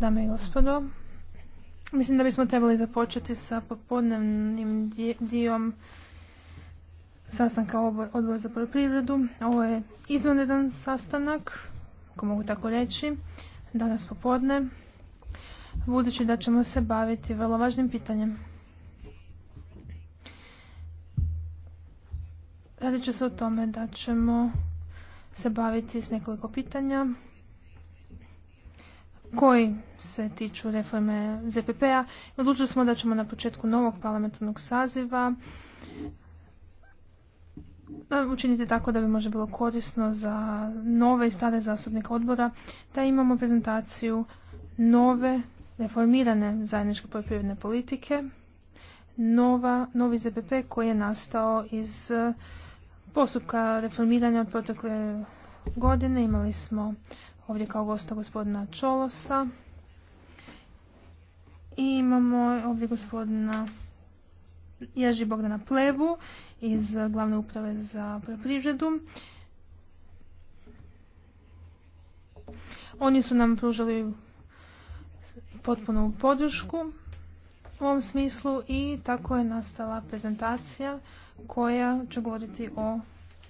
dame i gospodo mislim da bismo trebali započeti sa popodnevnim dijom sastanka odbora za poljoprivredu ovo je izvanredan sastanak ako mogu tako reći danas popodne budući da ćemo se baviti vrlo važnim pitanjem radit će se o tome da ćemo se baviti s nekoliko pitanja koji se tiču reforme ZPP-a. Odlučili smo da ćemo na početku novog parlamentarnog saziva učiniti tako da bi možda bilo korisno za nove i stare zastupnike odbora da imamo prezentaciju nove reformirane zajedničke poljoprivredne politike, nova, novi ZPP koji je nastao iz postupka reformiranja od protekle godine. Imali smo ovdje kao gosta gospodina Čolosa i imamo ovdje gospodina Ježi Bogdana Plevu iz glavne uprave za poljoprivredu. Oni su nam pružali potpunu podršku u ovom smislu i tako je nastala prezentacija koja će govoriti o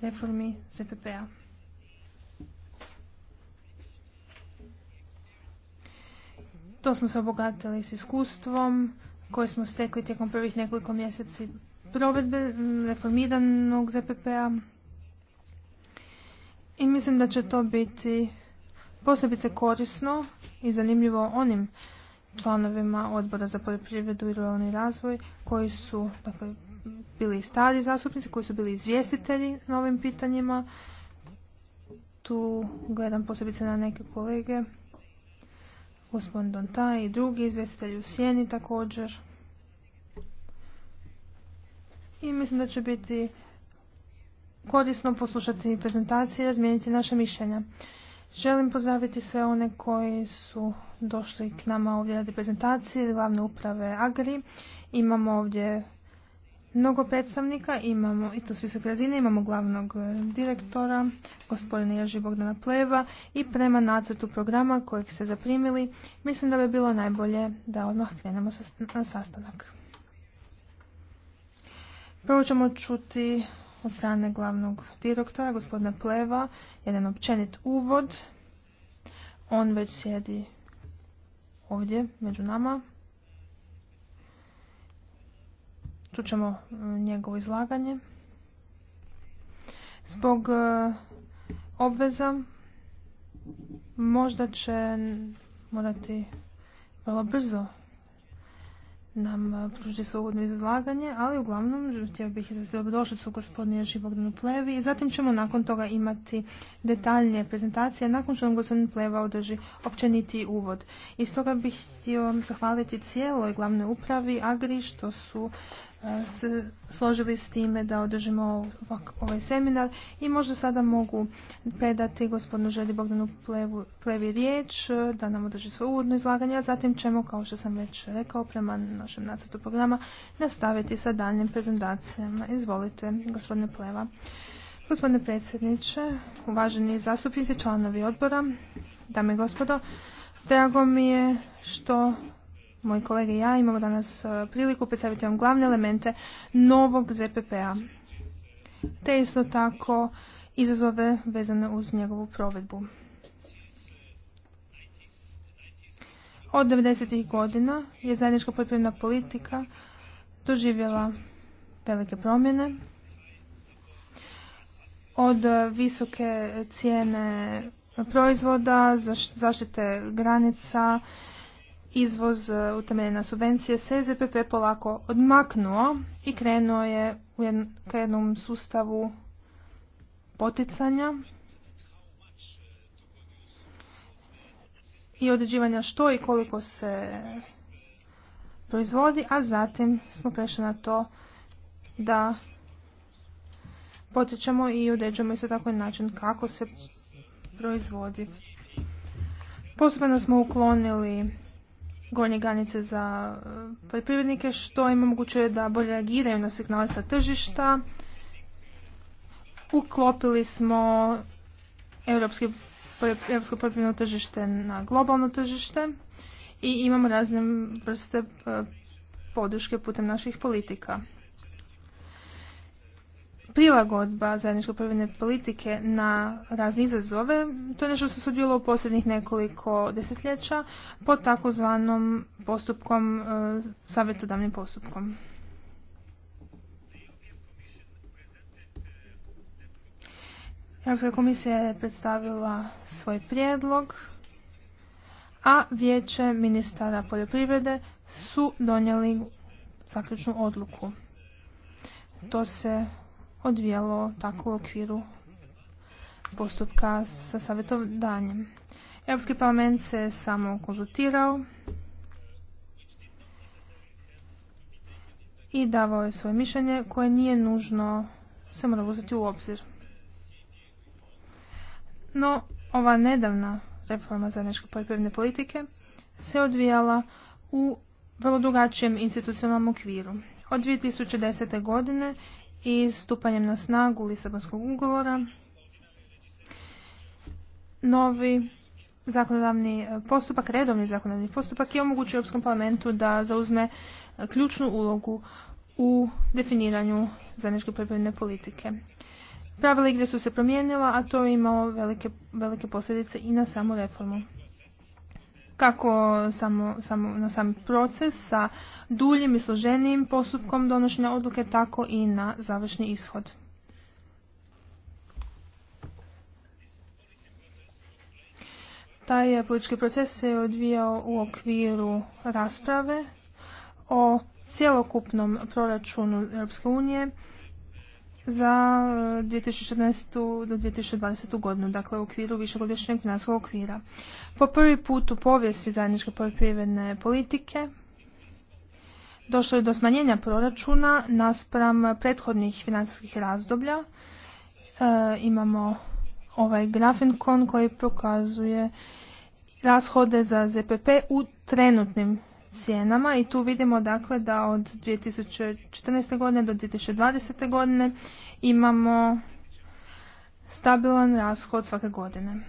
reformi ZPP-a. To smo se obogatili s iskustvom koje smo stekli tijekom prvih nekoliko mjeseci provedbe reformiranog ZPP-a i mislim da će to biti posebice korisno i zanimljivo onim članovima odbora za poljoprivredu i ruralni razvoj koji su dakle, bili stari zastupnici, koji su bili izvjestitelji na ovim pitanjima. Tu gledam posebice na neke kolege, gospodin Dontaj i drugi izvjestitelji u Sjeni također. I mislim da će biti korisno poslušati prezentacije i razmijeniti naše mišljenja. Želim pozdraviti sve one koji su došli k nama ovdje radi prezentacije glavne uprave Agri. Imamo ovdje mnogo predstavnika, imamo i to s visoke razine, imamo glavnog e, direktora, gospodina Jerži Bogdana Pleva i prema nacrtu programa kojeg ste zaprimili, mislim da bi bilo najbolje da odmah krenemo na sastanak. Prvo ćemo čuti od strane glavnog direktora, gospodina Pleva, jedan općenit uvod. On već sjedi ovdje među nama. Čućemo e, njegovo izlaganje. Zbog e, obveza možda će morati vrlo brzo nam pružiti slobodno izlaganje, ali uglavnom htio bih izraziti dobrodošlicu gospodinu Živogdanu Plevi i zatim ćemo nakon toga imati detaljnije prezentacije nakon što nam gospodin Pleva održi općeniti uvod. I stoga bih htio zahvaliti cijeloj glavnoj upravi Agri što su se složili s time da održimo ovaj seminar i možda sada mogu predati gospodinu Želji Bogdanu Plevi riječ e, da nam održi svoje uvodno izlaganje, a zatim ćemo, kao što sam već rekao, prema našem nacrtu programa nastaviti sa daljnim prezentacijama. Izvolite, gospodine Pleva. Gospodine predsjedniče, uvaženi zastupnici, članovi odbora, dame i gospodo, drago mi je što moji kolege i ja imamo danas e, priliku predstaviti vam glavne elemente novog ZPP-a, te isto tako izazove vezane uz njegovu provedbu. Od 90. godina je zajednička poljoprivredna politika doživjela velike promjene. Od visoke cijene proizvoda, zaštite granica, izvoz e, utemeljen na subvencije se ZPP polako odmaknuo i krenuo je u jedn, ka jednom sustavu poticanja i određivanja što i koliko se proizvodi, a zatim smo prešli na to da potičemo i određujemo se tako način kako se proizvodi. Posebno smo uklonili gornje granice za e, poljoprivrednike što im omogućuje da bolje reagiraju na signale sa tržišta. Uklopili smo europsko poljoprivredno tržište na globalno tržište i imamo razne vrste e, podrške putem naših politika prilagodba zajedničke poljoprivredne politike na razne izazove, to je nešto što se odvijelo u posljednjih nekoliko desetljeća pod takozvanom postupkom, e, savjetodavnim postupkom. Europska komisija je predstavila svoj prijedlog, a vijeće ministara poljoprivrede su donijeli zaključnu odluku. To se odvijalo tako u okviru postupka sa savjetovanjem. Europski parlament se samo konzultirao i davao je svoje mišljenje koje nije nužno se mora uzeti u obzir. No, ova nedavna reforma zajedničke poljoprivredne politike se odvijala u vrlo drugačijem institucionalnom okviru. Od 2010. godine i stupanjem na snagu Lisabonskog ugovora novi zakonodavni e, postupak, redovni zakonodavni postupak je omogućio Europskom parlamentu da zauzme e, ključnu ulogu u definiranju zajedničke poljoprivredne politike. Pravila igre su se promijenila, a to je imalo velike, velike posljedice i na samu reformu kako samo, samo na sam proces sa duljim i složenijim postupkom donošenja odluke, tako i na završni ishod. Taj je politički proces se odvijao u okviru rasprave o cjelokupnom proračunu Europske unije za 2014. E, do 2020. godinu, dakle u okviru višegodišnjeg financijskog okvira. Po prvi put u povijesti zajedničke poljoprivredne politike došlo je do smanjenja proračuna naspram prethodnih financijskih razdoblja. E, imamo ovaj kon koji pokazuje rashode za ZPP u trenutnim cijenama i tu vidimo dakle da od 2014. godine do 2020. godine imamo stabilan rashod svake godine.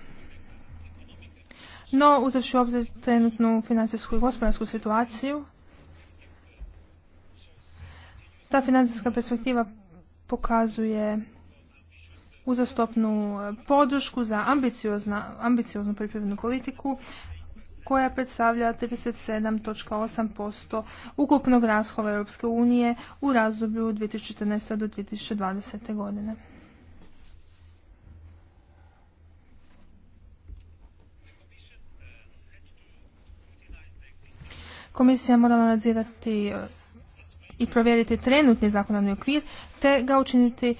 No, uzavši obzir trenutnu financijsku i gospodarsku situaciju, ta financijska perspektiva pokazuje uzastopnu e, podršku za ambicioznu pripremnu politiku koja predstavlja 37.8% ukupnog rashoda Europske unije u razdoblju 2014. do 2020. godine. komisija morala nadzirati e, i provjeriti trenutni zakonodavni okvir te ga učiniti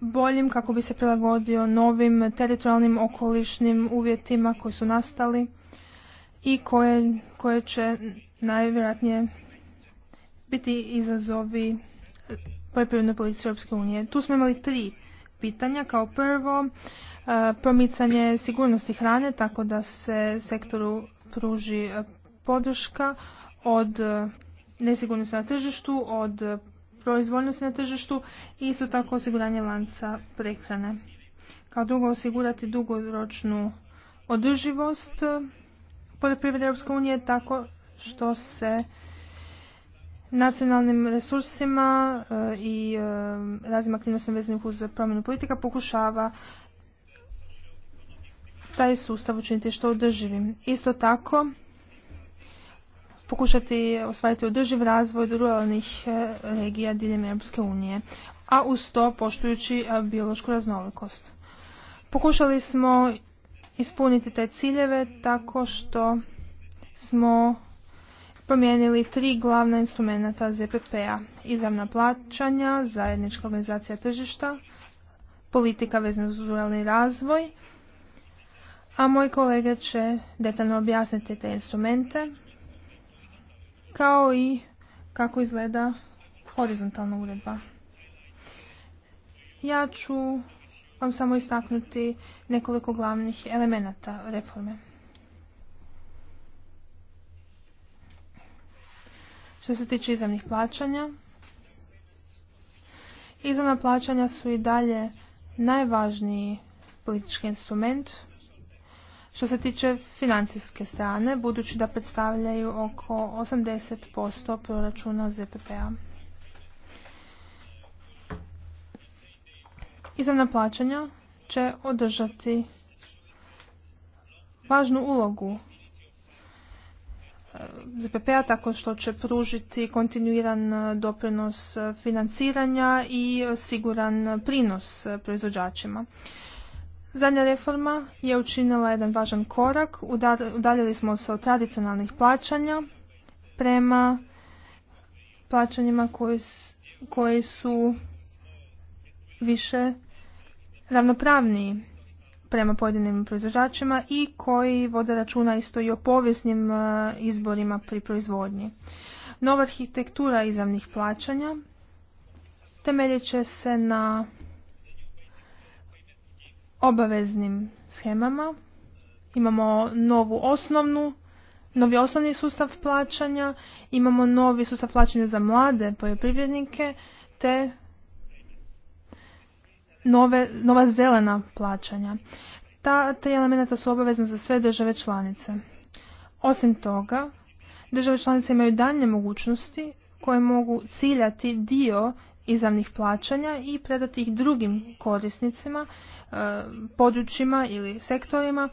boljim kako bi se prilagodio novim teritorijalnim okolišnim uvjetima koji su nastali i koje, koje će najvjerojatnije biti izazovi poljoprivredne politike Europske unije. Tu smo imali tri pitanja. Kao prvo, e, promicanje sigurnosti hrane tako da se sektoru pruži podrška od e, nesigurnosti na tržištu, od e, proizvoljnosti na tržištu i isto tako osiguranje lanca prehrane. Kao drugo osigurati dugoročnu održivost e, poljoprivrede Europske unije tako što se nacionalnim resursima i raznim aktivnostima vezanih uz promjenu politika pokušava taj sustav učiniti što održivim. Isto tako pokušati osvajati održiv razvoj ruralnih e, regija diljem Europske unije, a uz to poštujući e, biološku raznolikost. Pokušali smo ispuniti te ciljeve tako što smo promijenili tri glavna instrumenta ZPP-a. Izravna plaćanja, zajednička organizacija tržišta, politika vezana uz ruralni razvoj, a moj kolega će detaljno objasniti te instrumente kao i kako izgleda horizontalna uredba. Ja ću vam samo istaknuti nekoliko glavnih elemenata reforme. Što se tiče izravnih plaćanja, izravna plaćanja su i dalje najvažniji politički instrument što se tiče financijske strane, budući da predstavljaju oko 80% proračuna ZPP-a. Izravna plaćanja će održati važnu ulogu e, ZPP-a tako što će pružiti kontinuiran e, doprinos e, financiranja i siguran prinos proizvođačima. Zadnja reforma je učinila jedan važan korak. Udaljili smo se od tradicionalnih plaćanja prema plaćanjima koji, su više ravnopravniji prema pojedinim proizvođačima i koji vode računa isto i o povijesnim e, izborima pri proizvodnji. Nova arhitektura izravnih plaćanja temeljit će se na obaveznim schemama. Imamo novu osnovnu, novi osnovni sustav plaćanja, imamo novi sustav plaćanja za mlade poljoprivrednike, te nove, nova zelena plaćanja. Ta tri elementa su obavezna za sve države članice. Osim toga, države članice imaju daljnje mogućnosti koje mogu ciljati dio izravnih plaćanja i predati ih drugim korisnicima područjima ili sektorima,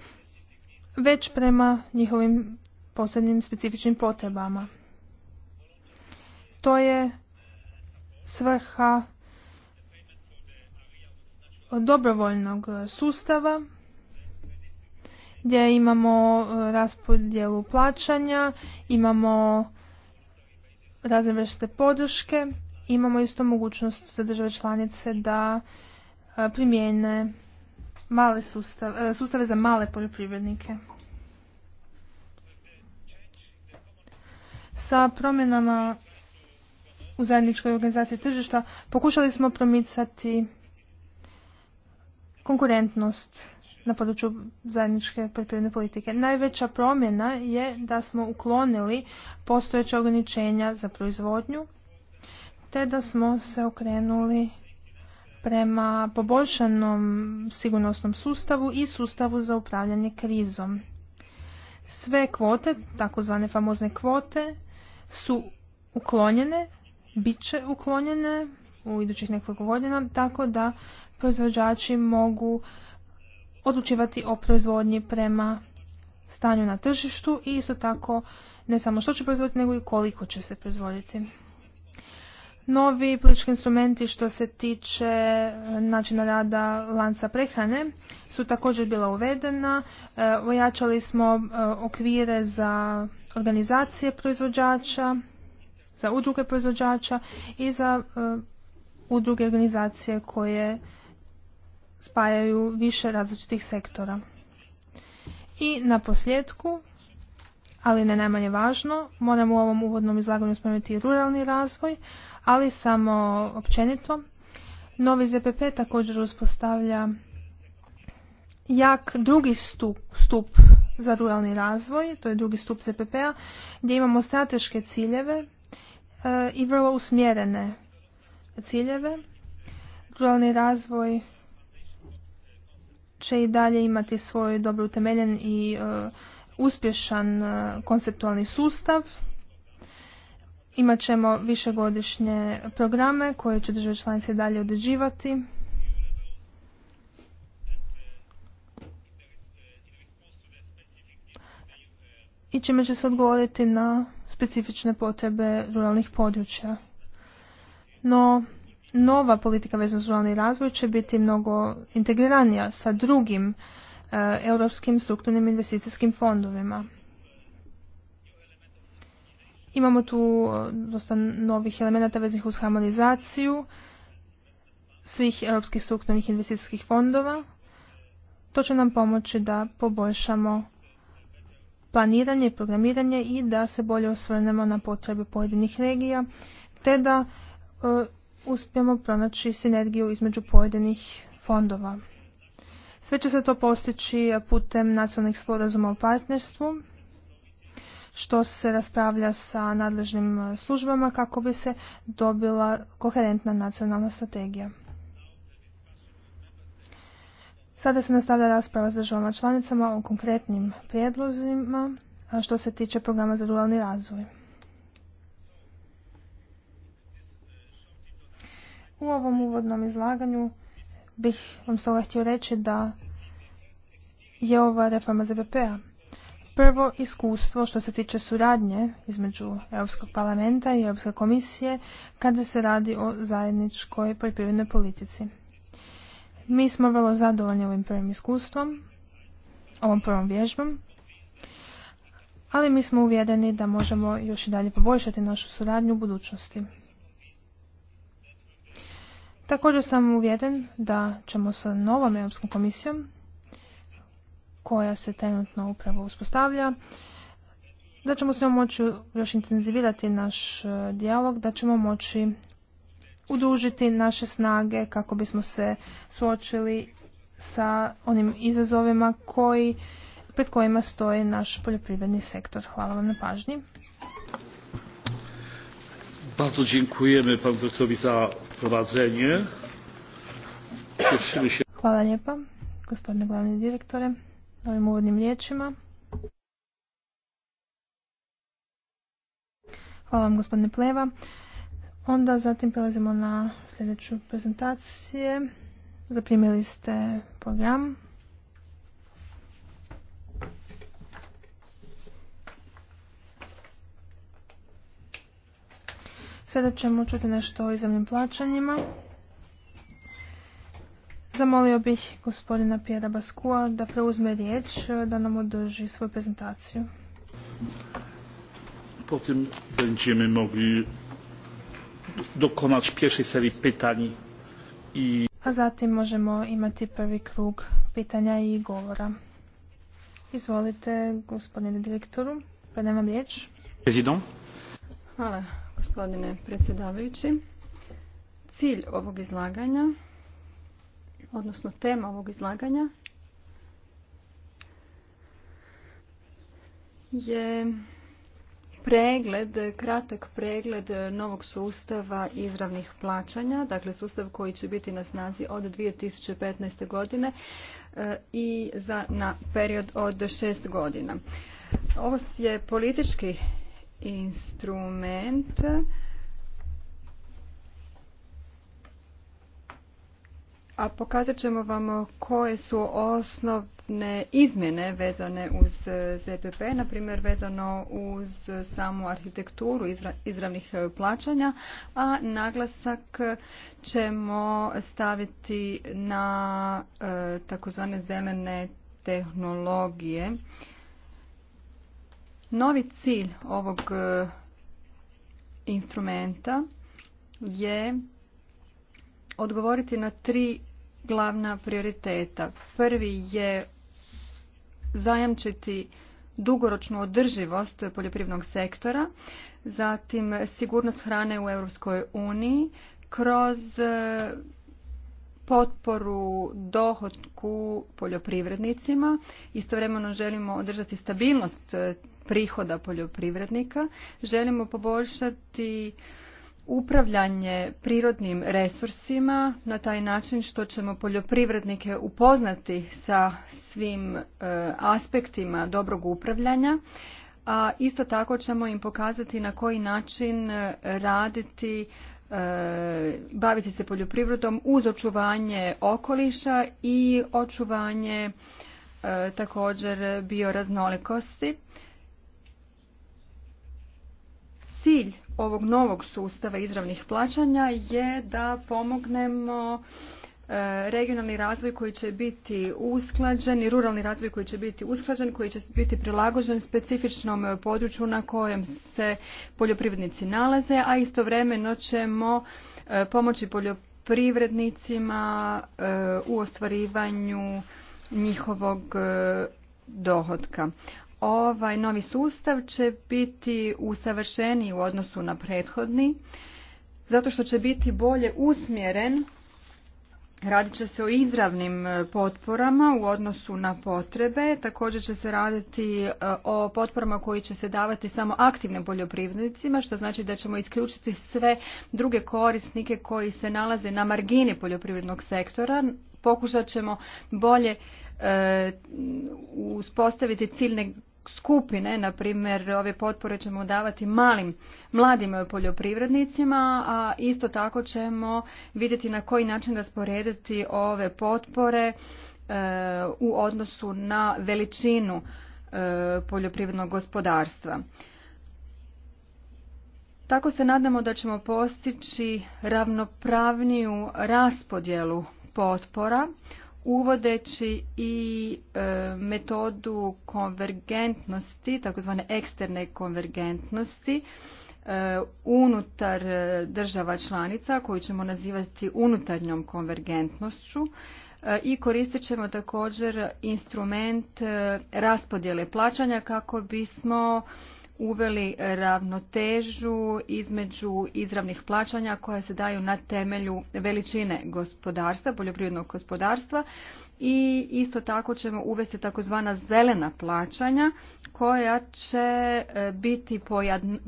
već prema njihovim posebnim specifičnim potrebama. To je svrha dobrovoljnog sustava gdje imamo e, raspodjelu plaćanja, imamo razne vrste podrške, imamo isto mogućnost za države članice da e, primijene male sustave, sustave za male poljoprivrednike. Sa promjenama u zajedničkoj organizaciji tržišta pokušali smo promicati konkurentnost na području zajedničke poljoprivredne politike. Najveća promjena je da smo uklonili postojeća ograničenja za proizvodnju te da smo se okrenuli prema poboljšanom sigurnosnom sustavu i sustavu za upravljanje krizom. Sve kvote, takozvane famozne kvote, su uklonjene, bit će uklonjene u idućih nekoliko godina, tako da proizvođači mogu odlučivati o proizvodnji prema stanju na tržištu i isto tako ne samo što će proizvoditi, nego i koliko će se proizvoditi novi politički instrumenti što se tiče eh, načina rada lanca prehrane su također bila uvedena. Eh, ojačali smo eh, okvire za organizacije proizvođača, za udruge proizvođača i za udruge organizacije koje spajaju više različitih sektora. I na posljedku, ali ne najmanje važno, moramo u ovom uvodnom izlaganju spomenuti ruralni razvoj, ali samo općenito. Novi ZPP također uspostavlja jak drugi stup, stup za ruralni razvoj, to je drugi stup ZPP-a, gdje imamo strateške ciljeve e, i vrlo usmjerene ciljeve. Ruralni razvoj će i dalje imati svoj dobro utemeljen i e, uspješan e, konceptualni sustav Imat ćemo višegodišnje programe koje će države članice dalje određivati. I čime će se odgovoriti na specifične potrebe ruralnih područja. No, nova politika vezana za ruralni razvoj će biti mnogo integriranija sa drugim e, europskim strukturnim investicijskim fondovima. Imamo tu dosta novih elemenata veznih uz harmonizaciju svih europskih strukturnih investicijskih fondova. To će nam pomoći da poboljšamo planiranje i programiranje i da se bolje osvrnemo na potrebe pojedinih regija, te da uspijemo pronaći sinergiju između pojedinih fondova. Sve će se to postići putem nacionalnih sporazuma o partnerstvu što se raspravlja sa nadležnim e, službama kako bi se dobila koherentna nacionalna strategija. Sada se nastavlja rasprava s državama članicama o konkretnim prijedlozima što se tiče programa za ruralni razvoj. U ovom uvodnom izlaganju bih vam se htio reći da je ova reforma ZBP-a prvo iskustvo što se tiče suradnje između Europskog parlamenta i Europske komisije kada se radi o zajedničkoj poljoprivrednoj politici. Mi smo vrlo zadovoljni ovim prvim iskustvom, ovom prvom vježbom, ali mi smo uvjereni da možemo još i dalje poboljšati našu suradnju u budućnosti. Također sam uvjeren da ćemo sa novom Europskom komisijom koja se trenutno upravo uspostavlja, da ćemo s njom moći još intenzivirati naš e, dijalog, da ćemo moći udužiti naše snage kako bismo se suočili sa onim izazovima koji, pred kojima stoji naš poljoprivredni sektor. Hvala vam na pažnji. Bardzo dziękujemy za prowadzenie. Hvala lijepa, gospodine glavni direktore ovim uvodnim riječima. Hvala vam gospodine Pleva. Onda zatim prelazimo na sljedeću prezentacije. Zaprimili ste program. Sada ćemo čuti nešto o izravnim plaćanjima. Zamolio bih gospodina Pjera Baskua da preuzme riječ, da nam održi svoju prezentaciju. Potem będziemy mogli dokonać pierwszej serii pytań i... A zatim možemo imati prvi krug pitanja i govora. Izvolite, gospodine direktoru, predajem vam riječ. Prezident. Hvala, gospodine predsjedavajući. Cilj ovog izlaganja odnosno tema ovog izlaganja je pregled, kratak pregled novog sustava izravnih plaćanja, dakle sustav koji će biti na snazi od 2015. godine e, i za, na period od šest godina. Ovo je politički instrument a pokazat ćemo vam koje su osnovne izmjene vezane uz ZPP, na primjer vezano uz samu arhitekturu izravnih plaćanja, a naglasak ćemo staviti na e, takozvane zelene tehnologije. Novi cilj ovog e, instrumenta je odgovoriti na tri glavna prioriteta. Prvi je zajamčiti dugoročnu održivost poljoprivrednog sektora, zatim sigurnost hrane u Europskoj uniji kroz e, potporu dohodku poljoprivrednicima. Istovremeno želimo održati stabilnost e, prihoda poljoprivrednika. Želimo poboljšati upravljanje prirodnim resursima na taj način što ćemo poljoprivrednike upoznati sa svim e, aspektima dobrog upravljanja a isto tako ćemo im pokazati na koji način raditi e, baviti se poljoprivredom uz očuvanje okoliša i očuvanje e, također bioraznolikosti Cilj ovog novog sustava izravnih plaćanja je da pomognemo e, regionalni razvoj koji će biti usklađen i ruralni razvoj koji će biti usklađen, koji će biti prilagođen specifičnom području na kojem se poljoprivrednici nalaze, a istovremeno ćemo e, pomoći poljoprivrednicima e, u ostvarivanju njihovog dohotka ovaj novi sustav će biti usavršeniji u odnosu na prethodni, zato što će biti bolje usmjeren, radit će se o izravnim e, potporama u odnosu na potrebe, također će se raditi e, o potporama koji će se davati samo aktivnim poljoprivrednicima, što znači da ćemo isključiti sve druge korisnike koji se nalaze na margini poljoprivrednog sektora, pokušat ćemo bolje e, uspostaviti ciljne skupine, na primjer ove potpore ćemo davati malim, mladim poljoprivrednicima, a isto tako ćemo vidjeti na koji način rasporediti ove potpore e, u odnosu na veličinu e, poljoprivrednog gospodarstva. Tako se nadamo da ćemo postići ravnopravniju raspodjelu potpora uvodeći i e, metodu konvergentnosti, takozvane eksterne konvergentnosti e, unutar e, država članica koju ćemo nazivati unutarnjom konvergentnošću i koristit ćemo također instrument raspodjele plaćanja kako bismo uveli ravnotežu između izravnih plaćanja koja se daju na temelju veličine gospodarstva, poljoprivrednog gospodarstva i isto tako ćemo uvesti takozvana zelena plaćanja koja će e, biti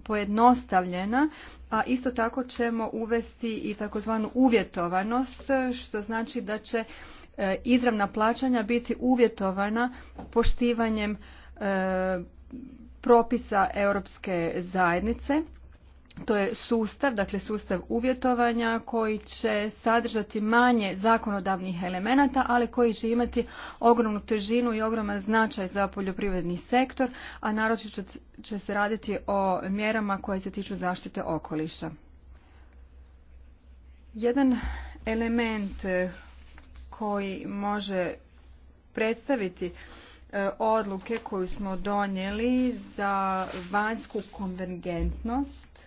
pojednostavljena, a isto tako ćemo uvesti i takozvanu uvjetovanost što znači da će e, izravna plaćanja biti uvjetovana poštivanjem e, propisa Europske zajednice. To je sustav, dakle sustav uvjetovanja koji će sadržati manje zakonodavnih elemenata, ali koji će imati ogromnu težinu i ogroman značaj za poljoprivredni sektor, a naročito će se raditi o mjerama koje se tiču zaštite okoliša. Jedan element koji može predstaviti E, odluke koju smo donijeli za vanjsku konvergentnost.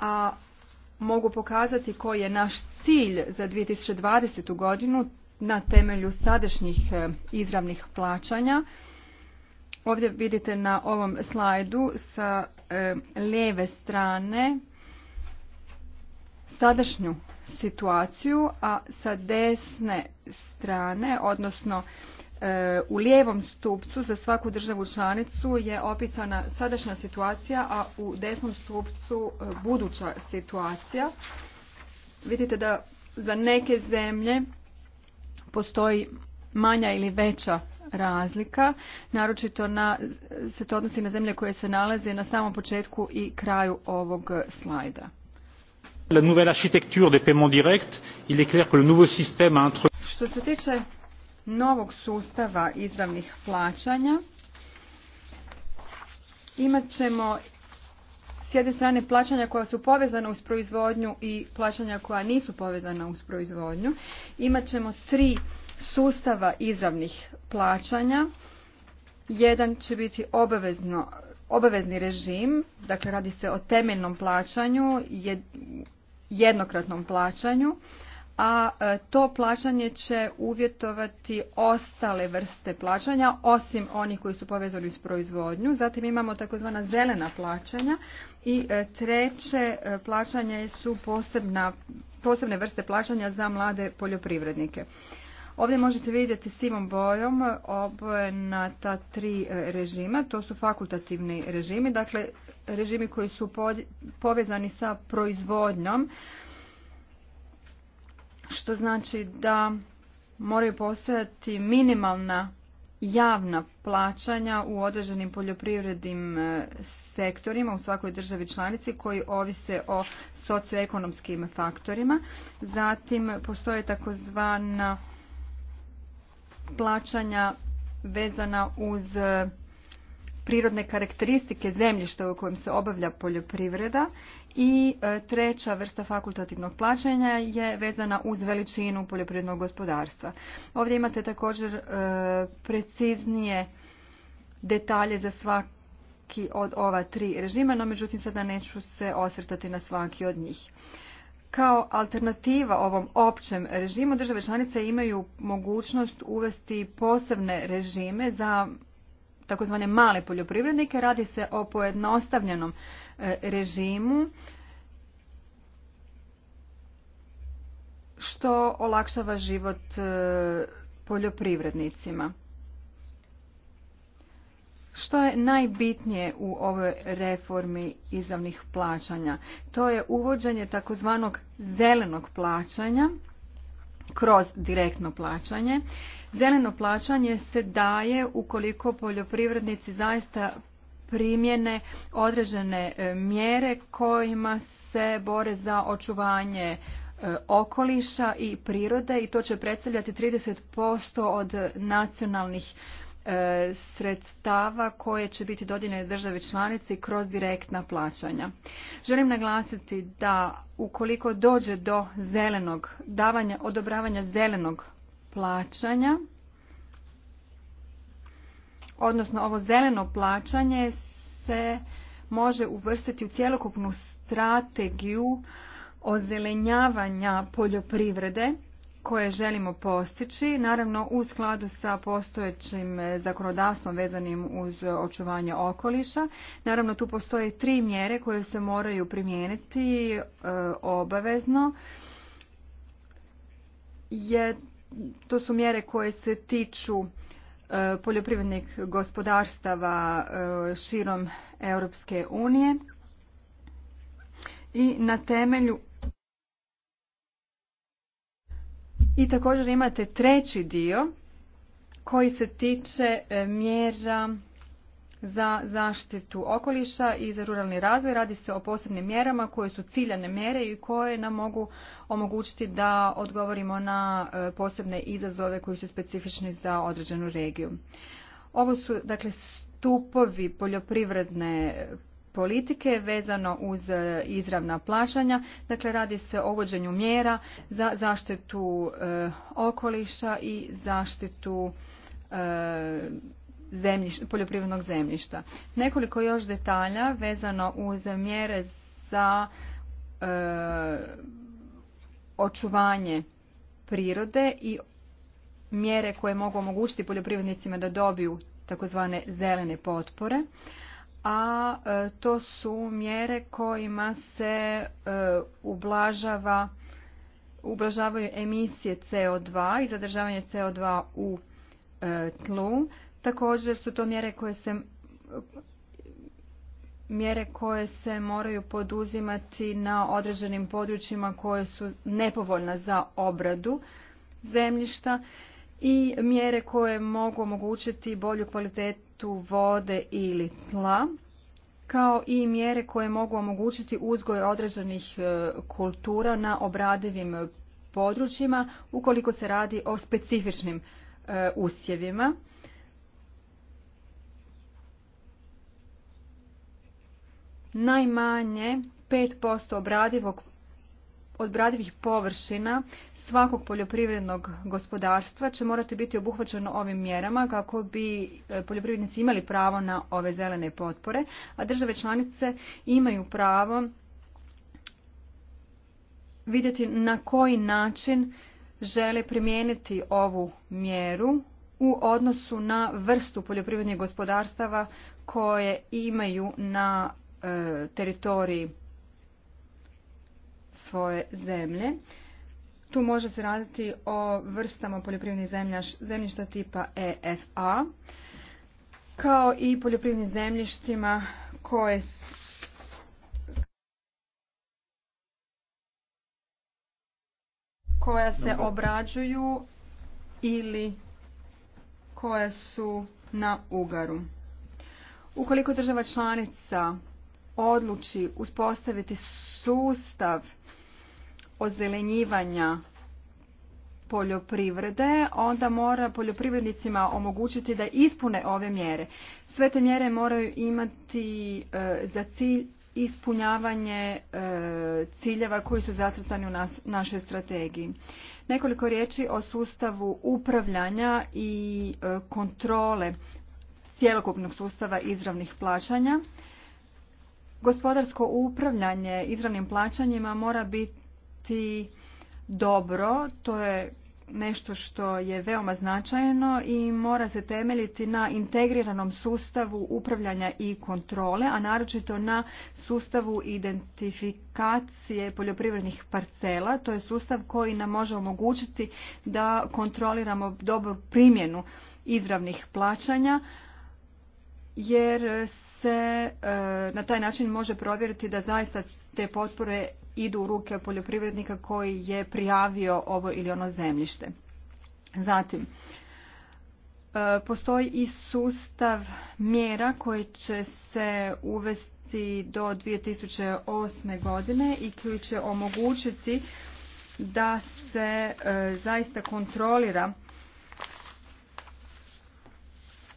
A mogu pokazati koji je naš cilj za 2020. godinu na temelju sadašnjih e, izravnih plaćanja. Ovdje vidite na ovom slajdu sa e, lijeve strane sadašnju situaciju, a sa desne strane, odnosno e, u lijevom stupcu za svaku državu članicu je opisana sadašnja situacija, a u desnom stupcu e, buduća situacija. Vidite da za neke zemlje postoji manja ili veća razlika, naročito na, se to odnosi na zemlje koje se nalaze na samom početku i kraju ovog slajda. La nouvelle architecture des Što se tiče novog sustava izravnih plaćanja, imat ćemo s jedne strane plaćanja koja su povezana uz proizvodnju i plaćanja koja nisu povezana uz proizvodnju. Imat ćemo tri sustava izravnih plaćanja. Jedan će biti obavezno obavezni režim, dakle radi se o temeljnom plaćanju, jednokratnom plaćanju, a e, to plaćanje će uvjetovati ostale vrste plaćanja, osim onih koji su povezani s proizvodnju. Zatim imamo takozvana zelena plaćanja i e, treće e, plaćanje su posebne vrste plaćanja za mlade poljoprivrednike. Ovdje možete vidjeti sivom bojom obojena ta tri e, režima. To su fakultativni režimi, dakle režimi koji su povezani sa proizvodnjom, što znači da moraju postojati minimalna javna plaćanja u određenim poljoprivrednim e, sektorima u svakoj državi članici koji ovise o socioekonomskim faktorima. Zatim postoje takozvana plaćanja vezana uz e, prirodne karakteristike zemljišta u kojem se obavlja poljoprivreda i e, treća vrsta fakultativnog plaćanja je vezana uz veličinu poljoprivrednog gospodarstva. Ovdje imate također e, preciznije detalje za svaki od ova tri režima, no međutim sada neću se osvrtati na svaki od njih. Kao alternativa ovom općem režimu države članice imaju mogućnost uvesti posebne režime za takozvane male poljoprivrednike. Radi se o pojednostavljenom e, režimu što olakšava život e, poljoprivrednicima. Što je najbitnije u ovoj reformi izravnih plaćanja? To je uvođenje takozvanog zelenog plaćanja kroz direktno plaćanje. Zeleno plaćanje se daje ukoliko poljoprivrednici zaista primjene određene e, mjere kojima se bore za očuvanje e, okoliša i prirode i to će predstavljati 30% od nacionalnih E, sredstava koje će biti dodijeljene državi članici kroz direktna plaćanja. Želim naglasiti da ukoliko dođe do zelenog davanja, odobravanja zelenog plaćanja, odnosno ovo zeleno plaćanje se može uvrstiti u cjelokupnu strategiju ozelenjavanja poljoprivrede koje želimo postići, naravno u skladu sa postojećim e, zakonodavstvom vezanim uz očuvanje okoliša. Naravno tu postoje tri mjere koje se moraju primijeniti e, obavezno. Je, to su mjere koje se tiču e, poljoprivrednih gospodarstava širom Europske unije i na temelju I također imate treći dio koji se tiče e, mjera za zaštitu okoliša i za ruralni razvoj. Radi se o posebnim mjerama koje su ciljane mjere i koje nam mogu omogućiti da odgovorimo na e, posebne izazove koji su specifični za određenu regiju. Ovo su dakle stupovi poljoprivredne politike vezano uz e, izravna plaćanja. Dakle, radi se o uvođenju mjera za zaštitu e, okoliša i zaštitu e, poljoprivrednog zemljišta. Nekoliko još detalja vezano uz mjere za očuvanje prirode i mjere koje mogu omogućiti poljoprivrednicima da dobiju takozvane zelene potpore a e, to su mjere kojima se e, ublažava ublažavaju emisije CO2 i zadržavanje CO2 u e, tlu. Također su to mjere koje se mjere koje se moraju poduzimati na određenim područjima koje su nepovoljna za obradu zemljišta i mjere koje mogu omogućiti bolju kvalitetu vode ili tla kao i mjere koje mogu omogućiti uzgoj određenih e, kultura na obradivim područjima ukoliko se radi o specifičnim e, usjevima. Najmanje 5% obradivog odbradivih površina svakog poljoprivrednog gospodarstva će morati biti obuhvaćeno ovim mjerama kako bi e, poljoprivrednici imali pravo na ove zelene potpore, a države članice imaju pravo vidjeti na koji način žele primijeniti ovu mjeru u odnosu na vrstu poljoprivrednih gospodarstava koje imaju na e, teritoriji svoje zemlje. Tu može se raditi o vrstama poljoprivrednih zemljišta tipa EFA, kao i poljoprivrednim zemljištima koje koja se obrađuju ili koje su na ugaru. Ukoliko država članica odluči uspostaviti sustav ozelenjivanja poljoprivrede, onda mora poljoprivrednicima omogućiti da ispune ove mjere. Sve te mjere moraju imati e, za cilj ispunjavanje e, ciljeva koji su zacrtani u našoj strategiji. Nekoliko riječi o sustavu upravljanja i e, kontrole cjelokupnog sustava izravnih plaćanja. Gospodarsko upravljanje izravnim plaćanjima mora biti biti dobro, to je nešto što je veoma značajno i mora se temeljiti na integriranom sustavu upravljanja i kontrole, a naročito na sustavu identifikacije poljoprivrednih parcela. To je sustav koji nam može omogućiti da kontroliramo dobru primjenu izravnih plaćanja jer se e, na taj način može provjeriti da zaista te potpore idu u ruke poljoprivrednika koji je prijavio ovo ili ono zemljište. Zatim, e, postoji i sustav mjera koji će se uvesti do 2008. godine i koji će omogućiti da se e, zaista kontrolira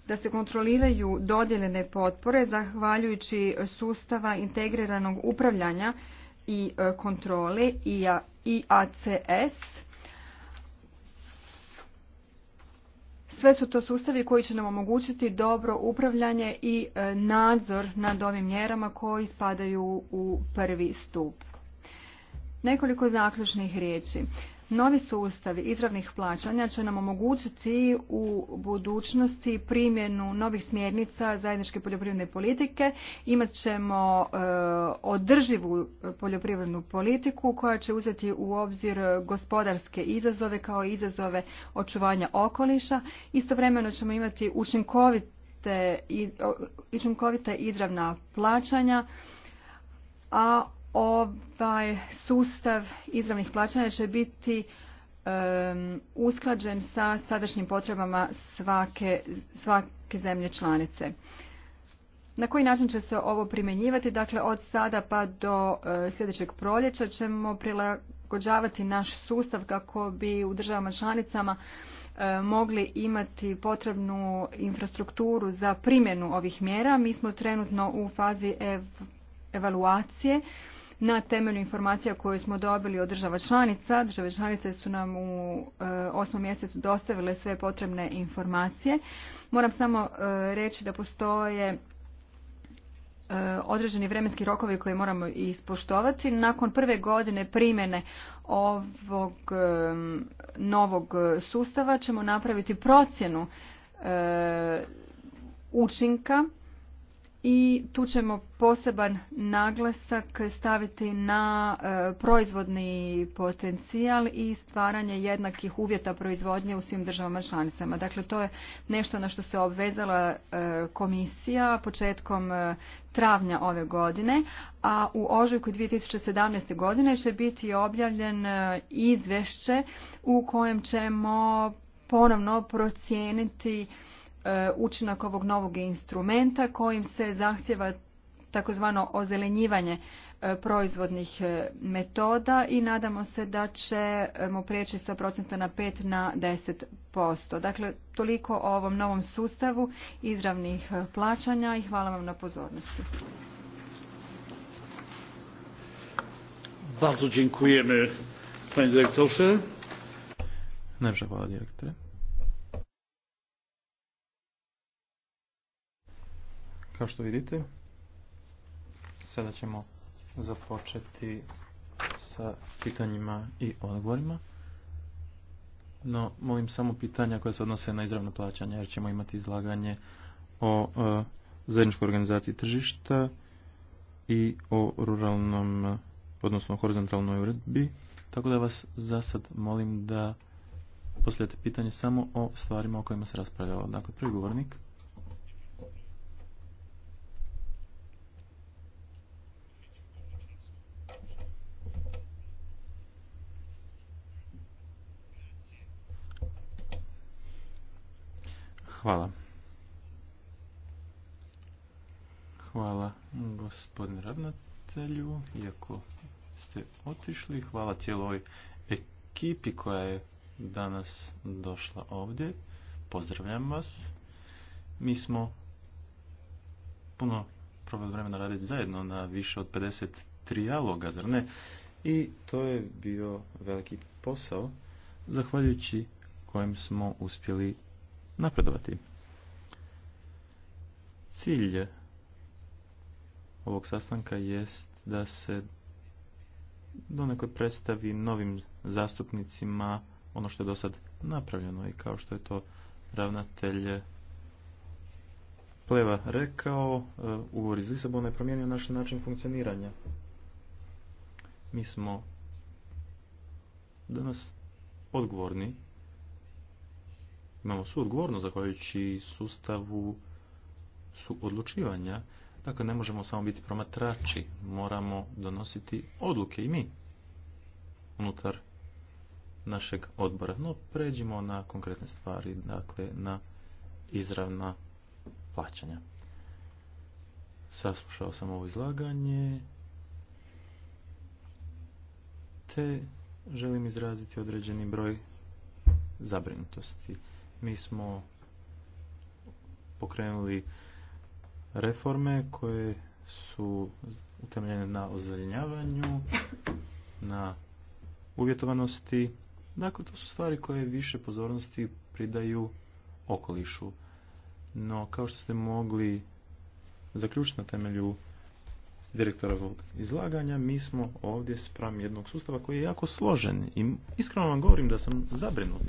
da se kontroliraju dodjeljene potpore zahvaljujući sustava integriranog upravljanja i e, kontrole IACS. Sve su to sustavi koji će nam omogućiti dobro upravljanje i e, nadzor nad ovim mjerama koji spadaju u prvi stup. Nekoliko zaključnih riječi. Novi sustavi izravnih plaćanja će nam omogućiti u budućnosti primjenu novih smjernica zajedničke poljoprivredne politike. Imat ćemo e, održivu poljoprivrednu politiku koja će uzeti u obzir gospodarske izazove kao i izazove očuvanja okoliša. Istovremeno ćemo imati učinkovite, učinkovite izravna plaćanja a ovaj sustav izravnih plaćanja će biti usklađen sa sadašnjim potrebama svake, svake zemlje članice. Na koji način će se ovo primjenjivati? Dakle, od sada pa do e, sljedećeg proljeća ćemo prilagođavati naš sustav kako bi u državama članicama e, mogli imati potrebnu infrastrukturu za primjenu ovih mjera. Mi smo trenutno u fazi evaluacije na temelju informacija koje smo dobili od država članica. Države članice su nam u e, osmom mjesecu dostavile sve potrebne informacije. Moram samo e, reći da postoje e, određeni vremenski rokovi koje moramo ispoštovati. Nakon prve godine primjene ovog novog sustava ćemo napraviti procjenu učinka i tu ćemo poseban naglasak staviti na e, proizvodni potencijal i stvaranje jednakih uvjeta proizvodnje u svim državama članicama. Dakle, to je nešto na što se obvezala e, komisija početkom e, travnja ove godine, a u ožujku 2017. godine će biti objavljen izvješće u kojem ćemo ponovno procijeniti E, učinak ovog novog instrumenta kojim se zahtjeva takozvano ozelenjivanje e, proizvodnih e, metoda i nadamo se da ćemo prijeći sa procenta na 5 na 10%. Dakle, toliko o ovom novom sustavu izravnih plaćanja i hvala vam na pozornosti. Bardzo dziękujemy, panie dyrektorze. hvala, Kao što vidite, sada ćemo započeti sa pitanjima i odgovorima. No, molim samo pitanja koja se odnose na izravno plaćanje, jer ćemo imati izlaganje o e, zajedničkoj organizaciji tržišta i o ruralnom, odnosno horizontalnoj uredbi. Tako da vas za sad molim da postavljate pitanje samo o stvarima o kojima se raspravljalo. Dakle, prvi govornik. Hvala. Hvala gospodin ravnatelju, iako ste otišli. Hvala cijeloj ekipi koja je danas došla ovdje. Pozdravljam vas. Mi smo puno proveli vremena raditi zajedno na više od 50 trijaloga, zar ne? I to je bio veliki posao, zahvaljujući kojem smo uspjeli napredovati. Cilj ovog sastanka jest da se donekle predstavi novim zastupnicima ono što je do sad napravljeno i kao što je to ravnatelj Pleva rekao, e, ugovor iz Lisabona je promijenio naš način funkcioniranja. Mi smo danas odgovorni imamo svu odgovornost zahvaljujući sustavu su odlučivanja. Dakle, ne možemo samo biti promatrači, moramo donositi odluke i mi unutar našeg odbora. No, pređimo na konkretne stvari, dakle, na izravna plaćanja. Saslušao sam ovo izlaganje te želim izraziti određeni broj zabrinutosti. Mi smo pokrenuli reforme koje su utemeljene na ozeljenjavanju, na uvjetovanosti. Dakle, to su stvari koje više pozornosti pridaju okolišu. No, kao što ste mogli zaključiti na temelju ovog izlaganja, mi smo ovdje spram jednog sustava koji je jako složen i iskreno vam govorim da sam zabrinut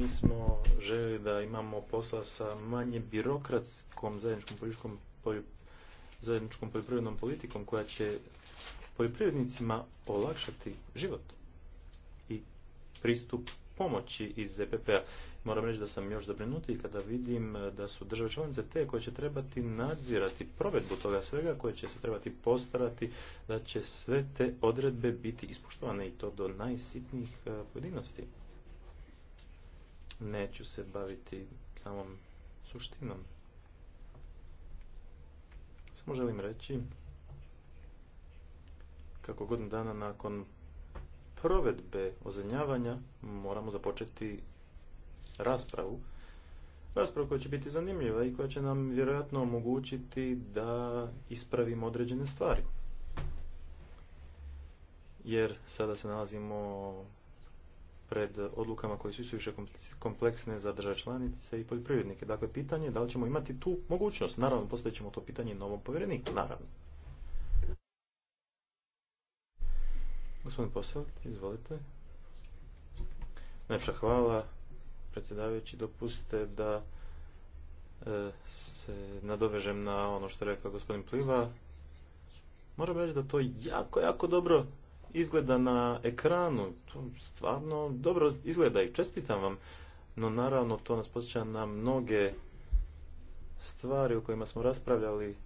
mi smo željeli da imamo posla sa manje birokratskom zajedničkom političkom zajedničkom poljoprivrednom politikom koja će poljoprivrednicima olakšati život i pristup pomoći iz epp a p-a. Moram reći da sam još zabrinuti kada vidim eh, da su države članice te koje će trebati nadzirati provedbu toga svega, koje će se trebati postarati da će sve te odredbe biti ispoštovane i to do najsitnijih eh, pojedinosti neću se baviti samom suštinom. Samo želim reći kako godinu dana nakon provedbe ozenjavanja moramo započeti raspravu. Raspravu koja će biti zanimljiva i koja će nam vjerojatno omogućiti da ispravimo određene stvari. Jer sada se nalazimo pred odlukama koje su više kompleksne za države članice i poljoprivrednike. Dakle, pitanje je da li ćemo imati tu mogućnost. Naravno, postavit ćemo to pitanje novom povjereniku, naravno. Gospodin Posel, izvolite. Najpša hvala, predsjedavajući. Dopuste da e, se nadovežem na ono što je rekao gospodin Pliva. Moram reći da to jako, jako dobro izgleda na ekranu, to stvarno dobro izgleda i čestitam vam, no naravno to nas posjeća na mnoge stvari o kojima smo raspravljali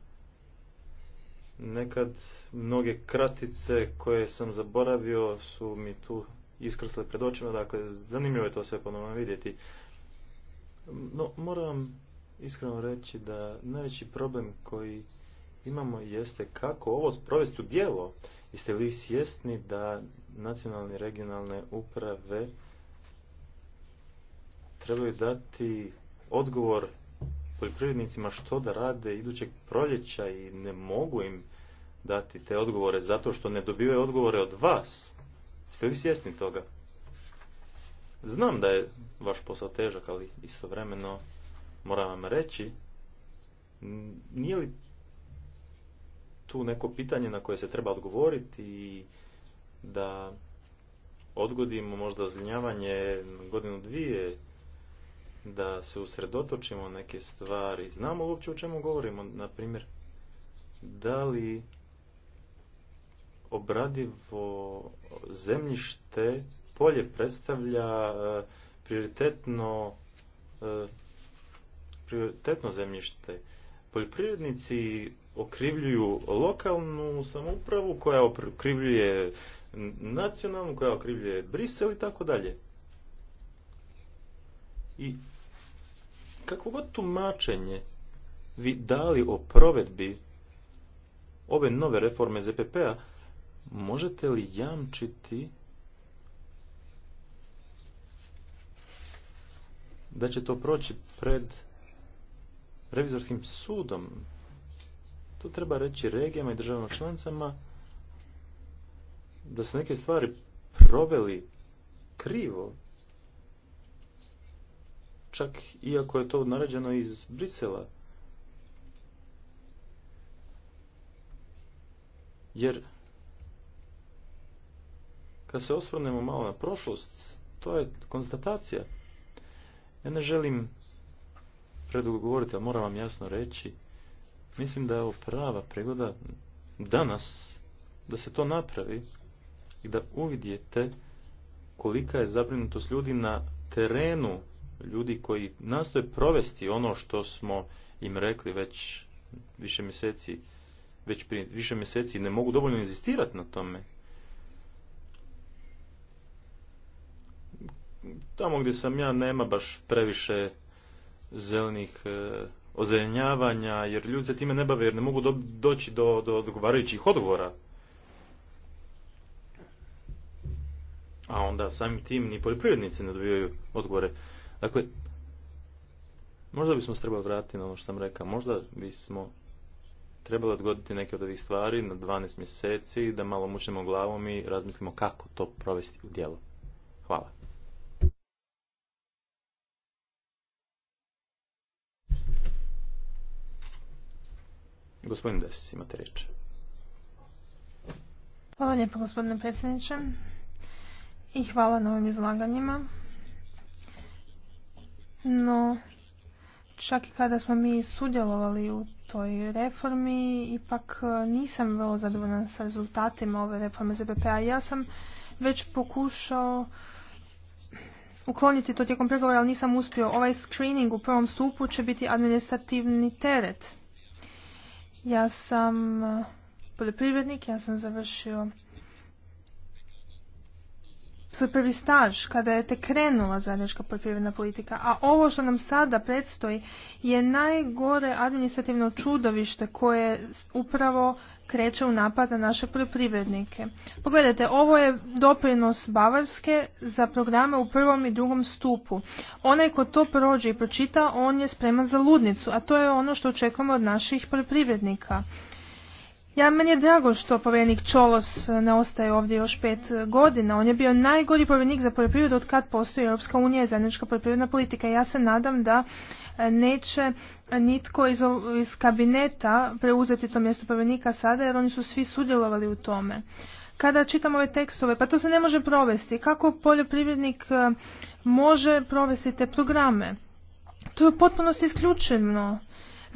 nekad mnoge kratice koje sam zaboravio su mi tu iskrsle pred očima, dakle zanimljivo je to sve ponovno vidjeti. No, moram iskreno reći da najveći problem koji imamo jeste kako ovo provesti u djelo. Jeste li svjesni da nacionalne i regionalne uprave trebaju dati odgovor poljoprivrednicima što da rade idućeg proljeća i ne mogu im dati te odgovore zato što ne dobivaju odgovore od vas. Jeste li svjesni toga? Znam da je vaš posao težak, ali istovremeno moram vam reći, nije li tu neko pitanje na koje se treba odgovoriti i da odgodimo možda zlinjavanje godinu dvije, da se usredotočimo neke stvari. Znamo uopće o čemu govorimo, na primjer, da li obradivo zemljište polje predstavlja e, prioritetno e, prioritetno zemljište. Poljoprivrednici okrivljuju lokalnu samoupravu, koja okrivljuje nacionalnu, koja okrivljuje Brisel i tako dalje. I kako god tumačenje vi dali o provedbi ove nove reforme ZPP-a, možete li jamčiti da će to proći pred revizorskim sudom to treba reći regijama i državama članicama da se neke stvari proveli krivo, čak iako je to naređeno iz Brisela. Jer kad se osvrnemo malo na prošlost, to je konstatacija. Ja ne želim predugo govoriti, ali moram vam jasno reći Mislim da je ovo prava pregoda danas da se to napravi i da uvidjete kolika je zabrinutost ljudi na terenu, ljudi koji nastoje provesti ono što smo im rekli već više mjeseci, već prije više mjeseci ne mogu dovoljno inzistirati na tome. Tamo gdje sam ja nema baš previše zelenih e, ozelenjavanja, jer ljudi se time ne bave jer ne mogu doći do, do odgovarajućih odgovora. A onda samim tim ni poljoprivrednici ne dobivaju odgovore. Dakle, možda bismo se trebali vratiti na ono što sam rekao, možda bismo trebali odgoditi neke od ovih stvari na 12 mjeseci, da malo mučemo glavom i razmislimo kako to provesti u djelo. Hvala. Gospodin Desic, imate riječ. Hvala lijepo gospodine predsjedniče i hvala na ovim izlaganjima. No, čak i kada smo mi sudjelovali u toj reformi, ipak nisam vrlo zadovoljna sa rezultatima ove reforme ZPP-a. Ja sam već pokušao ukloniti to tijekom pregovora, ali nisam uspio. Ovaj screening u prvom stupu će biti administrativni teret. Ja sam eh, poljoprivrednik, ja sam završio svoj prvi staž kada je te krenula zajednička poljoprivredna politika, a ovo što nam sada predstoji je najgore administrativno čudovište koje upravo kreće u napad na naše poljoprivrednike. Pogledajte, ovo je doprinos Bavarske za programe u prvom i drugom stupu. Onaj ko to prođe i pročita, on je spreman za ludnicu, a to je ono što očekujemo od naših poljoprivrednika. Ja meni je drago što povjerenik Čolos e, ne ostaje ovdje još pet e, godina. On je bio najgori povjerenik za poljoprivredu od kad postoji Europska unija i zajednička poljoprivredna politika. Ja se nadam da e, neće nitko iz, kabineta preuzeti to mjesto povjerenika sada jer oni su svi sudjelovali u tome. Kada čitam ove tekstove, pa to se ne može provesti. Kako poljoprivrednik može provesti te programe? To je u potpunosti isključeno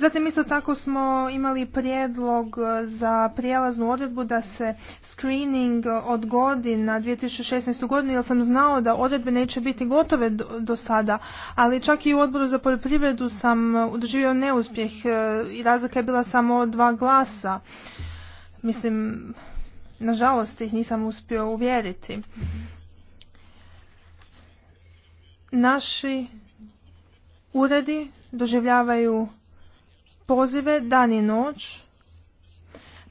Zatim isto tako smo imali prijedlog e, za prijelaznu odredbu da se screening odgodi na 2016. godinu jer sam znao da odredbe neće biti gotove do, do sada, ali čak i u odboru za poljoprivredu sam e, doživio neuspjeh e, i razlika je bila samo dva glasa. Mislim, nažalost ih nisam uspio uvjeriti. Naši uredi doživljavaju pozive dan i noć.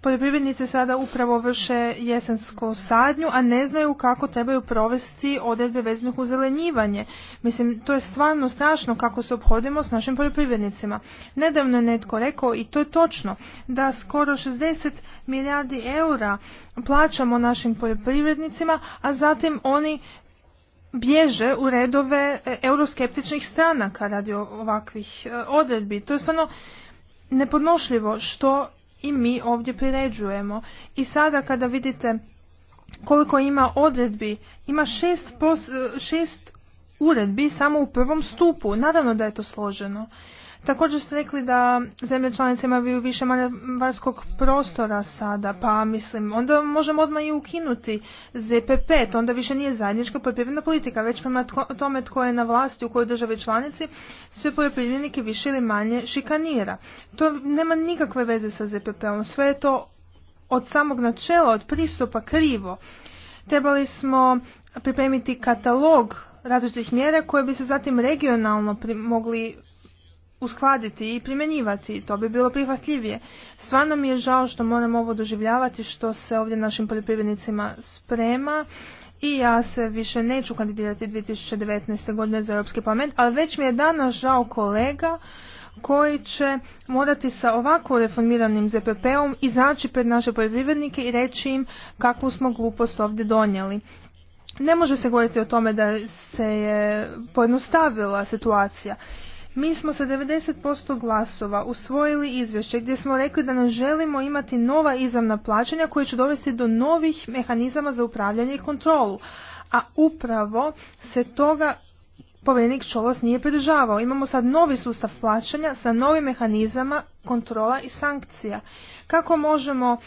Poljoprivrednice sada upravo vrše jesensko sadnju, a ne znaju kako trebaju provesti odredbe veznih uzelenjivanje. Mislim, to je stvarno strašno kako se obhodimo s našim poljoprivrednicima. Nedavno je netko rekao, i to je točno, da skoro 60 milijardi eura plaćamo našim poljoprivrednicima, a zatim oni bježe u redove e, euroskeptičnih stranaka radi ovakvih e, odredbi. To je stvarno nepodnošljivo što i mi ovdje priređujemo. I sada kada vidite koliko ima odredbi, ima šest, šest uredbi samo u prvom stupu. Naravno da je to složeno. Također ste rekli da zemlje članice imaju više manevarskog prostora sada, pa mislim, onda možemo odmah i ukinuti ZPP, to onda više nije zajednička poljoprivredna politika, već prema tome tko je na vlasti u kojoj državi članici, sve poljoprivrednike više ili manje šikanira. To nema nikakve veze sa ZPP-om, sve je to od samog načela, od pristupa krivo. Trebali smo pripremiti katalog različitih mjera koje bi se zatim regionalno mogli uskladiti i primjenjivati. To bi bilo prihvatljivije. Stvarno mi je žao što moram ovo doživljavati, što se ovdje našim poljoprivrednicima sprema. I ja se više neću kandidirati 2019. godine za Europski parlament, ali već mi je danas žao kolega koji će morati sa ovako reformiranim ZPP-om izaći pred naše poljoprivrednike i reći im kakvu smo glupost ovdje donijeli. Ne može se govoriti o tome da se je pojednostavila situacija. Mi smo sa 90% glasova usvojili izvješće gdje smo rekli da ne želimo imati nova izravna plaćanja koje će dovesti do novih mehanizama za upravljanje i kontrolu. A upravo se toga povjerenik Čolos nije pridržavao. Imamo sad novi sustav plaćanja sa novim mehanizama kontrola i sankcija. Kako možemo e,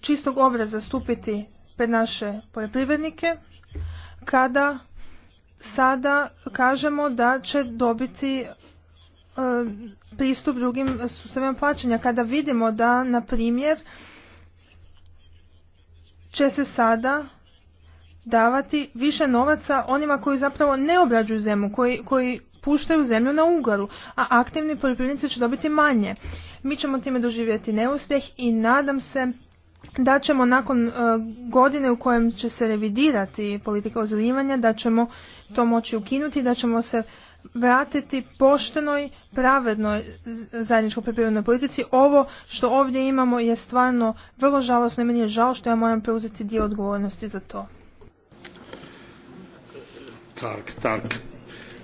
čistog obraza stupiti pred naše poljoprivrednike kada sada kažemo da će dobiti e, pristup drugim sustavima plaćanja. Kada vidimo da, na primjer, će se sada davati više novaca onima koji zapravo ne obrađuju zemlju, koji, koji puštaju zemlju na ugaru, a aktivni poljoprivrednici će dobiti manje. Mi ćemo time doživjeti neuspjeh i nadam se da ćemo nakon e, godine u kojem će se revidirati politika ozirivanja, da ćemo to moći ukinuti, da ćemo se vratiti poštenoj, pravednoj zajedničkoj poljoprivrednoj politici. Ovo što ovdje imamo je stvarno vrlo žalosno i meni je žao što ja moram preuzeti dio odgovornosti za to. Tak, tak.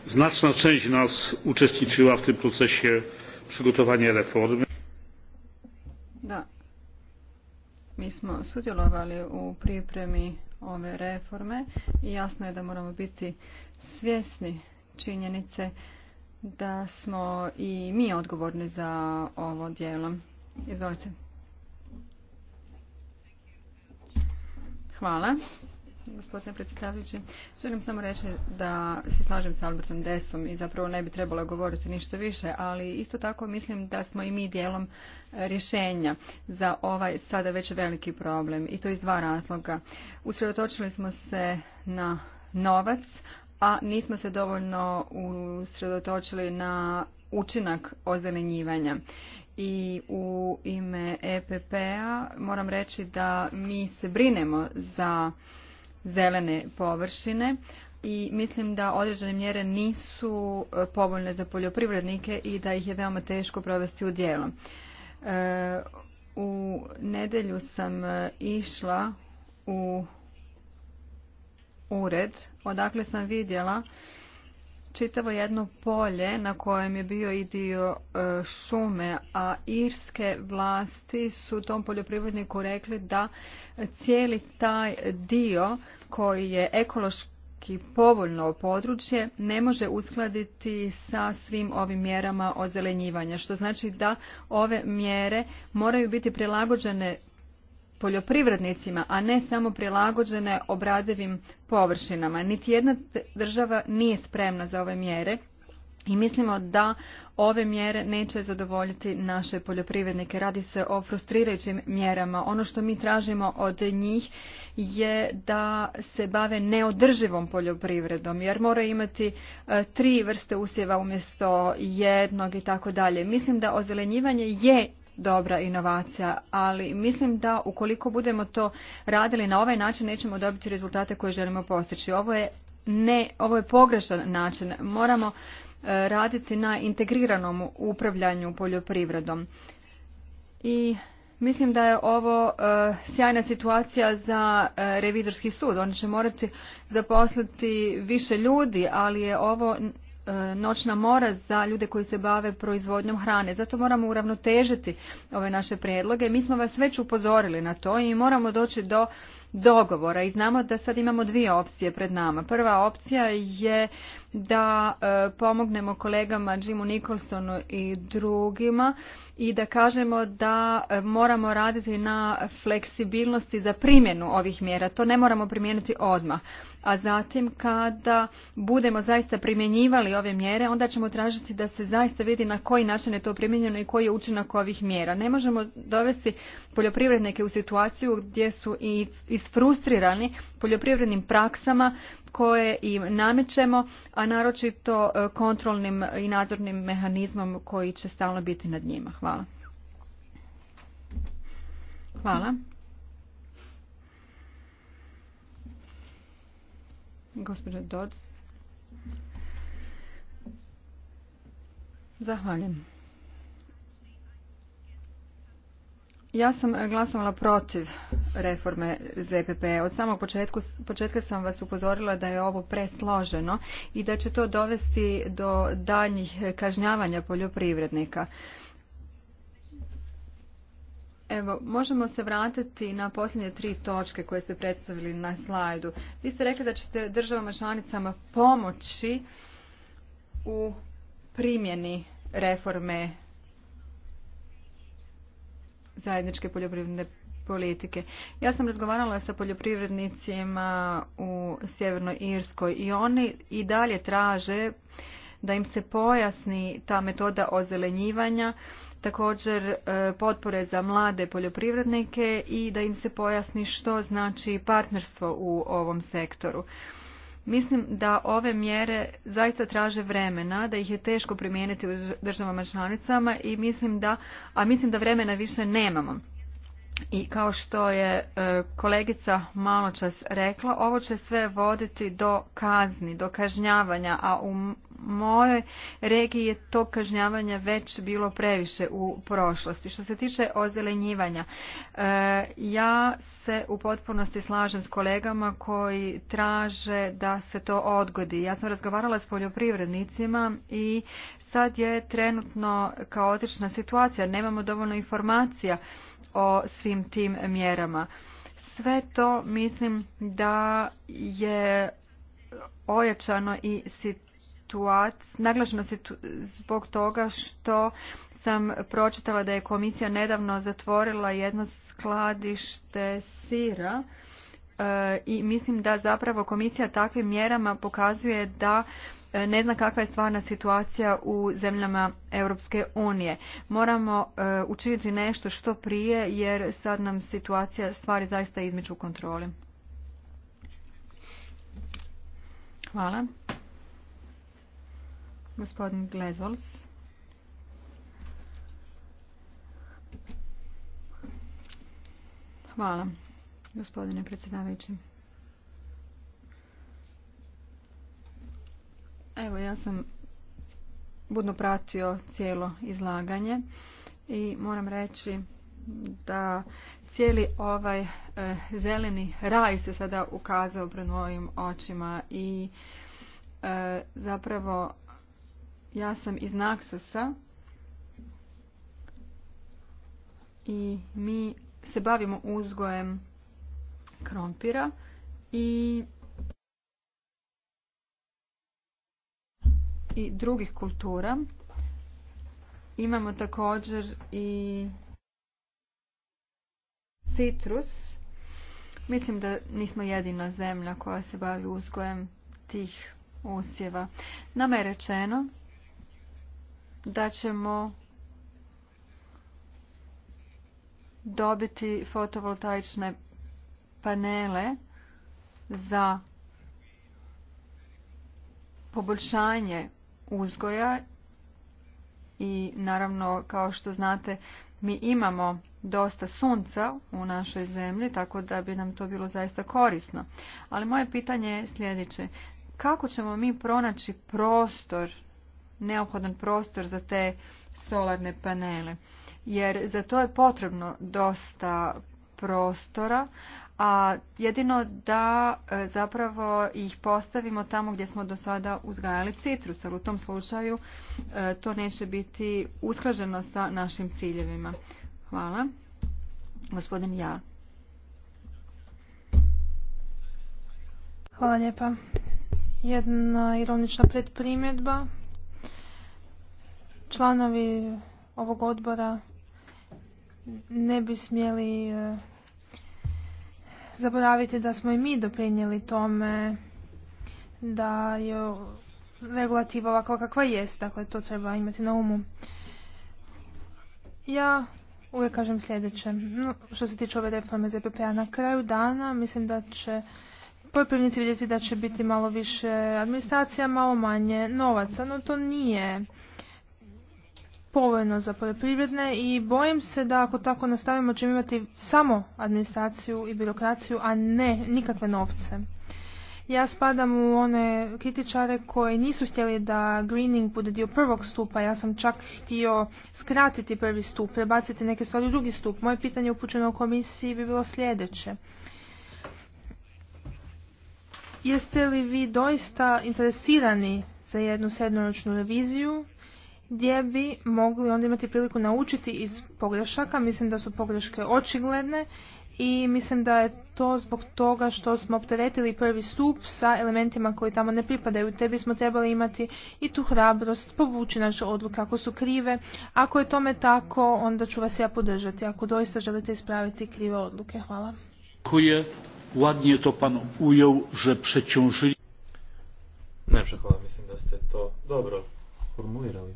Značna część nas učestničila u tym procesu przygotowania reformy. Da, mi smo sudjelovali u pripremi ove reforme i jasno je da moramo biti svjesni činjenice da smo i mi odgovorni za ovo djelo. Izvolite. Hvala gospodine predsjedavajući. Želim samo reći da se slažem sa Albertom Desom i zapravo ne bi trebalo govoriti ništa više, ali isto tako mislim da smo i mi dijelom rješenja za ovaj sada već veliki problem i to iz dva razloga. Usredotočili smo se na novac, a nismo se dovoljno usredotočili na učinak ozelenjivanja i u ime EPP-a moram reći da mi se brinemo za zelene površine i mislim da određene mjere nisu e, povoljne za poljoprivrednike i da ih je veoma teško provesti u djelo. E, u nedjelju sam e, išla u ured odakle sam vidjela čitavo jedno polje na kojem je bio i dio e, šume, a irske vlasti su tom poljoprivredniku rekli da cijeli taj dio koji je ekološki povoljno područje ne može uskladiti sa svim ovim mjerama ozelenjivanja, što znači da ove mjere moraju biti prilagođene poljoprivrednicima, a ne samo prilagođene obradivim površinama. Niti jedna država nije spremna za ove mjere i mislimo da ove mjere neće zadovoljiti naše poljoprivrednike. Radi se o frustrirajućim mjerama. Ono što mi tražimo od njih je da se bave neodrživom poljoprivredom jer mora imati e, tri vrste usjeva umjesto jednog i tako dalje. Mislim da ozelenjivanje je dobra inovacija, ali mislim da ukoliko budemo to radili na ovaj način nećemo dobiti rezultate koje želimo postići. Ovo je ne, ovo je pogrešan način. Moramo e, raditi na integriranom upravljanju poljoprivredom. I mislim da je ovo e, sjajna situacija za e, revizorski sud. Oni će morati zaposliti više ljudi, ali je ovo E, noćna mora za ljude koji se bave proizvodnjom hrane. Zato moramo uravnotežiti ove naše prijedloge. Mi smo vas već upozorili na to i moramo doći do dogovora i znamo da sad imamo dvije opcije pred nama. Prva opcija je da e, pomognemo kolegama Jimu Nicholsonu i drugima i da kažemo da e, moramo raditi na fleksibilnosti za primjenu ovih mjera. To ne moramo primijeniti odmah a zatim kada budemo zaista primjenjivali ove mjere, onda ćemo tražiti da se zaista vidi na koji način je to primjenjeno i koji je učinak ovih mjera. Ne možemo dovesti poljoprivrednike u situaciju gdje su i isfrustrirani poljoprivrednim praksama koje im namećemo, a naročito e, kontrolnim i nadzornim mehanizmom koji će stalno biti nad njima. Hvala. Hvala. Gospođa Zahvaljujem. Ja sam glasovala protiv reforme ZPP. Od samog početka sam vas upozorila da je ovo presloženo i da će to dovesti do daljnjih kažnjavanja poljoprivrednika. Evo, možemo se vratiti na posljednje tri točke koje ste predstavili na slajdu. Vi ste rekli da ćete državama članicama pomoći u primjeni reforme zajedničke poljoprivredne politike. Ja sam razgovarala sa poljoprivrednicima u Sjevernoj Irskoj i oni i dalje traže da im se pojasni ta metoda ozelenjivanja također e, potpore za mlade poljoprivrednike i da im se pojasni što znači partnerstvo u ovom sektoru. Mislim da ove mjere zaista traže vremena, da ih je teško primijeniti u državama članicama i mislim da, a mislim da vremena više nemamo. I kao što je e, kolegica maločas rekla, ovo će sve voditi do kazni, do kažnjavanja, a u mojoj regiji je to kažnjavanje već bilo previše u prošlosti. Što se tiče ozelenjivanja, e, ja se u potpunosti slažem s kolegama koji traže da se to odgodi. Ja sam razgovarala s poljoprivrednicima i sad je trenutno kaotična situacija. Nemamo dovoljno informacija o svim tim mjerama. Sve to mislim da je ojačano i situacija naglašeno situ, zbog toga što sam pročitala da je komisija nedavno zatvorila jedno skladište sira eh, i mislim da zapravo komisija takvim mjerama pokazuje da eh, ne zna kakva je stvarna situacija u zemljama Europske unije. Moramo eh, učiniti nešto što prije jer sad nam situacija stvari zaista između kontrole. kontroli. Hvala. Gospodin Glezols. Hvala, gospodine predsjedavajući. Evo, ja sam budno pratio cijelo izlaganje i moram reći da cijeli ovaj e, zeleni raj se sada ukazao pred mojim očima i e, zapravo ja sam iz Naksusa i mi se bavimo uzgojem krompira i i drugih kultura. Imamo također i citrus. Mislim da nismo jedina zemlja koja se bavi uzgojem tih usjeva. Nama je rečeno da ćemo dobiti fotovoltaične panele za poboljšanje uzgoja i naravno kao što znate mi imamo dosta sunca u našoj zemlji tako da bi nam to bilo zaista korisno. Ali moje pitanje je sljedeće. Kako ćemo mi pronaći prostor neophodan prostor za te solarne panele. Jer za to je potrebno dosta prostora, a jedino da e, zapravo ih postavimo tamo gdje smo do sada uzgajali citrus, ali u tom slučaju e, to neće biti usklađeno sa našim ciljevima. Hvala. Gospodin Ja. Hvala lijepa. Jedna ironična predprimjedba članovi ovog odbora ne bi smjeli e, zaboraviti da smo i mi doprinijeli tome da je regulativa ovakva kakva jest, dakle to treba imati na umu. Ja uvijek kažem sljedeće, što se tiče ove reforme ZPP-a, na kraju dana mislim da će poljoprivrednici vidjeti da će biti malo više administracija, malo manje novaca, no to nije povoljno za poljoprivredne i bojim se da ako tako nastavimo ćemo imati samo administraciju i birokraciju, a ne nikakve novce. Ja spadam u one kritičare koji nisu htjeli da greening bude dio prvog stupa. Ja sam čak htio skratiti prvi stup, prebaciti neke stvari u drugi stup. Moje pitanje upućeno u komisiji bi bilo sljedeće. Jeste li vi doista interesirani za jednu sedmoročnu reviziju gdje bi mogli onda imati priliku naučiti iz pogrešaka. Mislim da su pogreške očigledne i mislim da je to zbog toga što smo opteretili prvi stup sa elementima koji tamo ne pripadaju. Te bismo trebali imati i tu hrabrost, povući naše odluke ako su krive. Ako je tome tako, onda ću vas ja podržati, ako doista želite ispraviti krive odluke. Hvala. Ładnie to pan hvala, mislim da ste to dobro formulirali.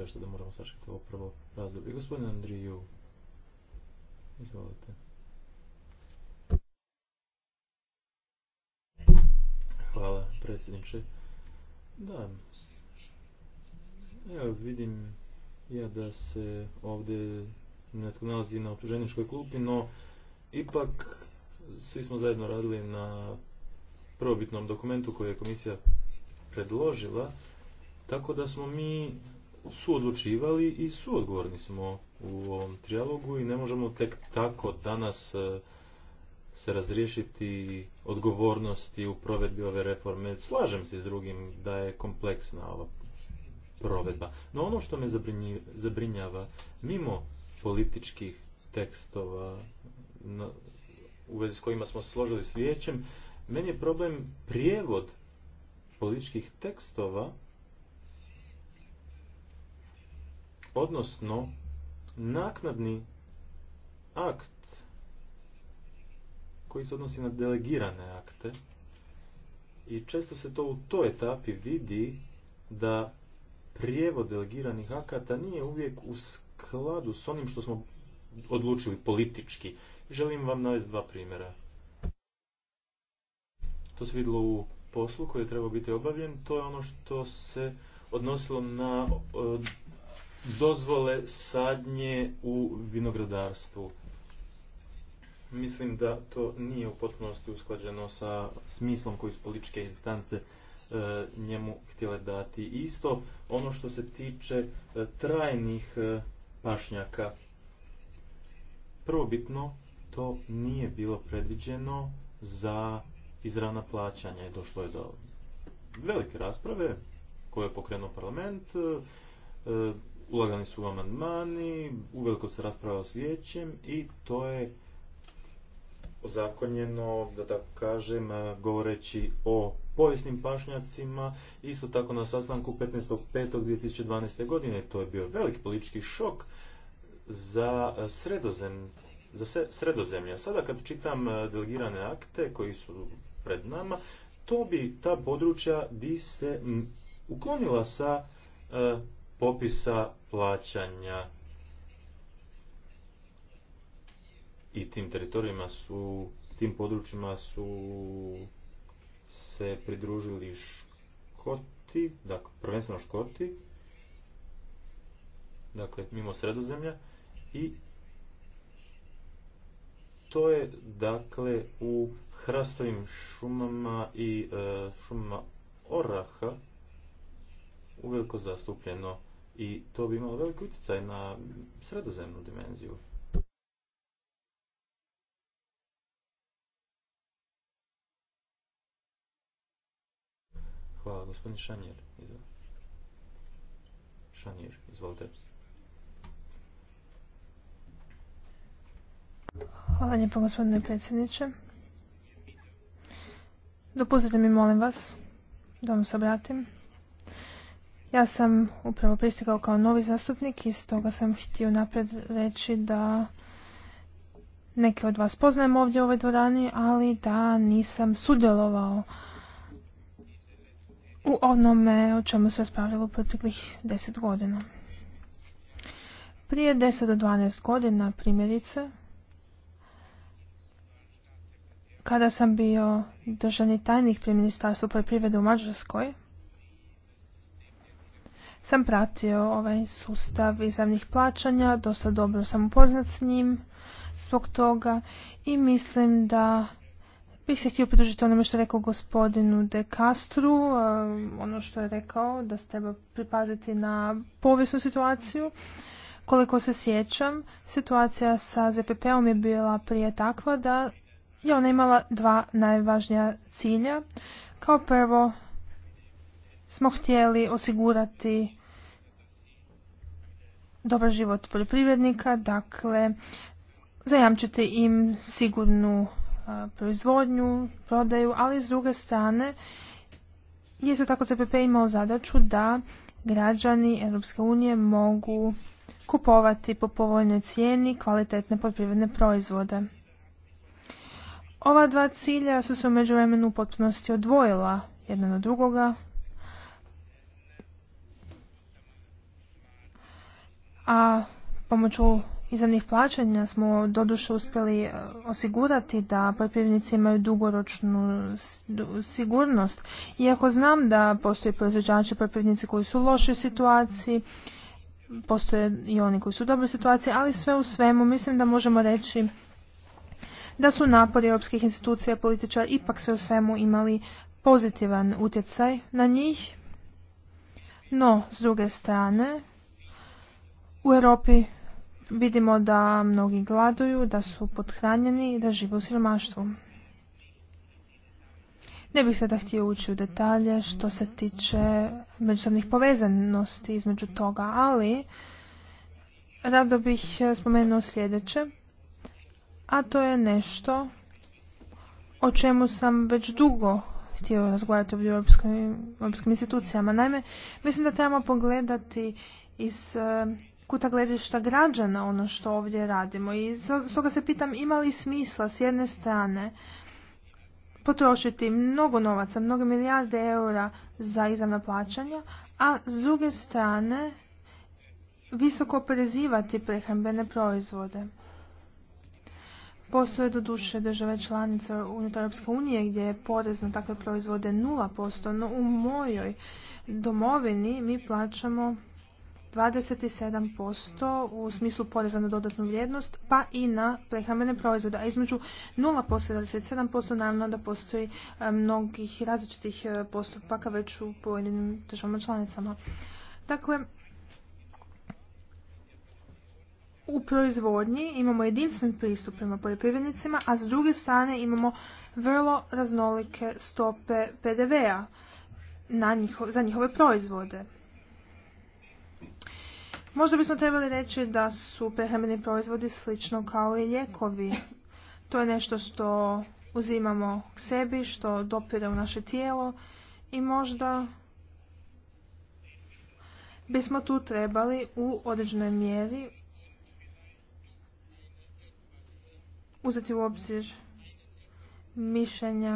kažete da moramo sačekati ovo prvo razdoblje. Gospodin Andriju, izvolite. Hvala, predsjedniče. Da, evo vidim ja da se ovdje netko nalazi na optuženičkoj klupi, no ipak svi smo zajedno radili na prvobitnom dokumentu koji je komisija predložila, tako da smo mi suodlučivali i suodgovorni smo u ovom trijalogu i ne možemo tek tako danas e, se razriješiti odgovornosti u provedbi ove reforme. Slažem se s drugim da je kompleksna ova provedba. No ono što me zabrinjava, mimo političkih tekstova u vezi s kojima smo se složili s vijećem, meni je problem prijevod političkih tekstova odnosno naknadni akt koji se odnosi na delegirane akte i često se to u toj etapi vidi da prijevod delegiranih akata nije uvijek u skladu s onim što smo odlučili politički. Želim vam navesti dva primjera. To se vidilo u poslu koji je trebao biti obavljen. To je ono što se odnosilo na dozvole sadnje u vinogradarstvu. Mislim da to nije u potpunosti usklađeno sa smislom koji su političke instance e, njemu htjele dati. Isto ono što se tiče e, trajnih e, pašnjaka. Prvobitno to nije bilo predviđeno za izravna plaćanja i došlo je do velike rasprave koje je pokrenuo parlament ulagani su amandmani, uveliko se rasprava s vijećem i to je ozakonjeno, da tako kažem, govoreći o povijesnim pašnjacima, isto tako na sastanku 15.5.2012. godine. To je bio veliki politički šok za sredozem, za sredozemlja. Sada kad čitam e, delegirane akte koji su pred nama, to bi, ta područja bi se uklonila sa e, popisa plaćanja i tim teritorijima su, tim područjima su se pridružili Škoti, dakle prvenstveno Škoti, dakle mimo sredozemlja i to je dakle u hrastovim šumama i e, šumama oraha uveliko zastupljeno i to bi imalo veliki utjecaj na sredozemnu dimenziju. Hvala, gospodin Šanjer. Šanjer, izvolite. Hvala lijepo, gospodine predsjedniče. Dopustite mi, molim vas, da vam se obratim. Ja sam upravo pristigao kao novi zastupnik i stoga sam htio napred reći da neke od vas poznajem ovdje u ovoj dvorani, ali da nisam sudjelovao u onome o čemu se raspravljalo u proteklih deset godina. Prije 10 do 12 godina, primjerice, kada sam bio državni tajnik pri Ministarstvu poljoprivrede u Mađarskoj, sam pratio ovaj sustav izravnih plaćanja, dosta dobro sam upoznat s njim zbog toga i mislim da bih se htio pridružiti onome što je rekao gospodinu De Castru, um, ono što je rekao da se treba pripaziti na povijesnu situaciju. Koliko se sjećam, situacija sa ZPP-om je bila prije takva da je ona imala dva najvažnija cilja. Kao prvo, smo htjeli osigurati dobar život poljoprivrednika, dakle zajamčiti im sigurnu proizvodnju, prodaju, ali s druge strane je isto tako CPP imao zadaću da građani Europske unije mogu kupovati po povoljnoj cijeni kvalitetne poljoprivredne proizvode. Ova dva cilja su se u međuvremenu u potpunosti odvojila jedna od drugoga a pomoću izravnih plaćanja smo doduše uspjeli e, osigurati da poljoprivrednici imaju dugoročnu sigurnost. Iako znam da postoje proizvođači poljoprivrednici koji su u lošoj situaciji, postoje i oni koji su u dobroj situaciji, ali sve u svemu mislim da možemo reći da su napori europskih institucija političara ipak sve u svemu imali pozitivan utjecaj na njih. No, s druge strane, u Europi vidimo da mnogi gladuju, da su pothranjeni i da žive u siromaštvu. Ne bih sada htio ući u detalje što se tiče međusobnih povezanosti između toga, ali rado bih spomenuo sljedeće, a to je nešto o čemu sam već dugo htio razgovarati u europskim institucijama. Naime, mislim da trebamo pogledati iz eh, kuta gledišta građana ono što ovdje radimo. I stoga se pitam ima li smisla s jedne strane potrošiti mnogo novaca, mnogo milijarde eura za izravna plaćanja, a s druge strane visoko oporezivati prehrambene proizvode. Postoje do duše države članice unutar Europske unije gdje je porez na takve proizvode 0%, no u mojoj domovini mi plaćamo 27% u smislu poreza na dodatnu vrijednost, pa i na prehrambene proizvode. A između 0% i 27% naravno da postoji e, mnogih različitih e, postupaka već u pojedinim državama članicama. Dakle, u proizvodnji imamo jedinstven pristup prema poljoprivrednicima, a s druge strane imamo vrlo raznolike stope PDV-a za njihove proizvode. Možda bismo trebali reći da su prehrambeni proizvodi slično kao i lijekovi. To je nešto što uzimamo k sebi, što dopire u naše tijelo i možda bismo tu trebali u određenoj mjeri uzeti u obzir mišljenja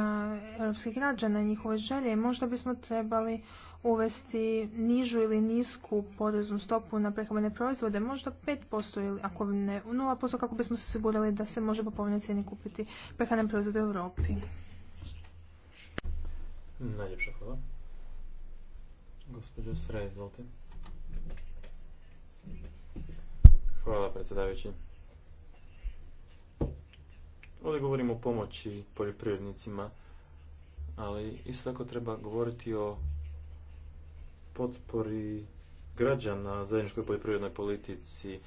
europskih građana i njihove želje. Možda bismo trebali uvesti nižu ili nisku poreznu stopu na prehrambene proizvode, možda 5% ili ako ne 0% kako bismo se osigurali da se može po povoljnoj cijeni kupiti prehrambene proizvode u Europi. Najljepša hvala. Gospodin Sraj, izvolite. Hvala predsjedavajući. Ovdje govorimo o pomoći poljoprivrednicima, ali isto tako treba govoriti o potpori građana zajedničkoj poljoprivrednoj politici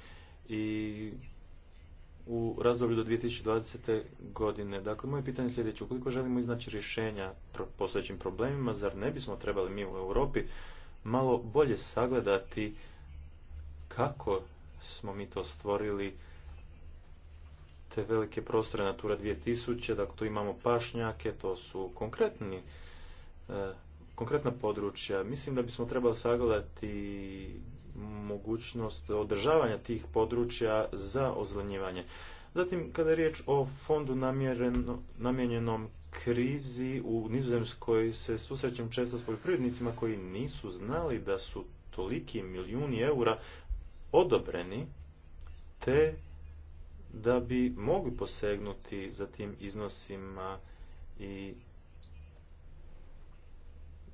i u razdoblju do 2020. godine. Dakle, moje pitanje je sljedeće. Ukoliko želimo iznaći rješenja postojećim problemima, zar ne bismo trebali mi u Europi malo bolje sagledati kako smo mi to stvorili te velike prostore Natura 2000, dakle tu imamo pašnjake, to su konkretni e, konkretna područja. Mislim da bismo trebali sagledati mogućnost održavanja tih područja za ozlanjivanje. Zatim, kada je riječ o fondu namijenjenom krizi, u Nizozemskoj se susrećem često s poljoprivrednicima koji nisu znali da su toliki milijuni eura odobreni, te da bi mogli posegnuti za tim iznosima i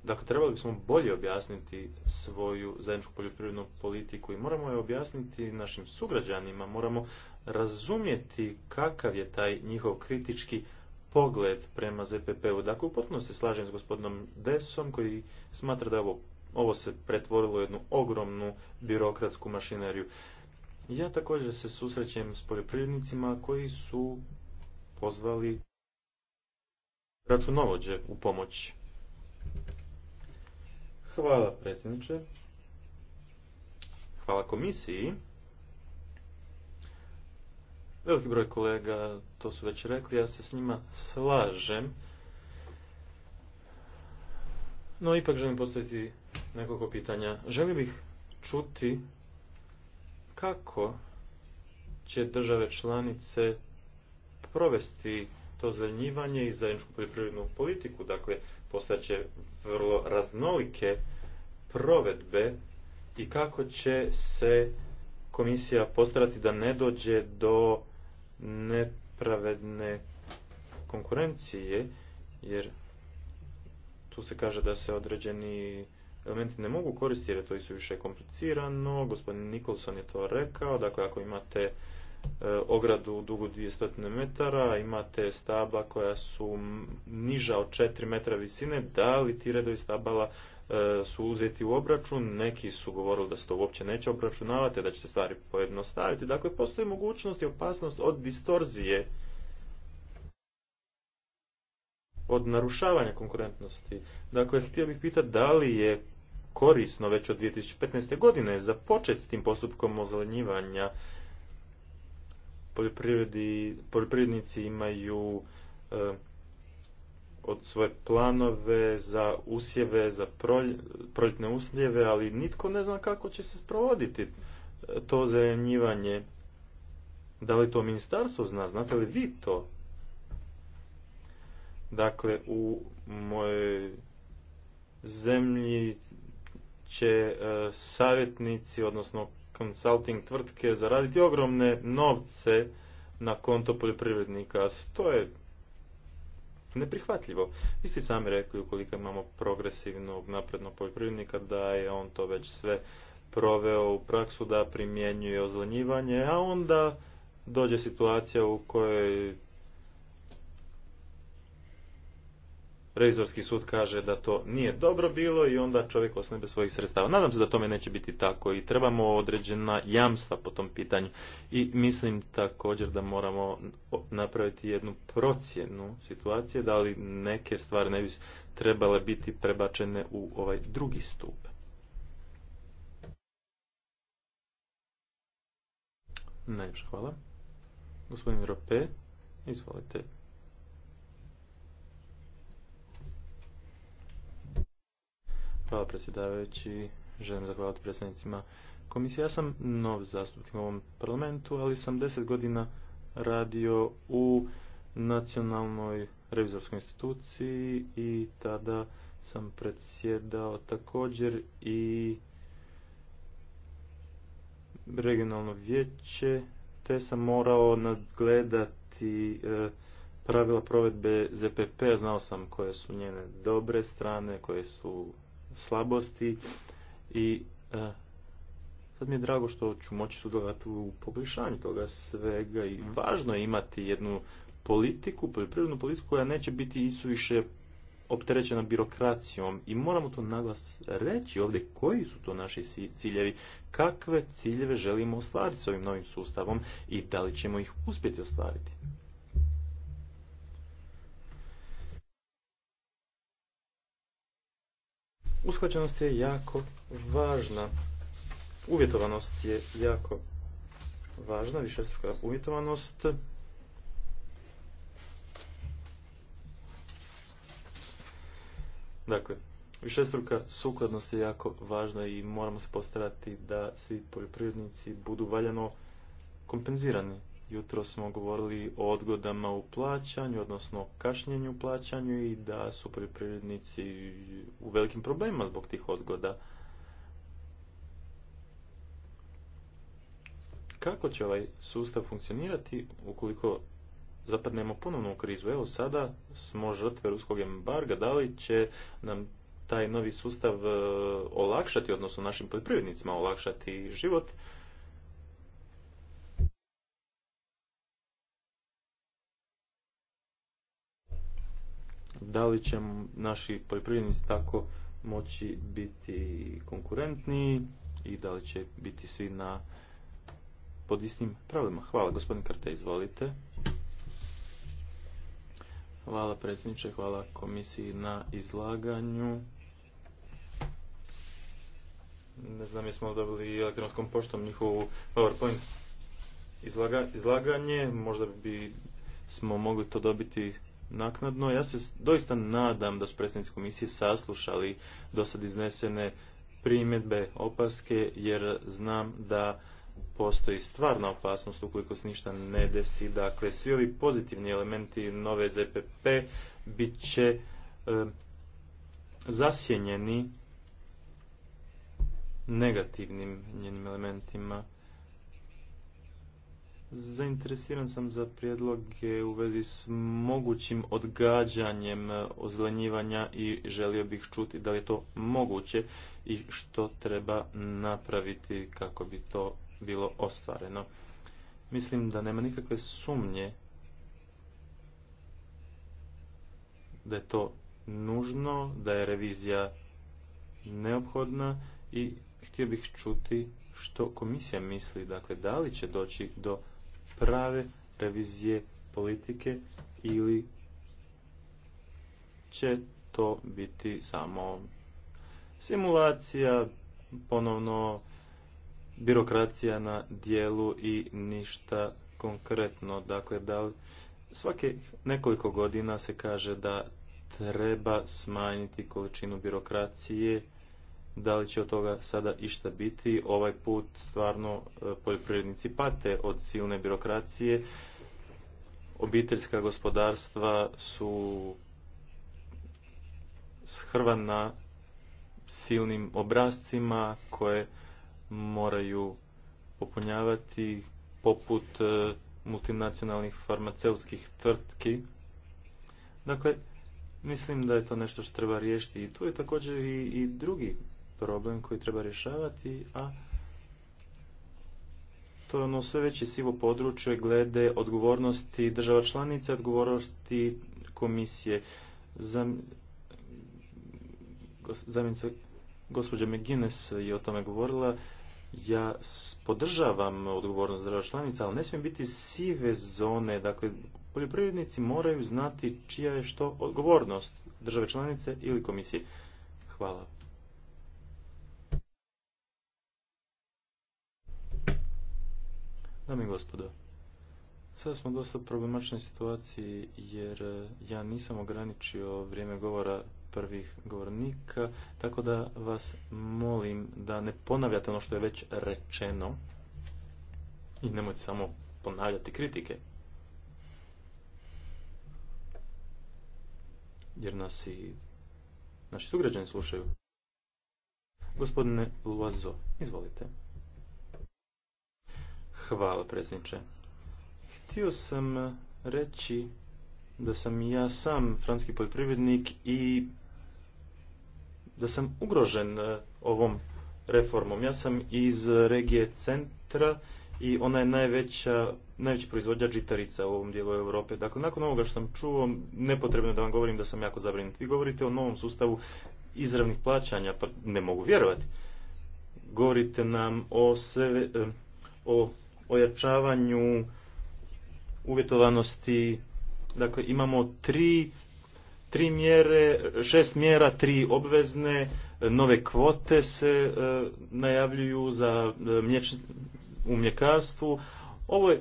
Dakle, trebali bismo bolje objasniti svoju zajedničku poljoprivrednu politiku i moramo je objasniti našim sugrađanima, moramo razumjeti kakav je taj njihov kritički pogled prema ZPP-u. Dakle, potpuno se slažem s gospodinom Desom koji smatra da ovo, ovo se pretvorilo u jednu ogromnu birokratsku mašineriju. Ja također se susrećem s poljoprivrednicima koji su pozvali računovođe u pomoć Hvala predsjedniče. Hvala komisiji. Veliki broj kolega to su već rekli, ja se s njima slažem. No ipak želim postaviti nekoliko pitanja. Želim bih čuti kako će države članice provesti to zanjivanje i zajedničku poljoprivrednu politiku. Dakle, postaće vrlo raznolike provedbe i kako će se komisija postarati da ne dođe do nepravedne konkurencije, jer tu se kaže da se određeni elementi ne mogu koristiti jer je to više komplicirano. Gospodin Nikolson je to rekao, dakle ako imate E, ogradu dugu 200 metara, imate stabla koja su niža od 4 metra visine, da li ti redovi stabala e, su uzeti u obračun, neki su govorili da se to uopće neće obračunavati, da će se stvari pojednostaviti. Dakle, postoji mogućnost i opasnost od distorzije, od narušavanja konkurentnosti. Dakle, htio bih pitati da li je korisno već od 2015. godine započeti s tim postupkom ozelenjivanja poljoprivrednici imaju e, od svoje planove za usjeve, za prolj, proljetne usjeve, ali nitko ne zna kako će se sprovoditi e, to zajednjivanje. Da li to ministarstvo zna? Znate li vi to? Dakle, u mojoj zemlji će e, savjetnici, odnosno consulting tvrtke zaraditi ogromne novce na konto poljoprivrednika. To je neprihvatljivo. Vi ste sami rekli ukoliko imamo progresivnog naprednog poljoprivrednika da je on to već sve proveo u praksu da primjenjuje ozlanjivanje, a onda dođe situacija u kojoj revizorski sud kaže da to nije dobro bilo i onda čovjek osnebe bez svojih sredstava. Nadam se da tome neće biti tako i trebamo određena jamstva po tom pitanju i mislim također da moramo napraviti jednu procjenu situacije da li neke stvari ne bi trebale biti prebačene u ovaj drugi stup. hvala. Gospodin Rope, izvolite. Hvala predsjedavajući. Želim zahvaliti predsjednicima komisije. Ja sam nov zastupnik u ovom parlamentu, ali sam deset godina radio u nacionalnoj revizorskoj instituciji i tada sam predsjedao također i regionalno vijeće, te sam morao nadgledati e, pravila provedbe ZPP, p-a. znao sam koje su njene dobre strane, koje su slabosti i e, sad mi je drago što ću moći sudjelovati u poboljšanju toga svega i važno je imati jednu politiku, poljoprivrednu politiku koja neće biti isuviše opterećena birokracijom i moramo to naglas reći ovdje koji su to naši ciljevi, kakve ciljeve želimo ostvariti s ovim novim sustavom i da li ćemo ih uspjeti ostvariti. Usklađenost je jako važna. Uvjetovanost je jako važna, višestruka uvjetovanost. Dakle, višestruka sukladnost je jako važna i moramo se postarati da svi poljoprivrednici budu valjano kompenzirani Jutro smo govorili o odgodama u plaćanju, odnosno o kašnjenju u plaćanju i da su poljoprivrednici u velikim problemima zbog tih odgoda. Kako će ovaj sustav funkcionirati ukoliko zapadnemo ponovno u krizu? Evo sada smo žrtve ruskog embarga, da li će nam taj novi sustav e, olakšati, odnosno našim poljoprivrednicima olakšati život? da li će naši poljoprivrednici tako moći biti konkurentni i da li će biti svi na pod istim pravilima. Hvala, gospodin Karte, izvolite. Hvala predsjedniče, hvala komisiji na izlaganju. Ne znam jesmo dobili elektronskom poštom njihovu PowerPoint izlaganje. Možda bi smo mogli to dobiti naknadno. Ja se doista nadam da su predsjednici komisije saslušali sad iznesene primjedbe opaske, jer znam da postoji stvarna opasnost ukoliko se ništa ne desi. Dakle, svi ovi pozitivni elementi nove ZPP bit će zasjenjeni negativnim njenim elementima Zainteresiran sam za prijedloge u vezi s mogućim odgađanjem ozlenjivanja i želio bih čuti da li je to moguće i što treba napraviti kako bi to bilo ostvareno. Mislim da nema nikakve sumnje da je to nužno, da je revizija neophodna i htio bih čuti što komisija misli, dakle da li će doći do prave revizije politike ili će to biti samo simulacija, ponovno birokracija na dijelu i ništa konkretno. Dakle, da svake nekoliko godina se kaže da treba smanjiti količinu birokracije da li će od toga sada išta biti. Ovaj put stvarno e, poljoprivrednici pate od silne birokracije. Obiteljska gospodarstva su shrvana silnim obrazcima koje moraju popunjavati poput e, multinacionalnih farmaceutskih tvrtki. Dakle, mislim da je to nešto što treba riješiti i tu je također i, i drugi problem koji treba rješavati, a to je ono sve veće sivo područje glede odgovornosti država članica, odgovornosti komisije. Zamjenica gospođa McGuinness je o tome govorila. Ja podržavam odgovornost država članica, ali ne smije biti sive zone. Dakle, poljoprivrednici moraju znati čija je što odgovornost države članice ili komisije. Hvala. Dame i gospodo, sada smo dosta problematičnoj situaciji jer e, ja nisam ograničio vrijeme govora prvih govornika, tako da vas molim da ne ponavljate ono što je već rečeno i nemojte samo ponavljati kritike. Jer nas i naši sugrađani slušaju. Gospodine Luazo, izvolite. Hvala, predsjedniče. Htio sam reći da sam ja sam franski poljoprivrednik i da sam ugrožen e, ovom reformom. Ja sam iz regije centra i ona je najveća, najveći proizvođač žitarica u ovom dijelu Europe. Dakle, nakon ovoga što sam čuo, nepotrebno da vam govorim da sam jako zabrinut. Vi govorite o novom sustavu izravnih plaćanja, pa ne mogu vjerovati. Govorite nam o sve, e, o ojačavanju uvjetovanosti. Dakle, imamo tri, mjere, šest mjera, tri obvezne, nove kvote se e, najavljuju za e, mlječ, u mljekarstvu. Ovo je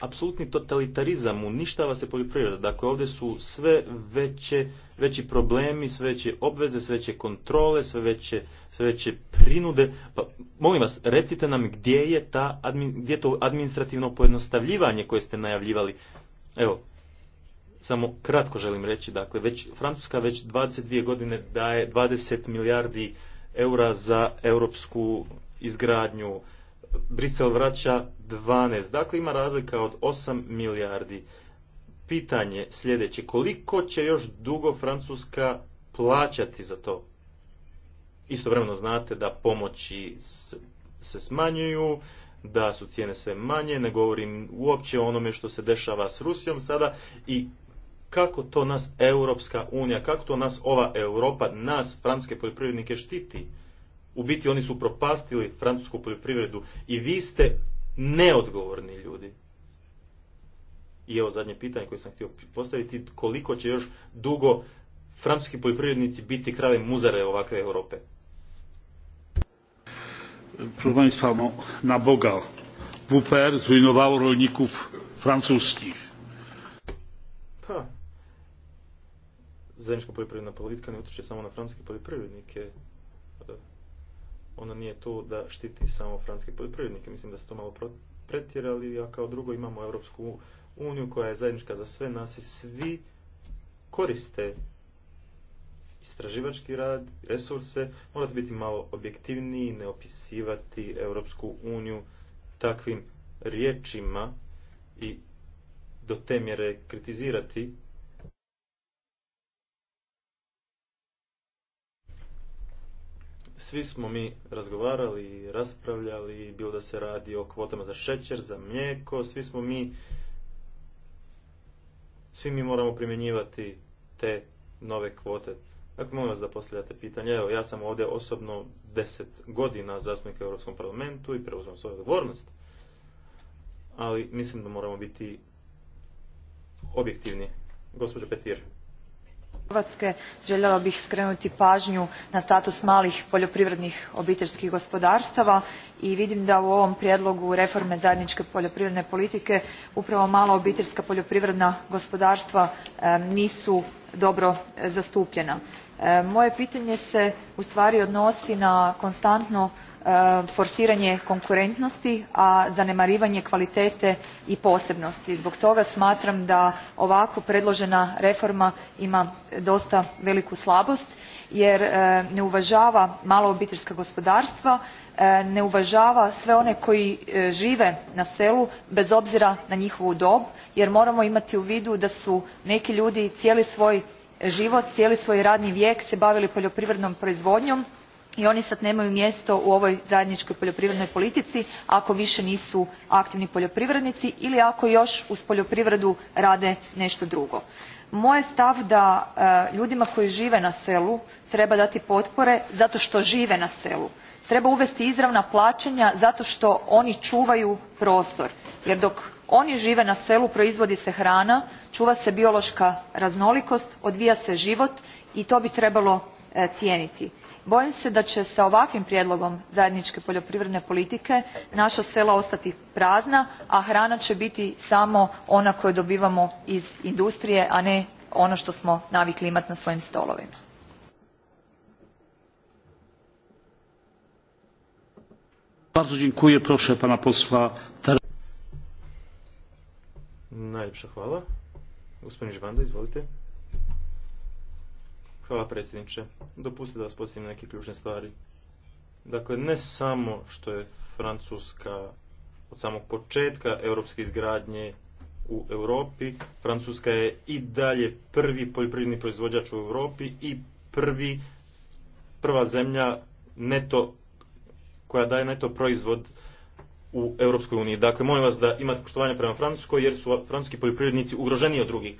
apsolutni totalitarizam, uništava se poljoprivreda. Dakle, ovdje su sve veće, veći problemi, sve veće obveze, sve veće kontrole, sve veće, sve veće prinude. Pa, molim vas, recite nam gdje je, ta, gdje to administrativno pojednostavljivanje koje ste najavljivali. Evo, samo kratko želim reći, dakle, već, Francuska već 22 godine daje 20 milijardi eura za europsku izgradnju Brisel vraća 12. Dakle, ima razlika od 8 milijardi. Pitanje sljedeće, koliko će još dugo Francuska plaćati za to? Istovremeno znate da pomoći se smanjuju, da su cijene sve manje, ne govorim uopće o onome što se dešava s Rusijom sada i kako to nas Europska unija, kako to nas ova Europa, nas, francuske poljoprivrednike štiti? U biti oni su propastili francusku poljoprivredu i vi ste neodgovorni ljudi. I evo zadnje pitanje koje sam htio postaviti, koliko će još dugo francuski poljoprivrednici biti krave muzare ovakve Europe? Proszę Państwa, na Boga, WPR zrujnowało Pa. Zajednička poljoprivredna politika ne utječe samo na francuske poljoprivrednike ona nije tu da štiti samo franske poljoprivrednike. Mislim da ste to malo pretjerali, a kao drugo imamo Europsku uniju koja je zajednička za sve nas i svi koriste istraživački rad, resurse, morate biti malo objektivniji, ne opisivati Europsku uniju takvim riječima i do te mjere kritizirati Svi smo mi razgovarali, raspravljali, bilo da se radi o kvotama za šećer, za mlijeko, svi smo mi, svi mi moramo primjenjivati te nove kvote. Dakle, molim vas da postavljate pitanje. Evo, ja sam ovdje osobno deset godina zastupnik u Europskom parlamentu i preuzmem svoju odgovornost. Ali mislim da moramo biti objektivni. Gospođo Petir hrvatske željela bih skrenuti pažnju na status malih poljoprivrednih obiteljskih gospodarstava i vidim da u ovom prijedlogu reforme zajedničke poljoprivredne politike upravo mala obiteljska poljoprivredna gospodarstva nisu dobro e, zastupljena. E, moje pitanje se ustvari odnosi na konstantno E, forsiranje konkurentnosti a zanemarivanje kvalitete i posebnosti. zbog toga smatram da ovako predložena reforma ima dosta veliku slabost jer e, ne uvažava mala obiteljska gospodarstva e, ne uvažava sve one koji žive na selu bez obzira na njihovu dob jer moramo imati u vidu da su neki ljudi cijeli svoj život cijeli svoj radni vijek se bavili poljoprivrednom proizvodnjom i oni sad nemaju mjesto u ovoj zajedničkoj poljoprivrednoj politici ako više nisu aktivni poljoprivrednici ili ako još uz poljoprivredu rade nešto drugo. moj je stav da e, ljudima koji žive na selu treba dati potpore zato što žive na selu. treba uvesti izravna plaćanja zato što oni čuvaju prostor jer dok oni žive na selu proizvodi se hrana čuva se biološka raznolikost odvija se život i to bi trebalo e, cijeniti bojim se da će s ovakvim prijedlogom zajedničke poljoprivredne politike naša sela ostati prazna a hrana će biti samo ona koju dobivamo iz industrije a ne ono što smo navikli imati na svojim stolovima. Hvala predsjedniče. Dopustite da vas postavim neke ključne stvari. Dakle, ne samo što je Francuska od samog početka europske izgradnje u Europi, Francuska je i dalje prvi poljoprivredni proizvođač u Europi i prvi, prva zemlja neto, koja daje neto proizvod u Europskoj uniji. Dakle, molim vas da imate poštovanje prema Francuskoj jer su francuski poljoprivrednici ugroženi od drugih.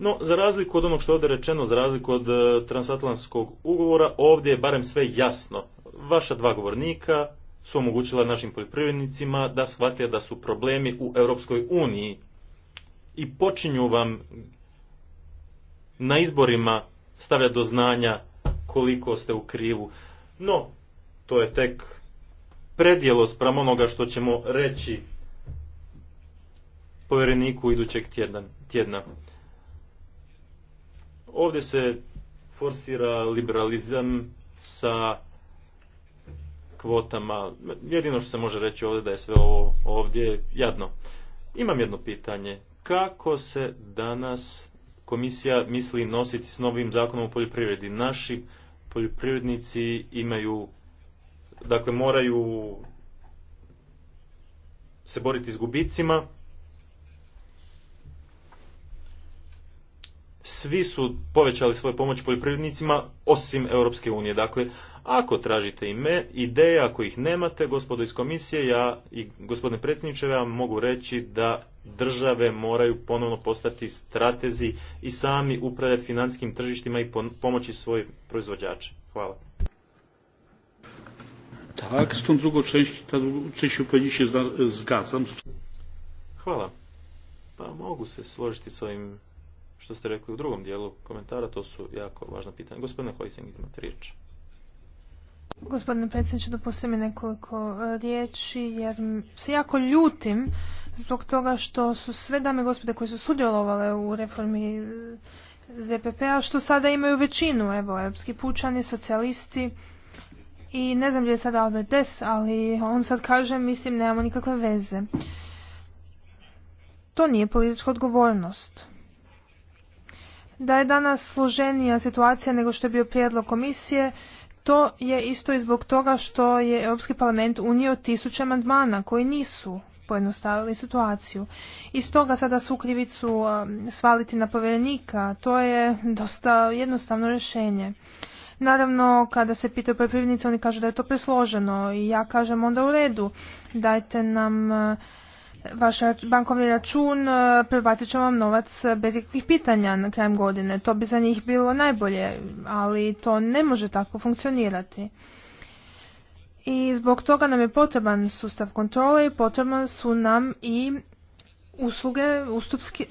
No, za razliku od onog što je ovdje rečeno, za razliku od e, transatlantskog ugovora, ovdje je barem sve jasno. Vaša dva govornika su omogućila našim poljoprivrednicima da shvate da su problemi u Europskoj uniji i počinju vam na izborima stavlja do znanja koliko ste u krivu. No, to je tek predjelo spram onoga što ćemo reći povjereniku idućeg tjedna. Ovdje se forsira liberalizam sa kvotama. Jedino što se može reći ovdje da je sve ovo ovdje jadno. Imam jedno pitanje. Kako se danas komisija misli nositi s novim zakonom o poljoprivredi? Naši poljoprivrednici imaju, dakle moraju se boriti s gubicima, svi su povećali svoju pomoć poljoprivrednicima osim Europske unije. Dakle, ako tražite ime, ideje, ako ih nemate, gospodo iz komisije, ja i gospodine predsjedniče, ja vam mogu reći da države moraju ponovno postati stratezi i sami upravljati financijskim tržištima i pomoći svoj proizvođače. Hvala. Tak, s Hvala. Pa mogu se složiti s ovim što ste rekli u drugom dijelu komentara, to su jako važna pitanja. Gospodine Hojsing, izmati riječ. Gospodine predsjedniče, dopustite mi nekoliko e, riječi jer se jako ljutim zbog toga što su sve dame gospode koje su sudjelovale u reformi e, ZPP-a što sada imaju većinu, evo, europski pučani, socijalisti i ne znam gdje je sada Albert Des, ali on sad kaže, mislim, nemamo nikakve veze. To nije politička odgovornost da je danas složenija situacija nego što je bio prijedlog komisije, to je isto i zbog toga što je Europski parlament unio tisuće amandmana koji nisu pojednostavili situaciju. I stoga sada su krivicu svaliti na povjerenika, to je dosta jednostavno rješenje. Naravno, kada se pitaju poljoprivrednici, oni kažu da je to presloženo i ja kažem onda u redu, dajte nam vaš bankovni račun e, prebacit će vam novac bez ikakvih pitanja na krajem godine. To bi za njih bilo najbolje, ali to ne može tako funkcionirati. I zbog toga nam je potreban sustav kontrole i potreban su nam i usluge,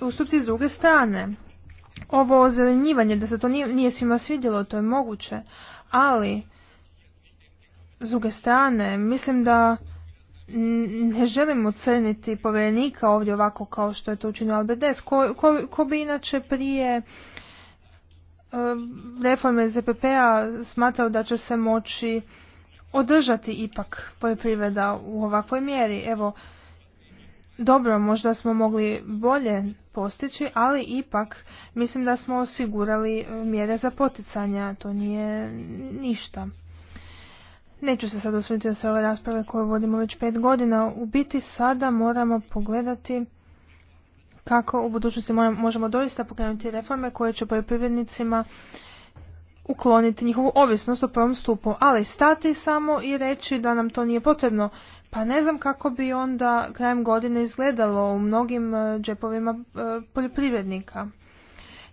ustupci s druge strane. Ovo ozelenjivanje, da se to nije, nije svima svidjelo, to je moguće, ali s druge strane, mislim da ne želim ocrniti povjerenika ovdje ovako kao što je to učinio Des, ko, ko, bi inače prije e, reforme ZPP-a smatrao da će se moći održati ipak poljoprivreda u ovakvoj mjeri. Evo, dobro, možda smo mogli bolje postići, ali ipak mislim da smo osigurali e, mjere za poticanja, to nije ništa. Neću se sad osvrnuti na sve ove rasprave koje vodimo već pet godina. U biti sada moramo pogledati kako u budućnosti možemo doista pokrenuti reforme koje će poljoprivrednicima ukloniti njihovu ovisnost u prvom stupu, ali stati samo i reći da nam to nije potrebno. Pa ne znam kako bi onda krajem godine izgledalo u mnogim e, džepovima e, poljoprivrednika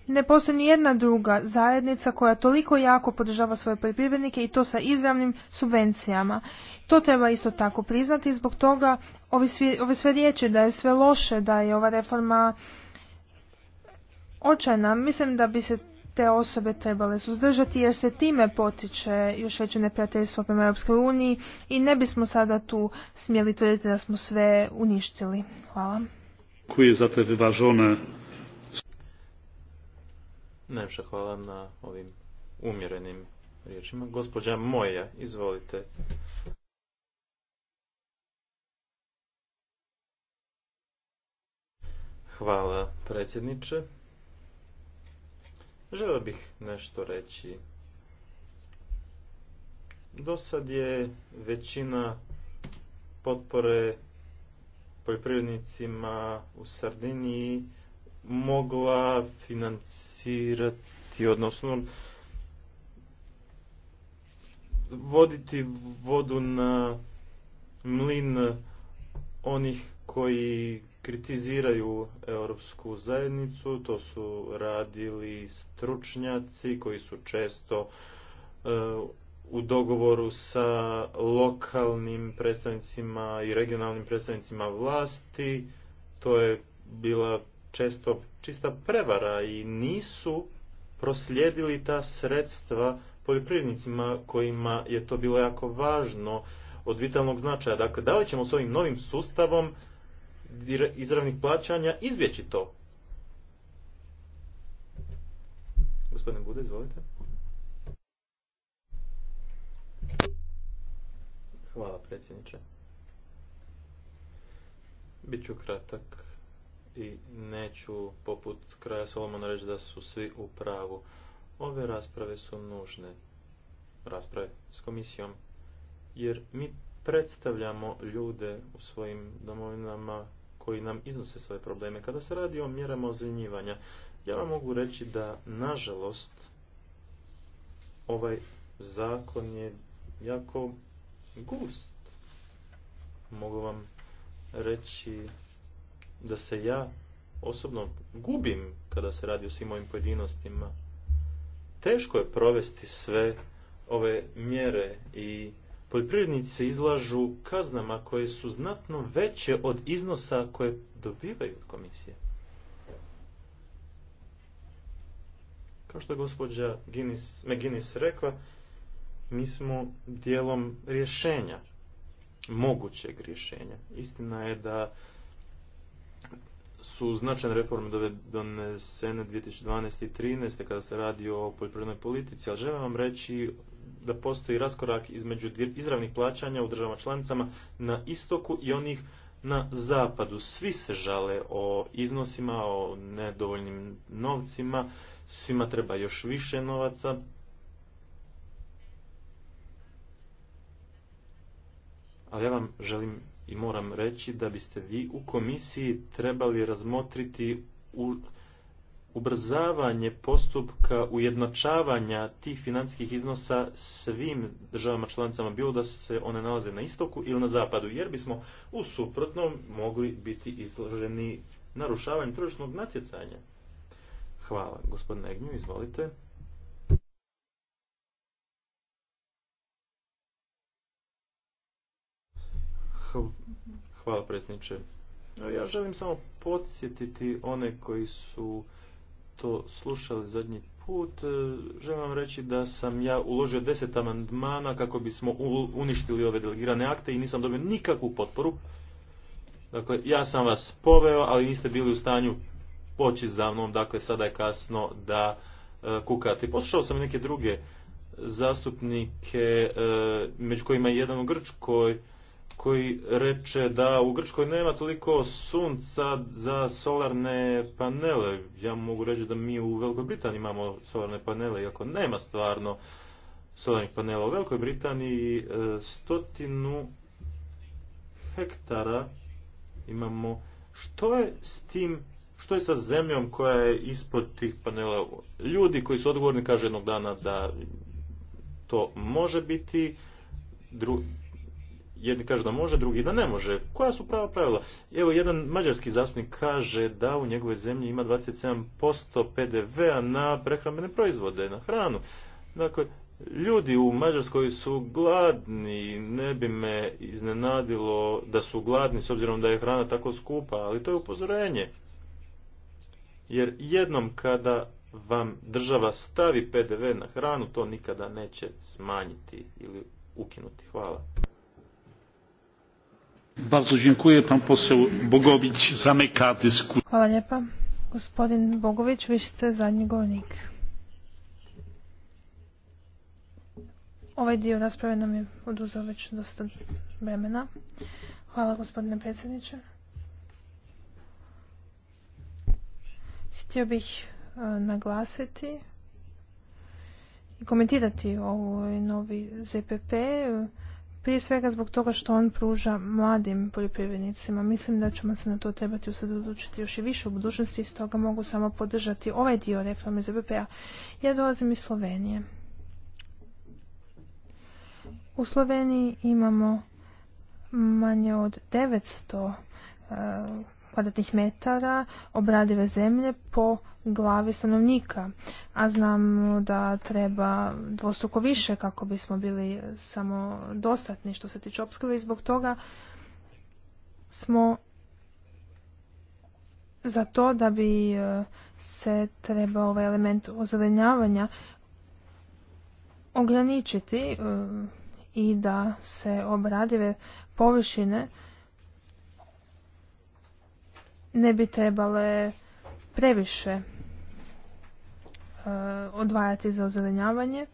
ne postoji ni jedna druga zajednica koja toliko jako podržava svoje poljoprivrednike i to sa izravnim subvencijama. To treba isto tako priznati i zbog toga ove sve, ove sve riječi da je sve loše, da je ova reforma očajna. Mislim da bi se te osobe trebale suzdržati jer se time potiče još veće neprijateljstvo prema Europskoj uniji i ne bismo sada tu smjeli tvrditi da smo sve uništili. Hvala. Koji je Najviše hvala na ovim umjerenim riječima. Gospođa Moja, izvolite. Hvala predsjedniče. Želio bih nešto reći. Do sad je većina potpore poljoprivrednicima u Sardiniji mogla financirati, odnosno voditi vodu na mlin onih koji kritiziraju europsku zajednicu, to su radili stručnjaci koji su često e, u dogovoru sa lokalnim predstavnicima i regionalnim predstavnicima vlasti. To je bila često čista prevara i nisu proslijedili ta sredstva poljoprivrednicima kojima je to bilo jako važno od vitalnog značaja. Dakle, da li ćemo s ovim novim sustavom izravnih plaćanja izbjeći to? Gospodine Bude, izvolite. Hvala predsjedniče. Biću kratak i neću poput kraja Solomona reći da su svi u pravu. Ove rasprave su nužne, rasprave s komisijom, jer mi predstavljamo ljude u svojim domovinama koji nam iznose svoje probleme. Kada se radi o mjerama ozljenjivanja, ja vam mogu reći da, nažalost, ovaj zakon je jako gust. Mogu vam reći da se ja osobno gubim kada se radi o svim mojim pojedinostima. Teško je provesti sve ove mjere i poljoprivrednici se izlažu kaznama koje su znatno veće od iznosa koje dobivaju od komisije. Kao što je gospođa Guinness, McGinnis rekla, mi smo dijelom rješenja, mogućeg rješenja. Istina je da su značajne reforme donesene 2012. i 2013. kada se radi o poljoprivrednoj politici, ali želim vam reći da postoji raskorak između izravnih plaćanja u državama članicama na istoku i onih na zapadu. Svi se žale o iznosima, o nedovoljnim novcima, svima treba još više novaca. Ali ja vam želim i moram reći da biste vi u komisiji trebali razmotriti ubrzavanje postupka ujednačavanja tih financijskih iznosa svim državama članicama, bilo da se one nalaze na istoku ili na zapadu, jer bismo u suprotnom mogli biti izloženi narušavanju tržišnog natjecanja. Hvala. Gospodine Egnju, izvolite. Hvala predsjedniče. Ja želim samo podsjetiti one koji su to slušali zadnji put. E, želim vam reći da sam ja uložio deset amandmana kako bismo uništili ove delegirane akte i nisam dobio nikakvu potporu. Dakle, ja sam vas poveo, ali niste bili u stanju poći za mnom, dakle sada je kasno da e, kukate. Poslušao sam neke druge zastupnike, e, među kojima je jedan u Grčkoj, koji reče da u Grčkoj nema toliko sunca za solarne panele. Ja mogu reći da mi u Velikoj Britaniji imamo solarne panele, iako nema stvarno solarnih panela. U Velikoj Britaniji e, stotinu hektara imamo. Što je s tim, što je sa zemljom koja je ispod tih panela? Ljudi koji su odgovorni kažu jednog dana da to može biti, jedni kažu da može, drugi da ne može. Koja su prava pravila? Evo, jedan mađarski zastupnik kaže da u njegove zemlji ima 27% PDV-a na prehrambene proizvode, na hranu. Dakle, ljudi u Mađarskoj su gladni, ne bi me iznenadilo da su gladni s obzirom da je hrana tako skupa, ali to je upozorenje. Jer jednom kada vam država stavi PDV na hranu, to nikada neće smanjiti ili ukinuti. Hvala. Hvala lijepa. Gospodin Bogović, vi ste zadnji govornik. Ovaj dio rasprave nam je oduzeo već dosta vremena. Hvala gospodine predsjedniče. Htio bih e, naglasiti i komentirati ovaj novi ZPP. Prije svega zbog toga što on pruža mladim poljoprivrednicima. Mislim da ćemo se na to trebati usredotočiti još i više u budućnosti i stoga mogu samo podržati ovaj dio reforme ZBP-a. Ja dolazim iz Slovenije. U Sloveniji imamo manje od 900 eh, kvadratnih metara obradive zemlje po glavi stanovnika, a znam da treba dvostruko više kako bismo bili samo dostatni što se tiče opskrbe i zbog toga smo za to da bi e, se treba ovaj element ozelenjavanja ograničiti e, i da se obradive površine ne bi trebale previše Eh, odvajati za ozelenjavanje.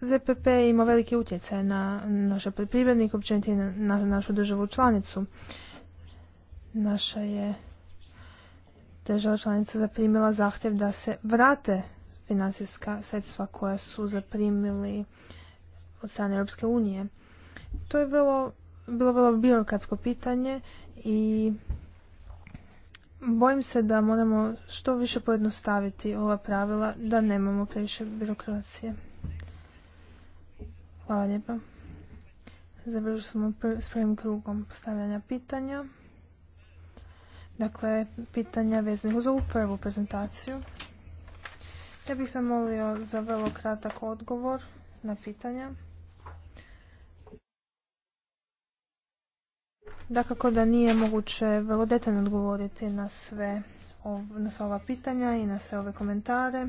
ZPP ima veliki utjecaj na naše poljoprivrednike, općenito i na našu državu članicu. Naša je država članica zaprimila zahtjev da se vrate financijska sredstva koja su zaprimili od strane Europske unije. To je bilo, bilo bilo birokratsko pitanje i Bojim se da moramo što više pojednostaviti ova pravila da nemamo previše birokracije. Hvala lijepa. Završili smo s prvim krugom postavljanja pitanja. Dakle, pitanja veznih uz ovu prvu prezentaciju. Ja bih molio za vrlo kratak odgovor na pitanja. Dakako da nije moguće vrlo detaljno odgovoriti na sve na sva ova pitanja i na sve ove komentare.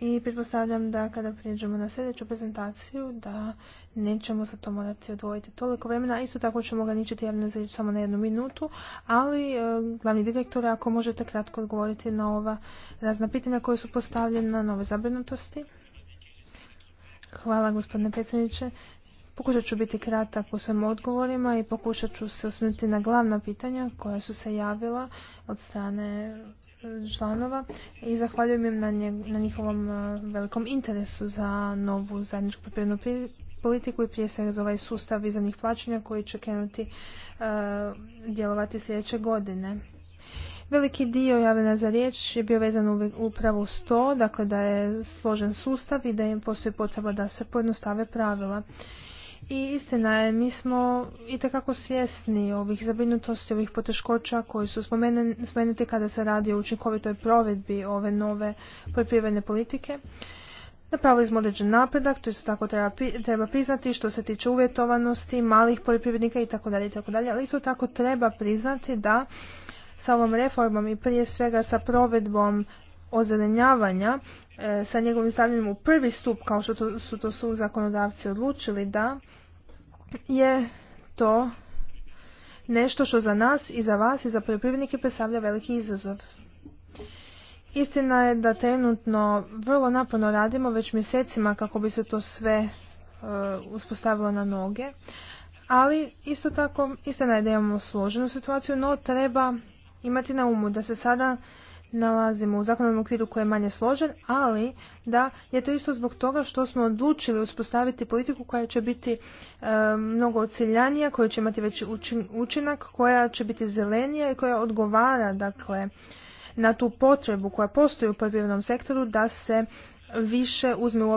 I pretpostavljam da kada prijeđemo na sljedeću prezentaciju da nećemo za to morati odvojiti toliko vremena. Isto tako ćemo ograničiti ne za samo na jednu minutu, ali e, glavni direktor, ako možete kratko odgovoriti na ova razna pitanja koja su postavljena, na nove zabrinutosti. Hvala gospodine predsjedniče. Pokušat ću biti kratak u svojim odgovorima i pokušat ću se osvrnuti na glavna pitanja koja su se javila od strane e, članova i zahvaljujem im na, njihovom e, velikom interesu za novu zajedničku poljoprivrednu politiku i prije svega za ovaj sustav izravnih plaćanja koji će krenuti e, djelovati sljedeće godine. Veliki dio javljena za riječ je bio vezan upravo s to, dakle da je složen sustav i da im postoji potreba da se pojednostave pravila. I istina je, mi smo itekako svjesni ovih zabrinutosti, ovih poteškoća koji su spomenuti kada se radi o učinkovitoj provedbi ove nove poljoprivredne politike. Napravili smo određen napredak, to isto tako treba, treba priznati što se tiče uvjetovanosti, malih poljoprivrednika itd. itd. Ali isto tako treba priznati da sa ovom reformom i prije svega sa provedbom ozelenjavanja e, sa njegovim stavljanjem u prvi stup kao što to, su to su zakonodavci odlučili da je to nešto što za nas i za vas i za poljoprivrednike predstavlja veliki izazov. Istina je da trenutno vrlo naporno radimo već mjesecima kako bi se to sve eh, uspostavilo na noge, ali isto tako istina je da imamo složenu situaciju, no treba imati na umu da se sada nalazimo u zakonovnom okviru koji je manje složen, ali da je to isto zbog toga što smo odlučili uspostaviti politiku koja će biti e, mnogo ociljanija, koja će imati veći učinak, koja će biti zelenija i koja odgovara dakle na tu potrebu koja postoji u poljoprivrednom sektoru da se više uzme u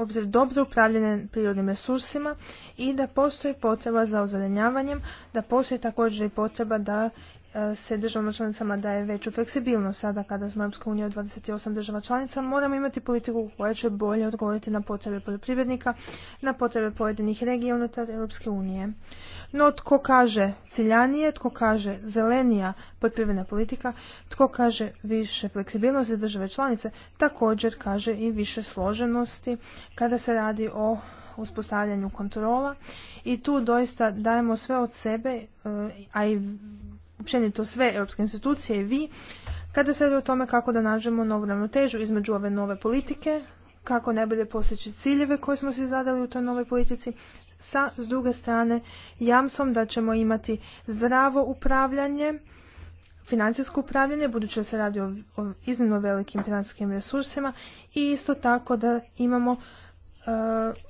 obzir, dobro upravljanje prirodnim resursima i da postoji potreba za ozelenjavanjem, da postoji također i potreba da E, se državama članicama daje veću fleksibilnost sada kada smo Europska unija od 28 država članica, moramo imati politiku koja će bolje odgovoriti na potrebe poljoprivrednika, na potrebe pojedinih regija unutar Europske unije. No tko kaže ciljanije, tko kaže zelenija poljoprivredna politika, tko kaže više fleksibilnosti za države članice, također kaže i više složenosti kada se radi o uspostavljanju kontrola i tu doista dajemo sve od sebe, e, a i općenito sve europske institucije i vi, kada se radi o tome kako da nađemo novu ravnotežu između ove nove politike, kako ne bude postići ciljeve koje smo si zadali u toj novoj politici, sa, s druge strane, jamsom da ćemo imati zdravo upravljanje, financijsko upravljanje, budući da se radi o, iznimno velikim financijskim resursima i isto tako da imamo e,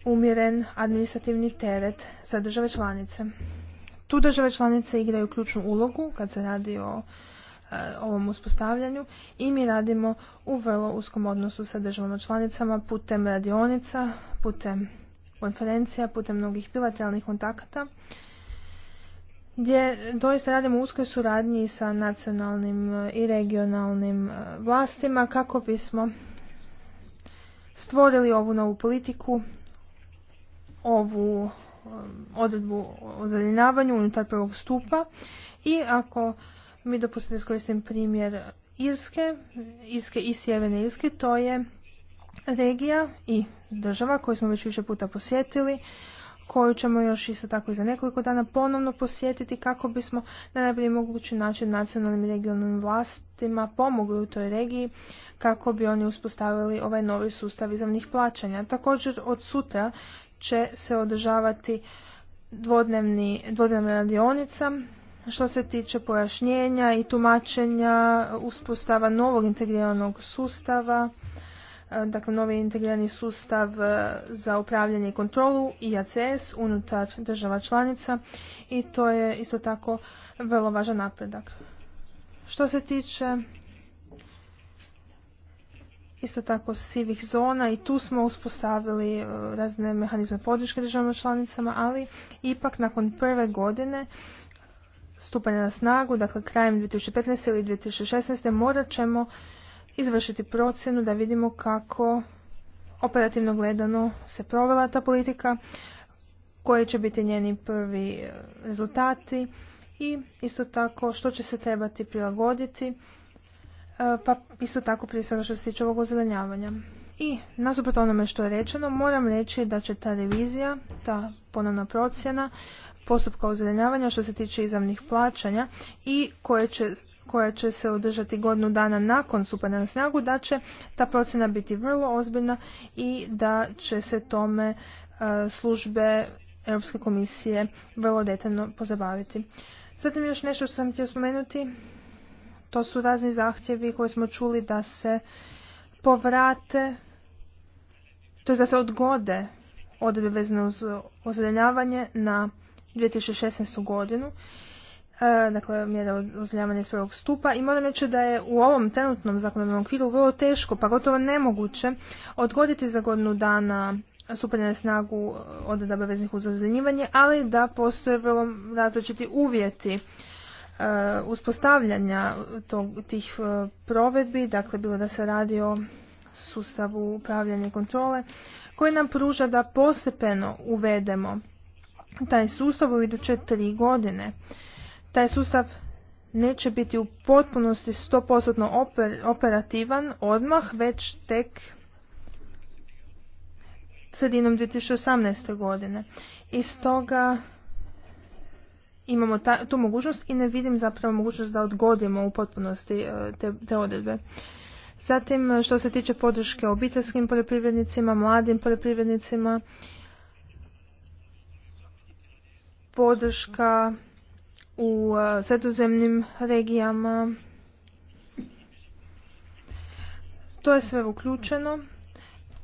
umjeren administrativni teret za države članice. Tu države članice igraju ključnu ulogu kad se radi o e, ovom uspostavljanju i mi radimo u vrlo uskom odnosu sa državama članicama putem radionica, putem konferencija, putem mnogih bilateralnih kontakata gdje doista radimo u uskoj suradnji sa nacionalnim e, i regionalnim e, vlastima kako bismo stvorili ovu novu politiku, ovu Um, odredbu o zaninavanju unutar prvog stupa i ako mi dopustite iskoristim primjer Irske, Irske i Sjeverne Irske, to je regija i država koju smo već više puta posjetili, koju ćemo još isto tako i za nekoliko dana ponovno posjetiti kako bismo na najbolji mogući način nacionalnim i regionalnim vlastima pomogli u toj regiji kako bi oni uspostavili ovaj novi sustav izravnih plaćanja. Također od sutra će se održavati dvodnevni, dvodnevna radionica što se tiče pojašnjenja i tumačenja uspostava novog integriranog sustava, e, dakle novi integrirani sustav e, za upravljanje i kontrolu IACS unutar država članica i to je isto tako vrlo važan napredak. Što se tiče isto tako sivih zona i tu smo uspostavili e, razne mehanizme podrške državama članicama, ali ipak nakon prve godine stupanja na snagu, dakle krajem 2015. ili 2016. morat ćemo izvršiti procjenu da vidimo kako operativno gledano se provela ta politika, koji će biti njeni prvi e, rezultati i isto tako što će se trebati prilagoditi E, pa isto tako prije svega što se tiče ovog ozelenjavanja. I nasuprot onome što je rečeno, moram reći da će ta revizija, ta ponovna procjena postupka ozelenjavanja što se tiče izavnih plaćanja i koje će koja će se održati godinu dana nakon stupanja na snagu, da će ta procjena biti vrlo ozbiljna i da će se tome e, službe Europske komisije vrlo detaljno pozabaviti. Zatim još nešto što sam htio spomenuti to su razni zahtjevi koje smo čuli da se povrate, to je da se odgode odredbe vezane uz na 2016. godinu. E, dakle, mjera ozelenjavanja iz prvog stupa i moram reći da je u ovom trenutnom zakonodavnom okviru vrlo teško, pa gotovo nemoguće odgoditi za godinu dana stupanje na snagu odredaba veznih uz ali da postoje vrlo različiti uvjeti Eh, uspostavljanja tog, tih eh, provedbi, dakle bilo da se radi o sustavu upravljanja i kontrole, koji nam pruža da postepeno uvedemo taj sustav u iduće tri godine. Taj sustav neće biti u potpunosti 100% operativan odmah, već tek sredinom 2018. godine. I stoga imamo tu mogućnost i ne vidim zapravo mogućnost da odgodimo u potpunosti e, te, te odredbe. Zatim e, što se tiče podrške obiteljskim poljoprivrednicima, mladim poljoprivrednicima, podrška u e, sredozemnim regijama. To je sve uključeno.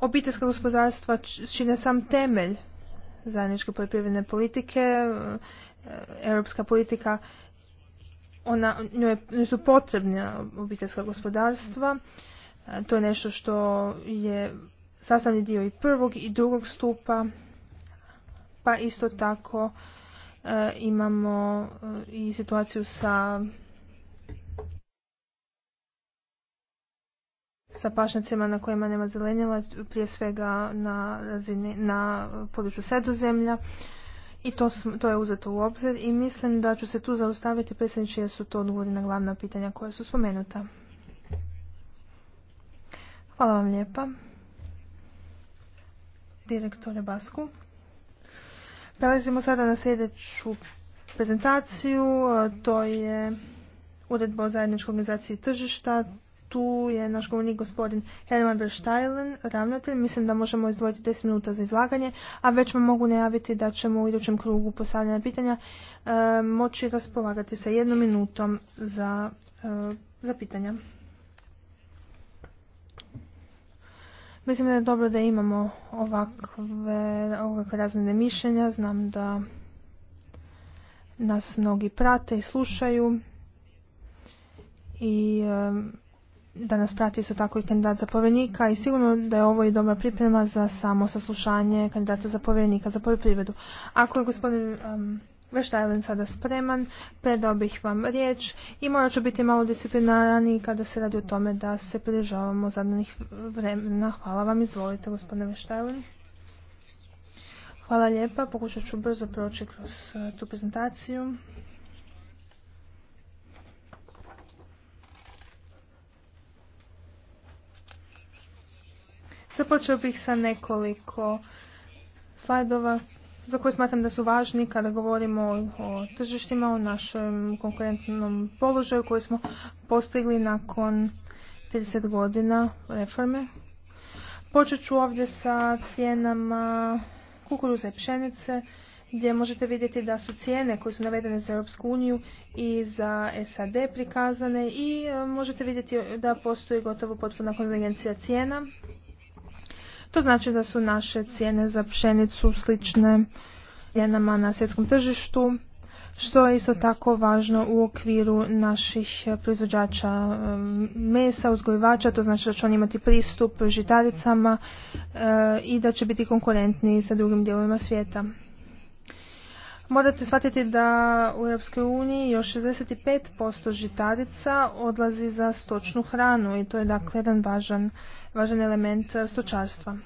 Obiteljska gospodarstva čine sam temelj zajedničke poljoprivredne politike europska politika ona, njoj, su potrebna obiteljska gospodarstva. E, to je nešto što je sastavni dio i prvog i drugog stupa. Pa isto tako e, imamo e, i situaciju sa sa pašnjacima na kojima nema zelenjela, prije svega na, na području sredozemlja. zemlja i to, to je uzeto u obzir i mislim da ću se tu zaustaviti predsjedniče jer su to odgovori na glavna pitanja koja su spomenuta. Hvala vam lijepa. Direktore Basku. Prelazimo sada na sljedeću prezentaciju. To je uredba o zajedničkoj organizaciji tržišta tu je naš govornik gospodin Herman Verstajlen, ravnatelj. Mislim da možemo izdvojiti 10 minuta za izlaganje, a već vam mogu najaviti da ćemo u idućem krugu postavljanja pitanja e, moći raspolagati sa jednom minutom za, e, za pitanja. Mislim da je dobro da imamo ovakve, ovakve razmjene mišljenja. Znam da nas mnogi prate i slušaju i e, da nas prati su tako i kandidat za povjerenika i sigurno da je ovo i dobra priprema za samo saslušanje kandidata za povjerenika za poljoprivredu. Ako je gospodin um, Veštajlen sada spreman, predao bih vam riječ i morat ću biti malo disciplinarani kada se radi o tome da se pridržavamo zadanih vremena. Hvala vam, izvolite gospodine Veštajlen. Hvala lijepa, pokušat ću brzo proći kroz eh, tu prezentaciju. Započeo bih sa nekoliko slajdova za koje smatram da su važni kada govorimo o tržištima, o našem konkurentnom položaju koji smo postigli nakon 30 godina reforme. Počet ću ovdje sa cijenama kukuruza i pšenice gdje možete vidjeti da su cijene koje su navedene za Europsku uniju i za SAD prikazane i e, možete vidjeti da postoji gotovo potpuna konvergencija cijena to znači da su naše cijene za pšenicu slične cijenama na svjetskom tržištu, što je isto tako važno u okviru naših proizvođača mesa, uzgojivača, to znači da će oni imati pristup žitaricama e, i da će biti konkurentni sa drugim dijelovima svijeta. Morate shvatiti da u Europskoj uniji još 65% žitarica odlazi za stočnu hranu i to je dakle jedan važan, važan element e, stočarstva.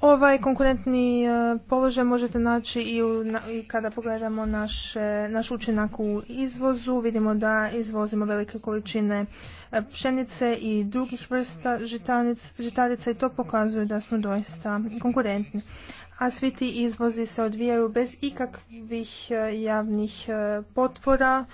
Ovaj konkurentni e, položaj možete naći i, kada pogledamo naše, naš učinak u izvozu. Vidimo da izvozimo velike količine e, pšenice i drugih vrsta žitarica i to pokazuje da smo doista konkurentni a svi ti izvozi se odvijaju bez ikakvih e, javnih e, potpora,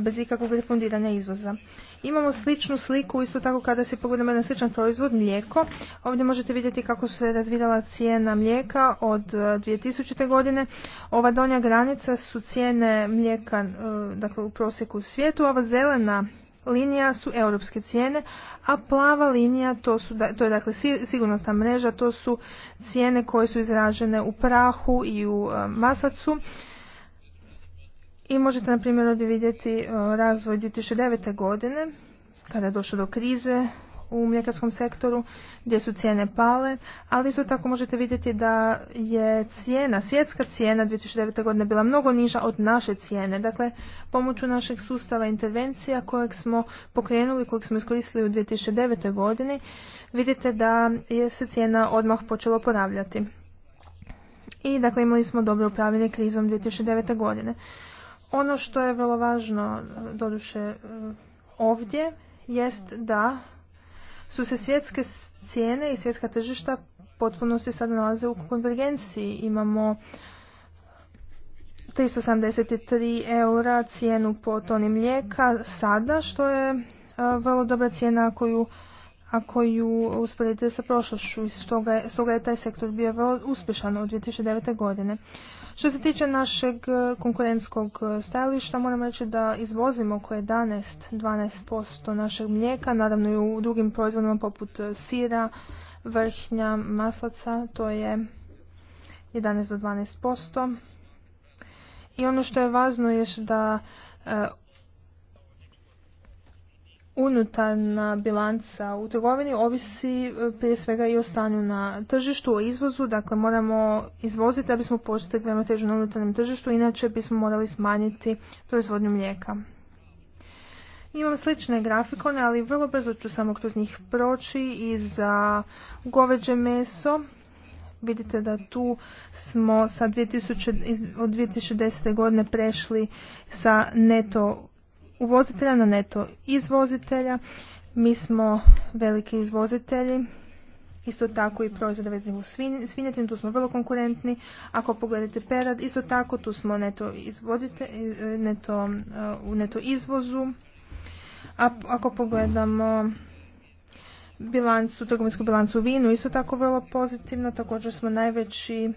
bez ikakvog refundiranja izvoza. Imamo sličnu sliku isto tako kada se pogledamo na sličan proizvod mlijeko. Ovdje možete vidjeti kako se razvijala cijena mlijeka od 2000. E, godine. Ova donja granica su cijene mlijeka dakle, u prosjeku svijetu. Ova zelena linija su europske cijene, a plava linija to, su, to je dakle sigurnosna mreža, to su cijene koje su izražene u prahu i u e, masacu. I možete na primjer ovdje vidjeti e, razvoj 2009. godine kada je došlo do krize u mljekarskom sektoru gdje su cijene pale, ali isto tako možete vidjeti da je cijena, svjetska cijena 2009. godine bila mnogo niža od naše cijene. Dakle, pomoću našeg sustava intervencija kojeg smo pokrenuli, kojeg smo iskoristili u 2009. godini, vidite da je se cijena odmah počela oporavljati. I dakle imali smo dobro upravljanje krizom 2009. godine. Ono što je vrlo važno, doduše, ovdje jest da su se svjetske cijene i svjetska tržišta potpuno se sad nalaze u konvergenciji. Imamo 373 eura cijenu po toni mlijeka sada, što je e, vrlo dobra cijena ako ju, usporedite sa prošlošću. Stoga je, stoga je taj sektor bio vrlo uspješan od 2009. godine. Što se tiče našeg e, konkurentskog e, stajališta, moram reći da izvozimo oko 11-12% našeg mlijeka, naravno i u drugim proizvodima poput e, sira, vrhnja, maslaca, to je 11 do 12%. I ono što je važno je da unutarna bilanca u trgovini ovisi e, prije svega i o stanju na tržištu, o izvozu, dakle moramo izvoziti da bismo postigli ravnotežu na unutarnjem tržištu, inače bismo morali smanjiti proizvodnju mlijeka. Imam slične grafikone, ali vrlo brzo ću samo kroz njih proći i za goveđe meso. Vidite da tu smo sa 2000, od 2010. godine prešli sa neto uvozitelja na neto izvozitelja. Mi smo veliki izvozitelji, isto tako i proizvode veznih u svinjetinu, tu smo vrlo konkurentni. Ako pogledate perad, isto tako tu smo neto, e, e, u neto izvozu. A ako pogledamo bilancu, trgovinsku bilancu u vinu, isto tako vrlo pozitivno, također smo najveći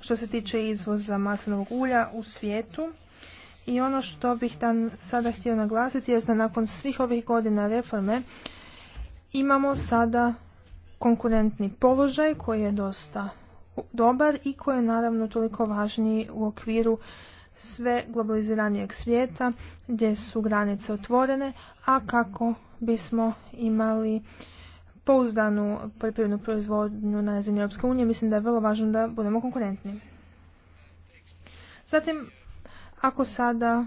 što se tiče izvoza maslinovog ulja u svijetu. I ono što bih dan sada htio naglasiti je da nakon svih ovih godina reforme imamo sada konkurentni položaj koji je dosta dobar i koji je naravno toliko važniji u okviru sve globaliziranijeg svijeta gdje su granice otvorene, a kako bismo imali pouzdanu poljoprivrednu proizvodnju na razini Europske unije, mislim da je vrlo važno da budemo konkurentni. Zatim, ako sada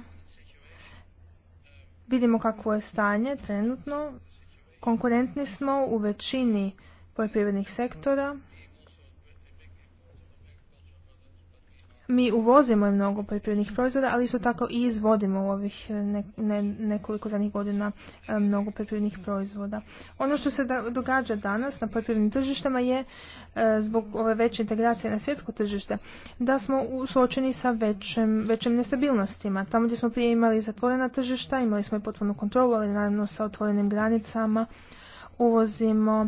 vidimo kakvo je stanje trenutno, konkurentni smo u većini poljoprivrednih sektora, mi uvozimo i mnogo poljoprivrednih proizvoda, ali isto tako i izvodimo u ovih e, nekoliko zadnjih godina e, mnogo poljoprivrednih proizvoda. Ono što se događa danas na poljoprivrednim tržištama je e, zbog ove veće integracije na svjetsko tržište da smo suočeni sa većim, većim nestabilnostima. Tamo gdje smo prije imali zatvorena tržišta, imali smo i potpunu kontrolu, ali naravno sa otvorenim granicama uvozimo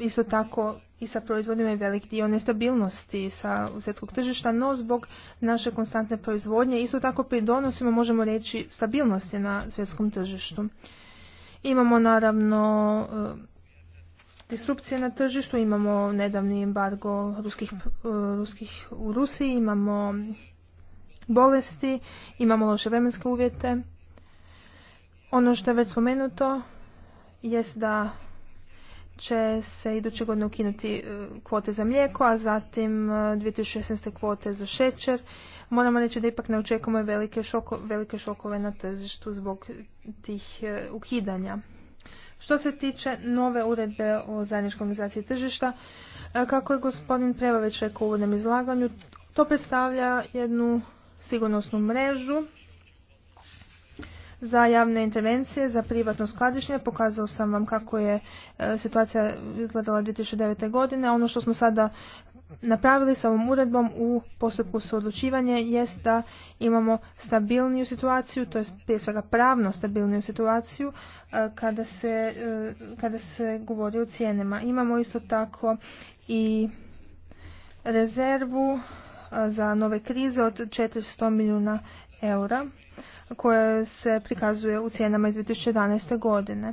isto tako i sa proizvodima je velik dio nestabilnosti sa svjetskog tržišta, no zbog naše konstantne proizvodnje isto tako pridonosimo, možemo reći, stabilnosti na svjetskom tržištu. Imamo naravno e, disrupcije na tržištu, imamo nedavni embargo ruskih, e, ruskih u Rusiji, imamo bolesti, imamo loše vremenske uvjete. Ono što je već spomenuto jest da će se iduće godine ukinuti e, kvote za mlijeko, a zatim 2016. E, kvote za šećer. Moramo reći da ipak ne očekujemo velike, velike šokove na tržištu zbog tih e, ukidanja. Što se tiče nove uredbe o zajedničkoj organizaciji tržišta, kako je gospodin Preva već rekao u uvodnom izlaganju, to predstavlja jednu sigurnosnu mrežu za javne intervencije, za privatno skladišnje. Pokazao sam vam kako je e, situacija izgledala 2009. godine. Ono što smo sada napravili sa ovom uredbom u postupku suodlučivanja jest da imamo stabilniju situaciju, to je prije svega pravno stabilniju situaciju e, kada se, e, kada se govori o cijenama. Imamo isto tako i rezervu za nove krize od 400 milijuna eura koje se prikazuje u cijenama iz 2011. godine.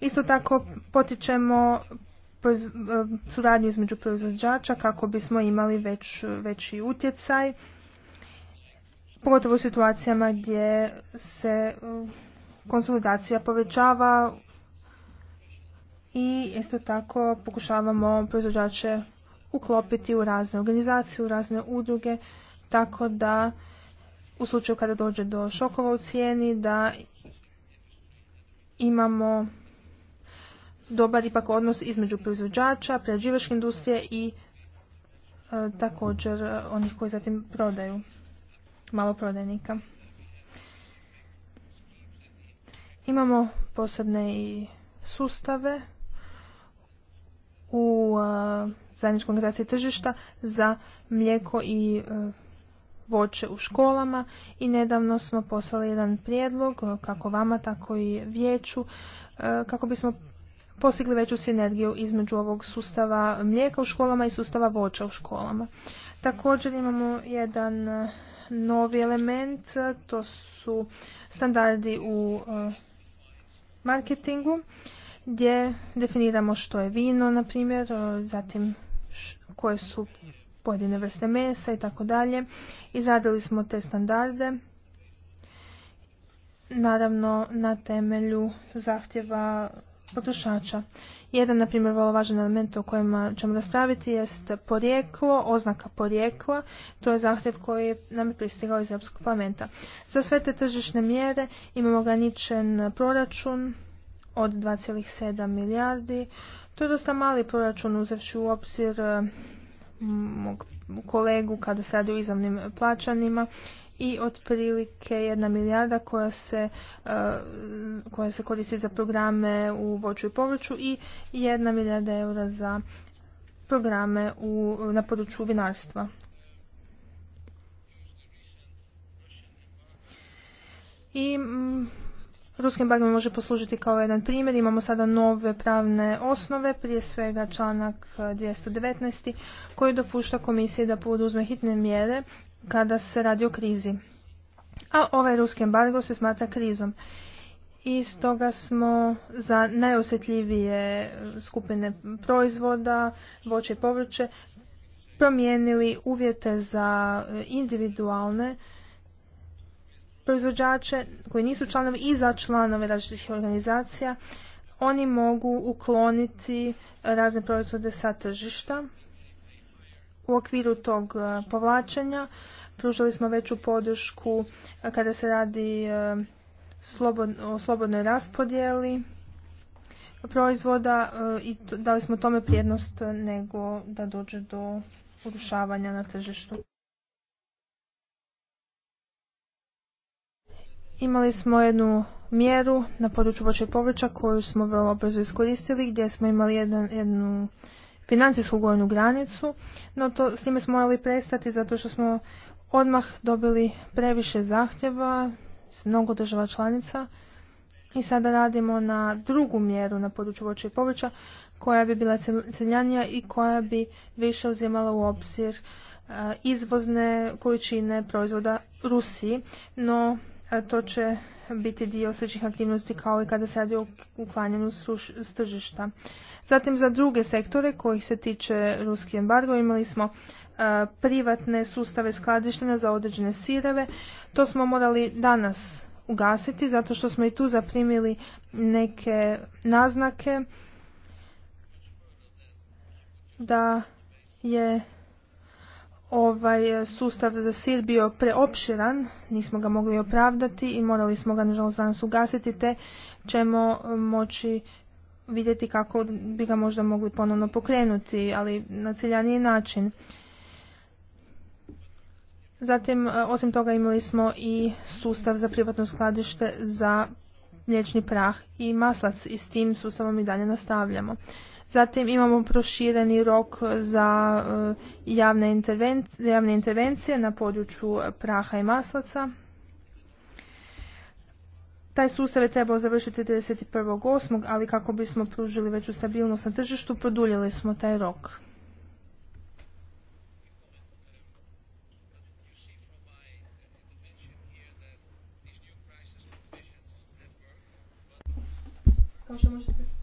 Isto tako potičemo eh, suradnju između proizvođača kako bismo imali već, veći utjecaj, pogotovo u situacijama gdje se eh, konsolidacija povećava i isto tako pokušavamo proizvođače uklopiti u razne organizacije, u razne udruge, tako da u slučaju kada dođe do šokova u cijeni da imamo dobar ipak odnos između proizvođača, prerađivačke industrije i e, također e, onih koji zatim prodaju maloprodajnika. Imamo posebne i sustave u e, zajedničkoj organizaciji tržišta za mlijeko i e, voće u školama i nedavno smo poslali jedan prijedlog e, kako vama tako i vijeću e, kako bismo postigli veću sinergiju između ovog sustava mlijeka u školama i sustava voća u školama. Također imamo jedan e, novi element, to su standardi u marketingu gdje definiramo što je vino, na primjer, zatim koje su pojedine vrste mesa i tako dalje. Izradili smo te standarde, naravno na temelju zahtjeva potrošača. Jedan, na primjer, vrlo važan element o kojem ćemo raspraviti jest porijeklo, oznaka porijekla. To je zahtjev koji nam je pristigao iz Europskog parlamenta. Za sve te tržišne mjere imamo ograničen proračun od 2,7 milijardi. To je dosta mali proračun uzevši u obzir mog kolegu kada se radi o izravnim plaćanima i otprilike jedna milijarda koja se, e, koja se koristi za programe u voću i povrću i jedna milijarda eura za programe u, na području vinarstva. I mm, Ruski embargo može poslužiti kao jedan primjer. Imamo sada nove pravne osnove, prije svega članak 219. E, koji dopušta komisiji da poduzme hitne mjere kada se radi o krizi. A ovaj ruski embargo se smatra krizom. I stoga smo za najosjetljivije skupine proizvoda, voće i povrće, promijenili uvjete za e, individualne proizvođače koji nisu članovi i za članove različitih organizacija. Oni mogu ukloniti razne proizvode sa tržišta. U okviru tog e, povlačenja pružili smo veću podršku e, kada se radi e, o slobodnoj raspodjeli proizvoda i dali smo tome prijednost nego da dođe do urušavanja na tržištu. Imali smo jednu mjeru na području voća i povrća koju smo vrlo brzo iskoristili gdje smo imali jedan, jednu financijsku gornju granicu, no to, s time smo morali prestati zato što smo odmah dobili previše zahtjeva s mnogo država članica i sada radimo na drugu mjeru na području voća i povrća koja bi bila ciljanija i koja bi više uzimala u obzir e, izvozne količine proizvoda Rusiji, no to će biti dio sličnih aktivnosti kao i kada se radi o uklanjanju s tržišta. Zatim za druge sektore kojih se tiče ruski embargo imali smo privatne sustave skladištenja za određene sireve. To smo morali danas ugasiti zato što smo i tu zaprimili neke naznake da je ovaj e, sustav za sir bio preopširan, nismo ga mogli opravdati i morali smo ga nažalost danas ugasiti te ćemo e, moći vidjeti kako bi ga možda mogli ponovno pokrenuti, ali na ciljaniji način. Zatim, e, osim toga imali smo i sustav za privatno skladište za mliječni prah i maslac i s tim sustavom i dalje nastavljamo. Zatim imamo prošireni rok za e, javne intervencije, javne intervencije na području praha i maslaca. Taj sustav je trebao završiti 31.8. ali kako bismo pružili veću stabilnost na tržištu, produljili smo taj rok. Kao što možete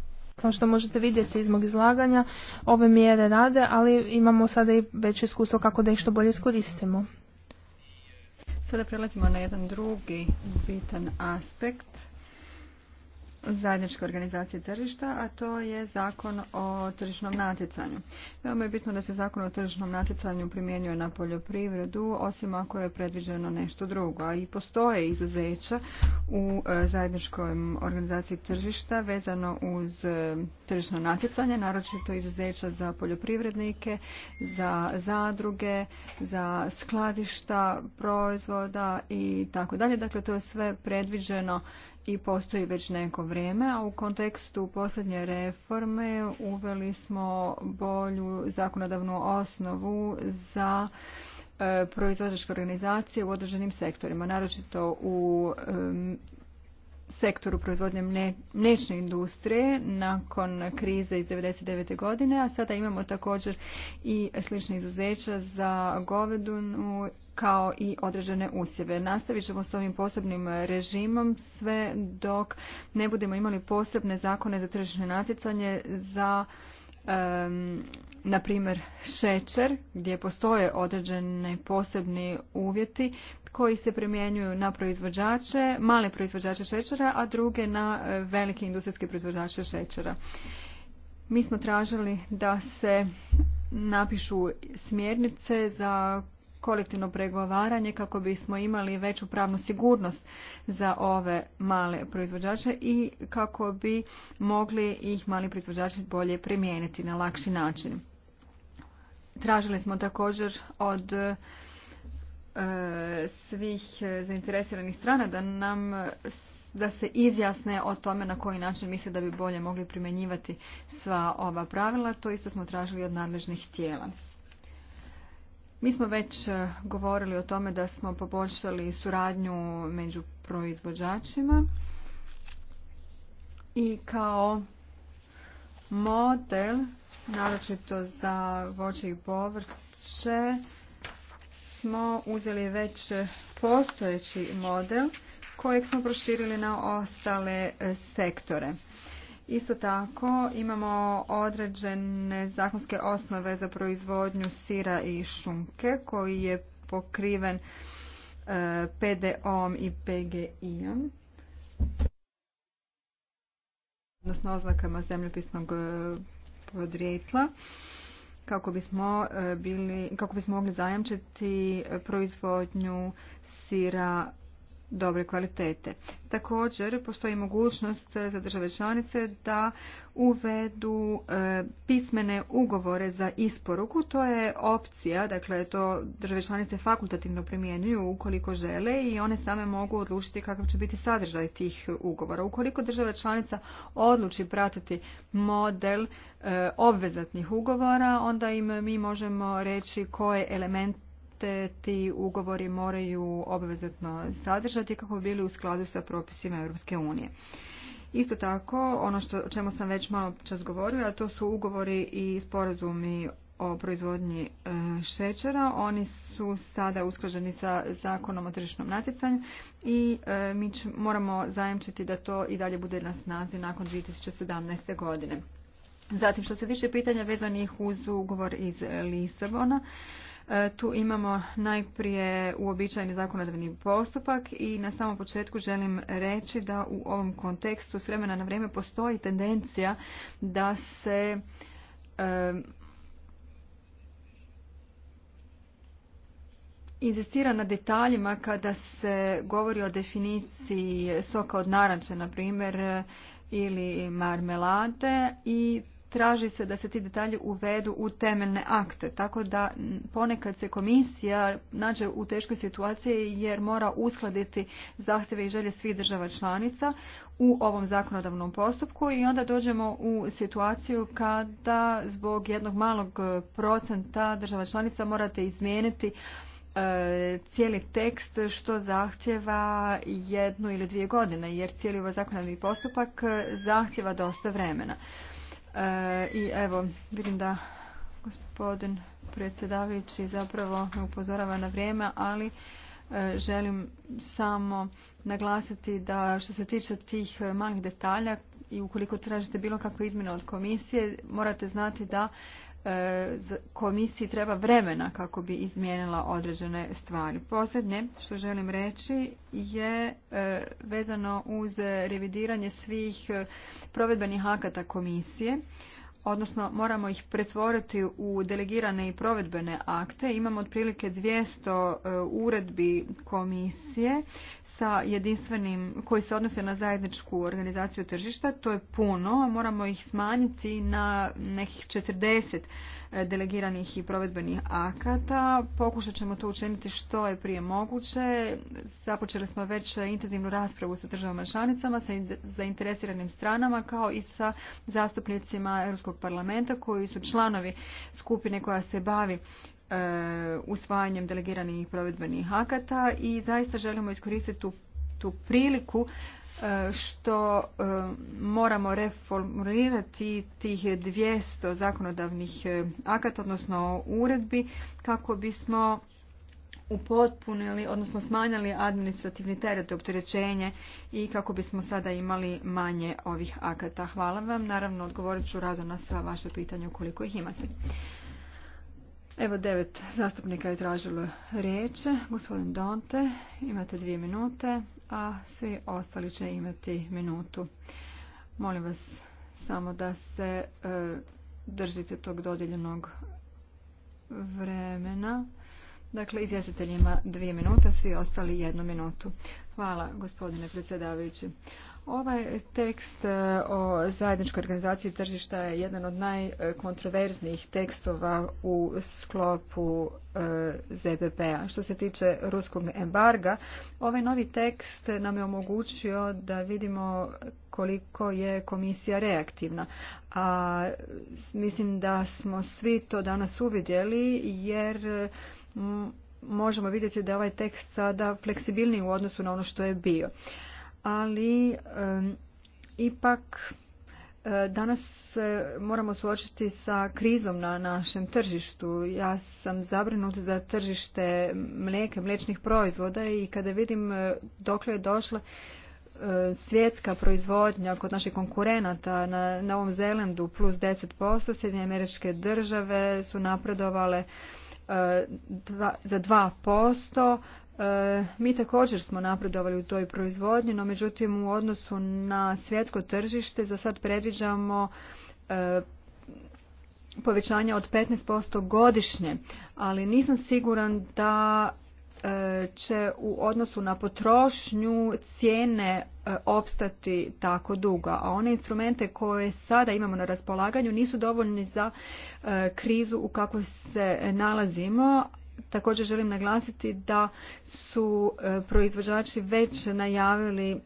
kao što možete vidjeti iz mog izlaganja, ove mjere rade, ali imamo sada i već iskustvo kako da ih što bolje iskoristimo. Sada prelazimo na jedan drugi bitan aspekt zajedničke organizacije tržišta, a to je zakon o tržišnom natjecanju. Veoma je bitno da se zakon o tržišnom natjecanju primjenjuje na poljoprivredu, osim ako je predviđeno nešto drugo. A i postoje izuzeća u e, zajedničkoj organizaciji tržišta vezano uz e, tržišno natjecanje, naročito izuzeća za poljoprivrednike, za zadruge, za skladišta proizvoda i tako dalje. Dakle, to je sve predviđeno i postoji već neko vrijeme, a u kontekstu posljednje reforme uveli smo bolju zakonodavnu osnovu za e, proizvođačke organizacije u određenim sektorima, naročito u sektoru proizvodnje mliječne industrije nakon krize iz 1999. godine, a sada imamo također i slične izuzeća za govedunu kao i određene usjeve. Nastavit ćemo s ovim posebnim režimom sve dok ne budemo imali posebne zakone za tržišno natjecanje za na primjer šećer gdje postoje određene posebni uvjeti koji se primjenjuju na proizvođače, male proizvođače šećera, a druge na e, velike industrijske proizvođače šećera. Mi smo tražili da se napišu smjernice za kolektivno pregovaranje kako bismo imali veću pravnu sigurnost za ove male proizvođače i kako bi mogli ih mali proizvođači bolje primijeniti na lakši način. Tražili smo također od e, svih zainteresiranih strana da nam da se izjasne o tome na koji način misle da bi bolje mogli primjenjivati sva ova pravila. To isto smo tražili od nadležnih tijela. Mi smo već e, govorili o tome da smo poboljšali suradnju među proizvođačima i kao model naročito za voće i povrće, smo uzeli već postojeći model kojeg smo proširili na ostale e, sektore. Isto tako imamo određene zakonske osnove za proizvodnju sira i šunke koji je pokriven e, PDO-om i PGI-om odnosno oznakama zemljopisnog e, podrijetla kako bismo e, bili kako bismo mogli zajamčiti proizvodnju sira dobre kvalitete. Također postoji mogućnost za države članice da uvedu e, pismene ugovore za isporuku. To je opcija, dakle to države članice fakultativno primjenjuju ukoliko žele i one same mogu odlučiti kakav će biti sadržaj tih ugovora. Ukoliko država članica odluči pratiti model e, obvezatnih ugovora, onda im mi možemo reći koje elemente te ti ugovori moraju obvezatno sadržati kako bi bili u skladu sa propisima Europske unije. Isto tako, ono što, o čemu sam već malo čas govorila, to su ugovori i sporazumi o proizvodnji e, šećera. Oni su sada usklađeni sa zakonom o tržišnom natjecanju i e, mi moramo zajamčiti da to i dalje bude na snazi nakon 2017. godine. Zatim što se tiče pitanja vezanih uz ugovor iz Lisabona, E, tu imamo najprije uobičajeni zakonodavni postupak i na samom početku želim reći da u ovom kontekstu s vremena na vrijeme postoji tendencija da se e, inzistira na detaljima kada se govori o definiciji soka od naranče, na primjer, e, ili marmelade i traži se da se ti detalji uvedu u temeljne akte, tako da ponekad se komisija nađe u teškoj situaciji jer mora uskladiti zahtjeve i želje svih država članica u ovom zakonodavnom postupku i onda dođemo u situaciju kada zbog jednog malog procenta država članica morate izmijeniti e, cijeli tekst što zahtjeva jednu ili dvije godine jer cijeli ovaj zakonodavni postupak zahtjeva dosta vremena. I evo, vidim da gospodin predsjedavajući zapravo me upozorava na vrijeme, ali e, želim samo naglasiti da što se tiče tih malih detalja i ukoliko tražite bilo kakve izmjene od komisije, morate znati da komisiji treba vremena kako bi izmijenila određene stvari. Posljednje što želim reći je e, vezano uz revidiranje svih e, provedbenih akata komisije odnosno moramo ih pretvoriti u delegirane i provedbene akte. Imamo otprilike 200 e, uredbi komisije sa jedinstvenim, koji se odnose na zajedničku organizaciju tržišta, to je puno, moramo ih smanjiti na nekih 40 e, delegiranih i provedbenih akata. Pokušat ćemo to učiniti što je prije moguće. Započeli smo već intenzivnu raspravu sa državama članicama, sa zainteresiranim stranama, kao i sa zastupnicima Europskog parlamenta koji su članovi skupine koja se bavi E, usvajanjem delegiranih provedbenih akata i zaista želimo iskoristiti tu, tu priliku e, što e, moramo reformulirati tih 200 zakonodavnih akata, odnosno uredbi, kako bismo upotpunili, odnosno smanjali administrativni teret opterećenje i kako bismo sada imali manje ovih akata. Hvala vam. Naravno, odgovorit ću rado na sva vaše pitanja ukoliko ih imate. Evo devet zastupnika je tražilo riječ. Gospodin Donte, imate dvije minute, a svi ostali će imati minutu. Molim vas samo da se e, držite tog dodjeljenog vremena. Dakle, izvjestiteljima ima dvije minute, svi ostali jednu minutu. Hvala, gospodine predsjedavajući. Ovaj tekst e, o zajedničkoj organizaciji tržišta je jedan od najkontroverznijih tekstova u sklopu e, ZBP-a. Što se tiče ruskog embarga, ovaj novi tekst nam je omogućio da vidimo koliko je komisija reaktivna. A mislim da smo svi to danas uvidjeli jer možemo vidjeti da je ovaj tekst sada fleksibilniji u odnosu na ono što je bio ali ipak e, Danas se moramo suočiti sa krizom na našem tržištu. Ja sam zabrinuta za tržište mlijeka, mliječnih proizvoda i kada vidim e, dokle je došla e, svjetska proizvodnja kod naših konkurenata na Novom Zelandu plus 10%, Sjedinje američke države su napredovale za 2%. E, mi također smo napredovali u toj proizvodnji, no međutim u odnosu na svjetsko tržište za sad predviđamo e, povećanje od 15% godišnje, ali nisam siguran da će u odnosu na potrošnju cijene e, opstati tako dugo, a one instrumente koje sada imamo na raspolaganju nisu dovoljni za e, krizu u kakvoj se nalazimo. Također želim naglasiti da su e, proizvođači već najavili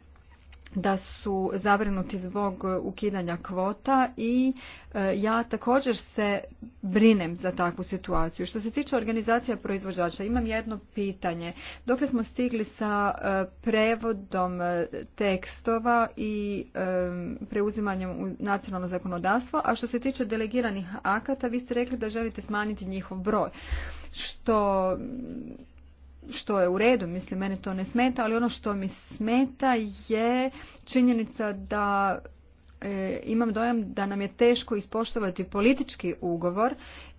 da su zabrinuti zbog ukidanja kvota i e, ja također se brinem za takvu situaciju. Što se tiče organizacija proizvođača, imam jedno pitanje. Dokle smo stigli sa e, prevodom e, tekstova i preuzimanjem u nacionalno zakonodavstvo, a što se tiče delegiranih akata, vi ste rekli da želite smanjiti njihov broj, što što je u redu, mislim, mene to ne smeta, ali ono što mi smeta je činjenica da e, imam dojam da nam je teško ispoštovati politički ugovor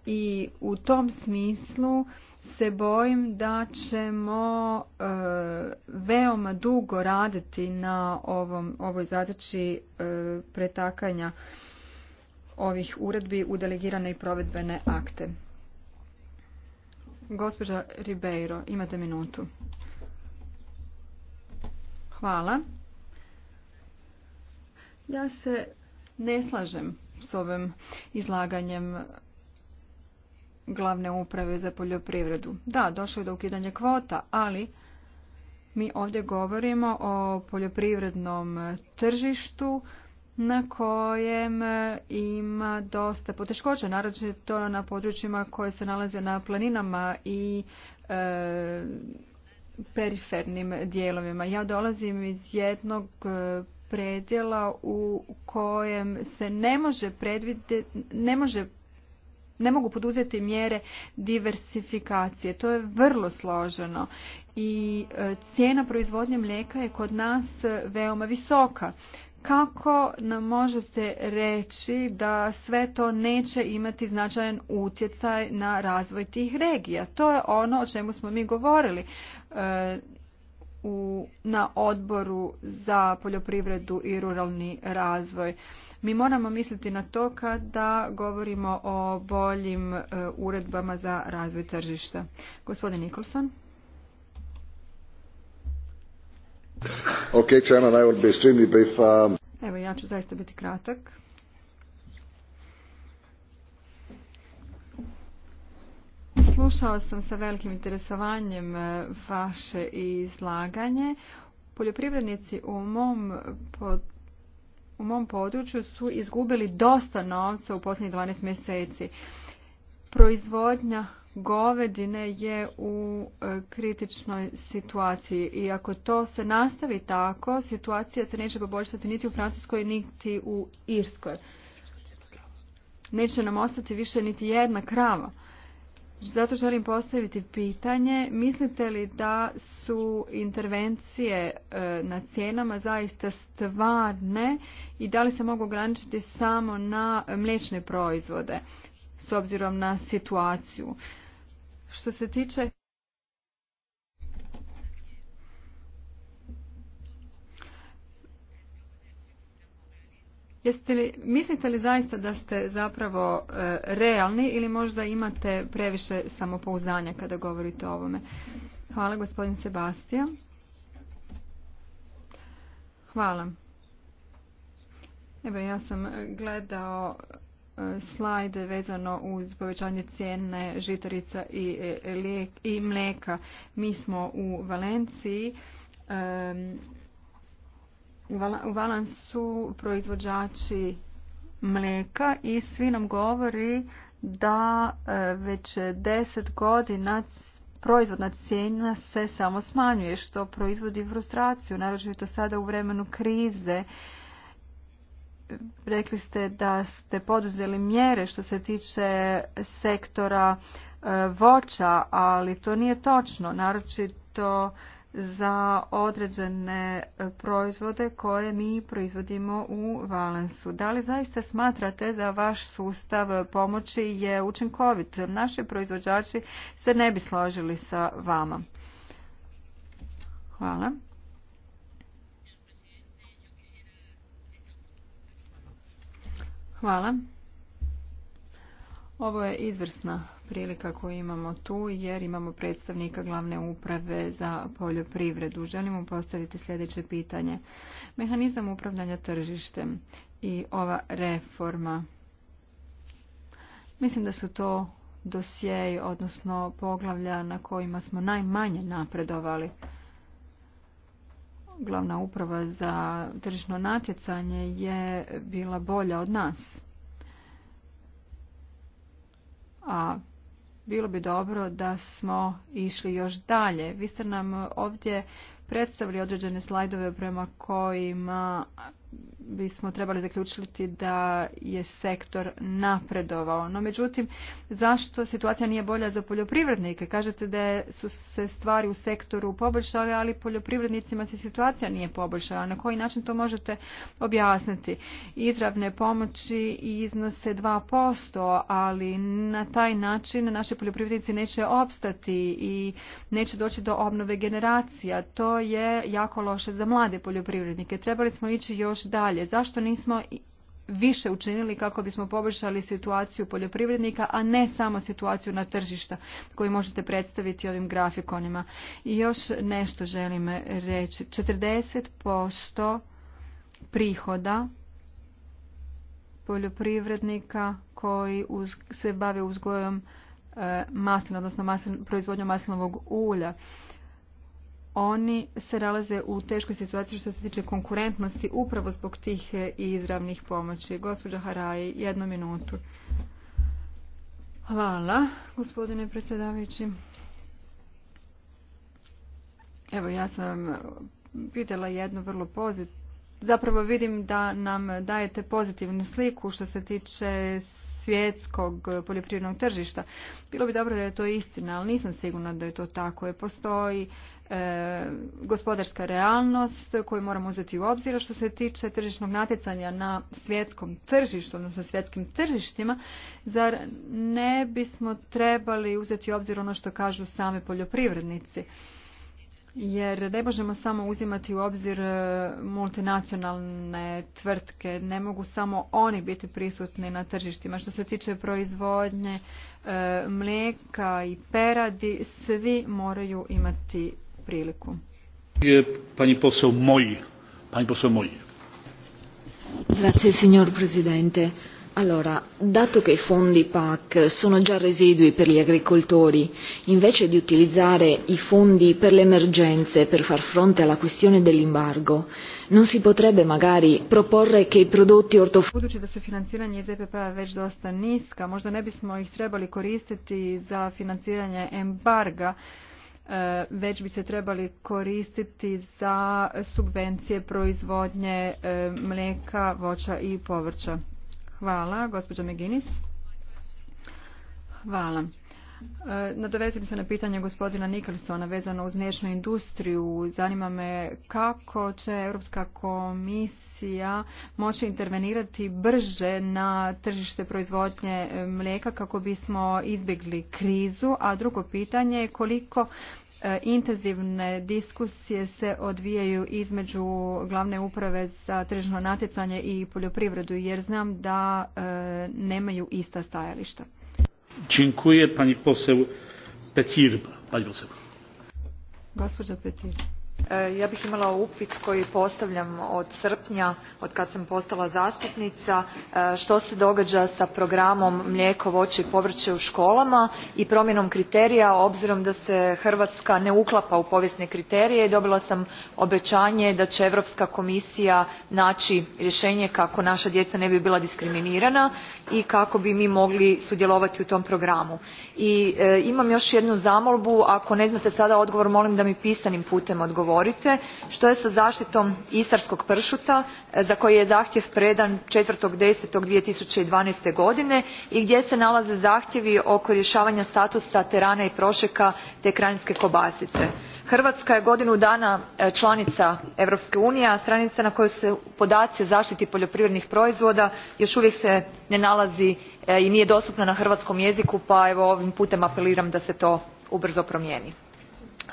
i u tom smislu se bojim da ćemo e, veoma dugo raditi na ovom, ovoj zadaći e, pretakanja ovih uredbi u delegirane i provedbene akte. Gospođa Ribeiro, imate minutu. Hvala. Ja se ne slažem s ovim izlaganjem glavne uprave za poljoprivredu. Da, došlo je do ukidanja kvota, ali mi ovdje govorimo o poljoprivrednom tržištu, na kojem ima dosta poteškoća, naročito na područjima koje se nalaze na planinama i e, perifernim dijelovima. Ja dolazim iz jednog e, predjela u kojem se ne može predvidjeti, ne može ne mogu poduzeti mjere diversifikacije. To je vrlo složeno i e, cijena proizvodnje mlijeka je kod nas veoma visoka kako nam možete reći da sve to neće imati značajan utjecaj na razvoj tih regija? To je ono o čemu smo mi govorili e, na odboru za poljoprivredu i ruralni razvoj. Mi moramo misliti na to kada govorimo o boljim e, uredbama za razvoj tržišta. Gospodin Nikolson. Okay, chairman, I will be extremely brief. Um, Evo, ja ću zaista biti kratak. Slušao sam sa velikim interesovanjem e, vaše izlaganje. Poljoprivrednici u mom, pod, u mom području su izgubili dosta novca u posljednjih 12 mjeseci. Proizvodnja govedine je u e, kritičnoj situaciji i ako to se nastavi tako, situacija se neće poboljšati niti u Francuskoj, niti u Irskoj. Neće nam ostati više niti jedna krava. Zato želim postaviti pitanje, mislite li da su intervencije e, na cijenama zaista stvarne i da li se mogu ograničiti samo na mlječne proizvode s obzirom na situaciju? Što se tiče Jeste li, mislite li zaista da ste zapravo e, realni ili možda imate previše samopouzdanja kada govorite o ovome? Hvala gospodin Sebastija. Hvala. Evo ja sam gledao slajd vezano uz povećanje cijene žitarica i, e, i mlijeka. Mi smo u Valenciji u Valansu proizvođači mlijeka i svi nam govori da e, već deset godina proizvodna cijena se samo smanjuje što proizvodi frustraciju naročito sada u vremenu krize rekli ste da ste poduzeli mjere što se tiče sektora e, voća, ali to nije točno, naročito za određene e, proizvode koje mi proizvodimo u Valensu. Da li zaista smatrate da vaš sustav pomoći je učinkovit? Naši proizvođači se ne bi složili sa vama. Hvala. Hvala. Ovo je izvrsna prilika koju imamo tu jer imamo predstavnika glavne uprave za poljoprivredu. Želimo postaviti sljedeće pitanje. Mehanizam upravljanja tržištem i ova reforma. Mislim da su to dosjeji, odnosno poglavlja na kojima smo najmanje napredovali glavna uprava za tržišno natjecanje je bila bolja od nas. A bilo bi dobro da smo išli još dalje. Vi ste nam ovdje predstavili određene slajdove prema kojima bismo trebali zaključiti da je sektor napredovao. No međutim, zašto situacija nije bolja za poljoprivrednike? Kažete da su se stvari u sektoru poboljšale, ali poljoprivrednicima se situacija nije poboljšala. Na koji način to možete objasniti? Izravne pomoći iznose 2%, ali na taj način naše poljoprivrednici neće opstati i neće doći do obnove generacija. To je jako loše za mlade poljoprivrednike. Trebali smo ići još dalje Zašto nismo više učinili kako bismo poboljšali situaciju poljoprivrednika, a ne samo situaciju na tržišta koju možete predstaviti ovim grafikonima. I još nešto želim reći. 40% prihoda poljoprivrednika koji se bave uzgojom e, maslina, odnosno proizvodnjom maslinovog ulja oni se nalaze u teškoj situaciji što se tiče konkurentnosti upravo zbog tih e, izravnih pomoći. Gospođa Haraji, jednu minutu. Hvala, gospodine predsjedavajući. Evo, ja sam vidjela jednu vrlo pozitivnu, zapravo vidim da nam dajete pozitivnu sliku što se tiče svjetskog poljoprivrednog tržišta. Bilo bi dobro da je to istina, ali nisam sigurna da je to tako. Je postoji E, gospodarska realnost koju moramo uzeti u obzir što se tiče tržišnog natjecanja na svjetskom tržištu, odnosno svjetskim tržištima, zar ne bismo trebali uzeti u obzir ono što kažu same poljoprivrednici? Jer ne možemo samo uzimati u obzir e, multinacionalne tvrtke, ne mogu samo oni biti prisutni na tržištima. Što se tiče proizvodnje e, mlijeka i peradi, svi moraju imati priliku. Grazie signor Presidente. Allora, dato che i fondi PAC sono già residui per gli agricoltori, invece di utilizzare i fondi per le emergenze per far fronte alla questione dell'imbargo, non si potrebbe magari proporre che i prodotti ortofrutticoli Budući da su financiranje iz epp već dosta niska, možda ne bismo ih trebali koristiti za embarga, E, već bi se trebali koristiti za subvencije proizvodnje e, mlijeka, voća i povrća. Hvala, gospođa Meginis. Hvala. E, Nadovezujem se na pitanje gospodina Nikolsona vezano uz mliječnu industriju. Zanima me kako će Europska komisija moći intervenirati brže na tržište proizvodnje e, mlijeka kako bismo izbjegli krizu. A drugo pitanje je koliko e, intenzivne diskusije se odvijaju između glavne uprave za tržišno natjecanje i poljoprivredu jer znam da nemaju ista stajališta. Dziękuję pani poseł petirba Pani poseł. Gospođa Petir. E, ja bih imala upit koji postavljam od srpnja od kad sam postala zastupnica e, što se događa s programom mlijeko voće i povrće u školama i promjenom kriterija obzirom da se hrvatska ne uklapa u povijesne kriterije i dobila sam obećanje da će europska komisija naći rješenje kako naša djeca ne bi bila diskriminirana i kako bi mi mogli sudjelovati u tom programu. i e, imam još jednu zamolbu ako ne znate sada odgovor molim da mi pisanim putem odgovorite govorite što je sa zaštitom istarskog pršuta e, za koji je zahtjev predan. four ten. two thousand and i gdje se nalaze zahtjevi oko rješavanja statusa terana i prošeka te kranjske kobasice. hrvatska je godinu dana e, članica europske unije a stranica na kojoj se podaci o zaštiti poljoprivrednih proizvoda još uvijek se ne nalazi e, i nije dostupna na hrvatskom jeziku pa evo ovim putem apeliram da se to ubrzo promijeni.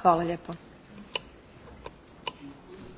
hvala lijepo.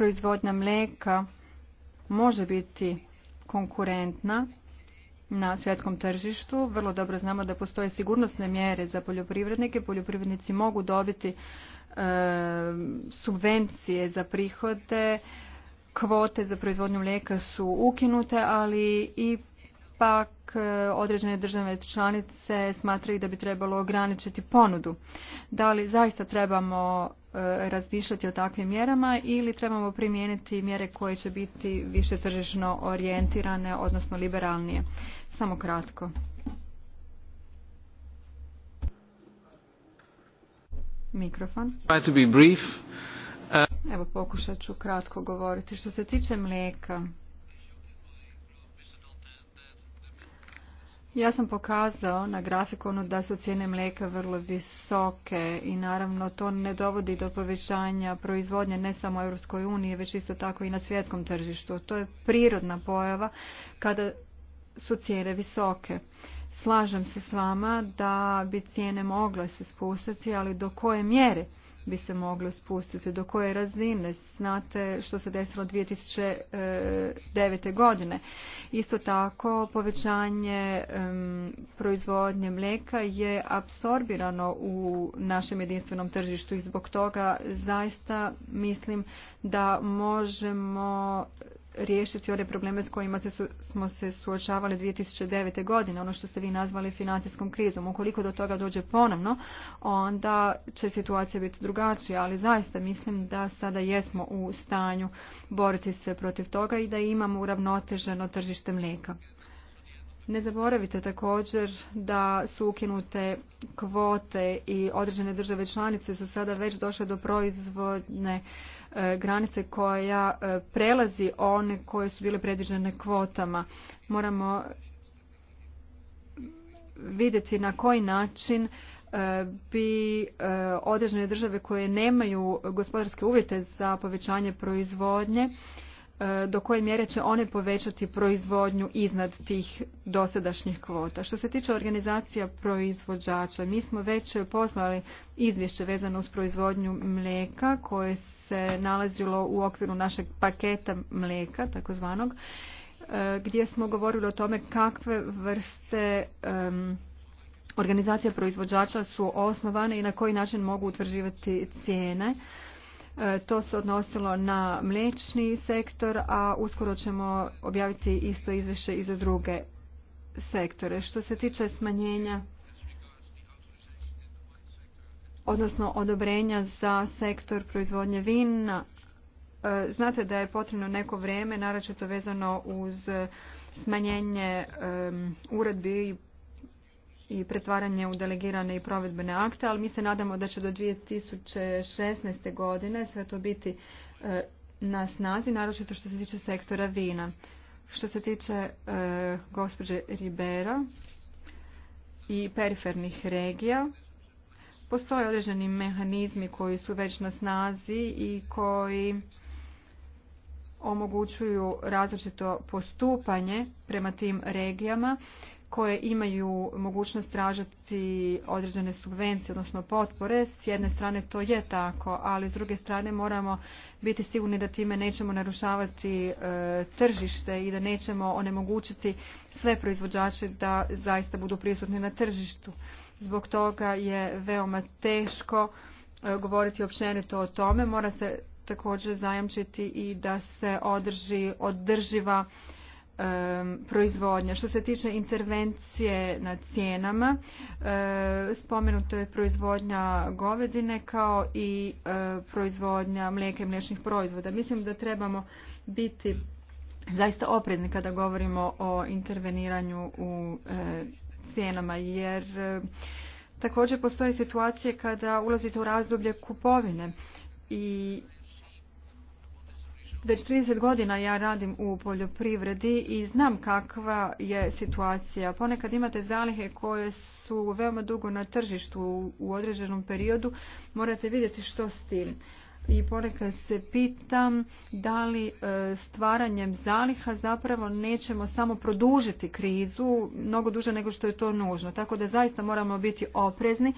proizvodnja mlijeka može biti konkurentna na svjetskom tržištu. Vrlo dobro znamo da postoje sigurnosne mjere za poljoprivrednike. Poljoprivrednici mogu dobiti e, subvencije za prihode. Kvote za proizvodnju mlijeka su ukinute, ali i pak e, određene države članice smatraju da bi trebalo ograničiti ponudu. Da li zaista trebamo e, razmišljati o takvim mjerama ili trebamo primijeniti mjere koje će biti više tržišno orijentirane, odnosno liberalnije? Samo kratko. Mikrofon. Evo pokušat ću kratko govoriti. Što se tiče mlijeka, Ja sam pokazao na grafikonu da su cijene mlijeka vrlo visoke i naravno to ne dovodi do povećanja proizvodnje ne samo u Europskoj uniji, već isto tako i na svjetskom tržištu. To je prirodna pojava kada su cijene visoke. Slažem se s vama da bi cijene mogle se spustiti, ali do koje mjere? bi se moglo spustiti, do koje razine, znate što se desilo 2009. E, godine. Isto tako, povećanje proizvodnje mlijeka je apsorbirano u našem jedinstvenom tržištu i zbog toga zaista mislim da možemo riješiti one probleme s kojima se smo se suočavali 2009. godine, ono što ste vi nazvali financijskom krizom. Ukoliko do toga dođe ponovno, onda će situacija biti drugačija, ali zaista mislim da sada jesmo u stanju boriti se protiv toga i da imamo uravnoteženo tržište mlijeka. Ne zaboravite također da su ukinute kvote i određene države članice su sada već došle do proizvodne E, granice koja e, prelazi one koje su bile predviđene kvotama. Moramo vidjeti na koji način e, bi određene države koje nemaju gospodarske uvjete za povećanje proizvodnje E, do koje mjere će one povećati proizvodnju iznad tih dosadašnjih kvota. Što se tiče organizacija proizvođača, mi smo već poslali izvješće vezano uz proizvodnju mlijeka koje se nalazilo u okviru našeg paketa mlijeka, takozvanog, e, gdje smo govorili o tome kakve vrste organizacija proizvođača su osnovane i na koji način mogu utvrđivati cijene. E, to se odnosilo na mlečni sektor, a uskoro ćemo objaviti isto izvješće i za druge sektore. Što se tiče smanjenja odnosno odobrenja za sektor proizvodnje vina, e, znate da je potrebno neko vrijeme, naročito vezano uz smanjenje uredbi i i pretvaranje u delegirane i provedbene akte, ali mi se nadamo da će do 2016. godine sve to biti e, na snazi, naročito što se tiče sektora vina. Što se tiče e, gospođe Ribera i perifernih regija, postoje određeni mehanizmi koji su već na snazi i koji omogućuju različito postupanje prema tim regijama koje imaju mogućnost tražiti određene subvencije, odnosno potpore. S jedne strane to je tako, ali s druge strane moramo biti sigurni da time nećemo narušavati e, tržište i da nećemo onemogućiti sve proizvođače da zaista budu prisutni na tržištu. Zbog toga je veoma teško e, govoriti općenito o tome. Mora se također zajamčiti i da se održi održiva proizvodnja. Što se tiče intervencije na cijenama, spomenuto je proizvodnja govedine kao i proizvodnja mlijeka i mliječnih proizvoda. Mislim da trebamo biti zaista oprezni kada govorimo o interveniranju u cijenama, jer također postoje situacije kada ulazite u razdoblje kupovine i već 30 godina ja radim u poljoprivredi i znam kakva je situacija. Ponekad imate zalihe koje su veoma dugo na tržištu u određenom periodu. Morate vidjeti što s tim. I ponekad se pitam da li e, stvaranjem zaliha zapravo nećemo samo produžiti krizu mnogo duže nego što je to nužno. Tako da zaista moramo biti oprezni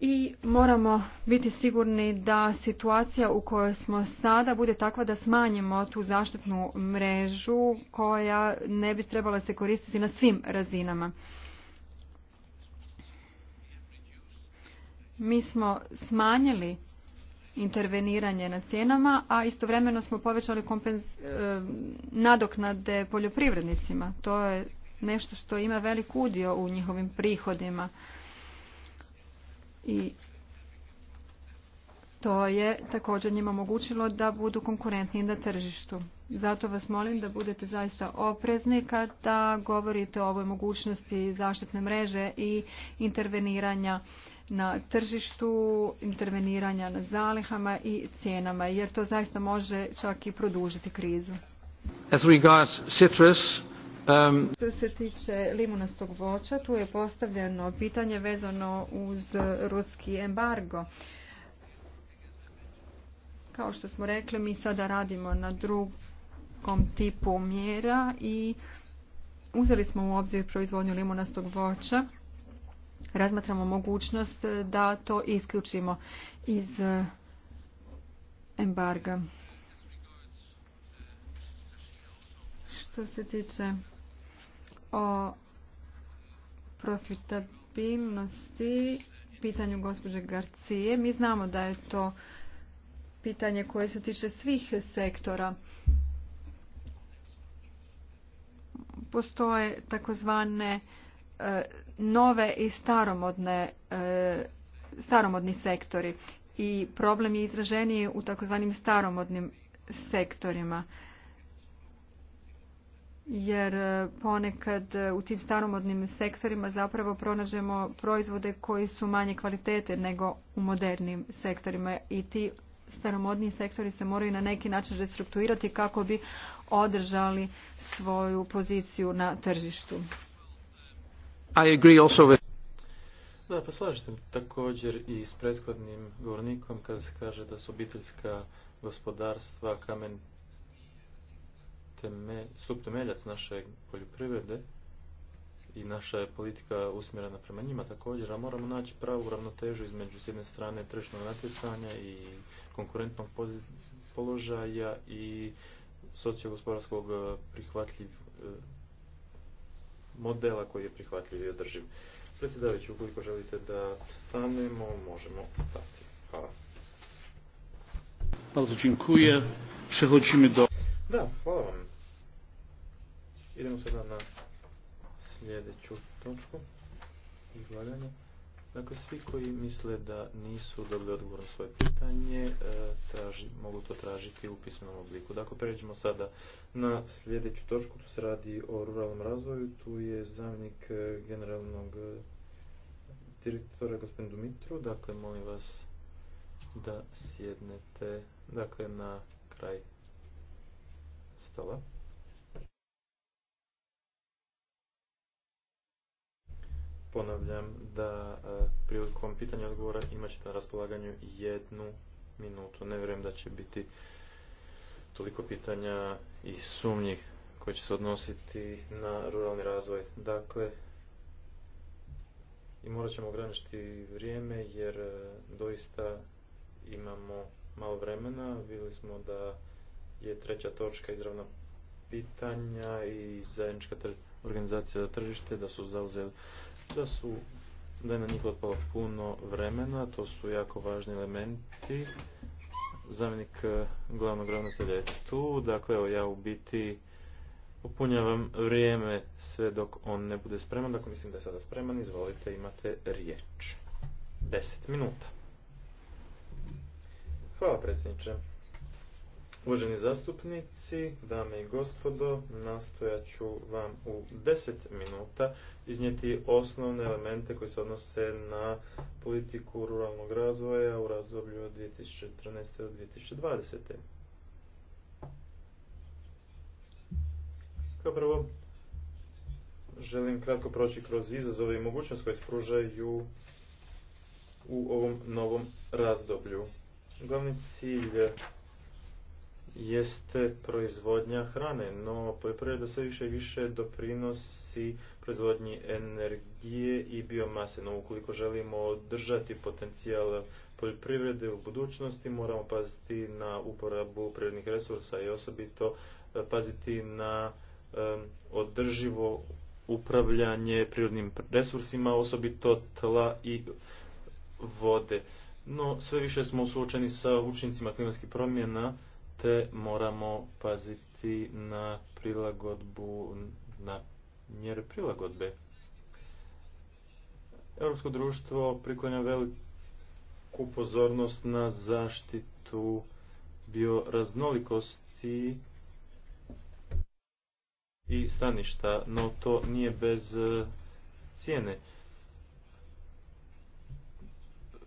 i moramo biti sigurni da situacija u kojoj smo sada bude takva da smanjimo tu zaštitnu mrežu koja ne bi trebala se koristiti na svim razinama. Mi smo smanjili interveniranje na cijenama, a istovremeno smo povećali e, nadoknade poljoprivrednicima. To je nešto što ima velik udio u njihovim prihodima i to je također njima omogućilo da budu konkurentni na tržištu. Zato vas molim da budete zaista oprezni kada govorite o ovoj mogućnosti zaštitne mreže i interveniranja na tržištu, interveniranja na zalihama i cijenama, jer to zaista može čak i produžiti krizu. As regards citrus, što se tiče limunastog voća, tu je postavljeno pitanje vezano uz ruski embargo. Kao što smo rekli, mi sada radimo na drugom tipu mjera i uzeli smo u obzir proizvodnju limunastog voća. Razmatramo mogućnost da to isključimo iz embarga. Što se tiče o profitabilnosti pitanju gospođe Garcije. Mi znamo da je to pitanje koje se tiče svih sektora. Postoje takozvane e, nove i staromodne, e, staromodni sektori i problem je izraženiji u takozvanim staromodnim sektorima jer e, ponekad e, u tim staromodnim sektorima zapravo pronažemo proizvode koji su manje kvalitete nego u modernim sektorima i ti staromodni sektori se moraju na neki način restrukturirati kako bi održali svoju poziciju na tržištu. I agree also with... Pa također i s prethodnim govornikom kada se kaže da su obiteljska gospodarstva, kamen teme, subtemeljac naše poljoprivrede i naša je politika usmjerena prema njima također, a moramo naći pravu ravnotežu između s jedne strane tržišnog natjecanja i konkurentnog položaja i sociogospodarskog e, prihvatljiv e, modela koji je prihvatljiv i održiv. Predsjedavajući, ukoliko želite da stanemo, možemo stati. Hvala. do... Da, hvala vam. Idemo sada na sljedeću točku izlaganja. Dakle, svi koji misle da nisu dobili odgovor na svoje pitanje, e, traži, mogu to tražiti u pismenom obliku. Dakle, pređemo sada na sljedeću točku. Tu se radi o ruralnom razvoju. Tu je zamjenik e, generalnog e, direktora, gospodin Dumitru. Dakle, molim vas da sjednete dakle, na kraj Ponavljam da e, prilikom pitanja odgovora imat ćete na raspolaganju jednu minutu. Ne vjerujem da će biti toliko pitanja i sumnjih koje će se odnositi na ruralni razvoj. Dakle, i morat ćemo ograničiti vrijeme jer e, doista imamo malo vremena. Vidjeli smo da je treća točka izravna pitanja i zajednička organizacija za tržište da su zauzeli da su da je na njih otpalo puno vremena, to su jako važni elementi. Zamjenik eh, glavnog ravnatelja je tu, dakle evo ja u biti upunjavam vrijeme sve dok on ne bude spreman, dakle mislim da je sada spreman, izvolite imate riječ. 10 minuta. Hvala predsjedniče. Uvaženi zastupnici, dame i gospodo, nastojat ću vam u deset minuta iznijeti osnovne elemente koji se odnose na politiku ruralnog razvoja u razdoblju od 2014. do 2020. Kao prvo, želim kratko proći kroz izazove i mogućnost koje spružaju u ovom novom razdoblju. Glavni cilj jeste proizvodnja hrane, no poljoprivreda sve više i više doprinosi proizvodnji energije i biomase. No ukoliko želimo održati potencijal poljoprivrede u budućnosti, moramo paziti na uporabu prirodnih resursa i osobito eh, paziti na održivo upravljanje prirodnim resursima, osobito tla i vode. No, sve više smo suočeni sa učincima klimatskih promjena, te moramo paziti na prilagodbu, na mjere prilagodbe. Europsko društvo priklanja veliku pozornost na zaštitu bioraznolikosti i staništa, no to nije bez eh, cijene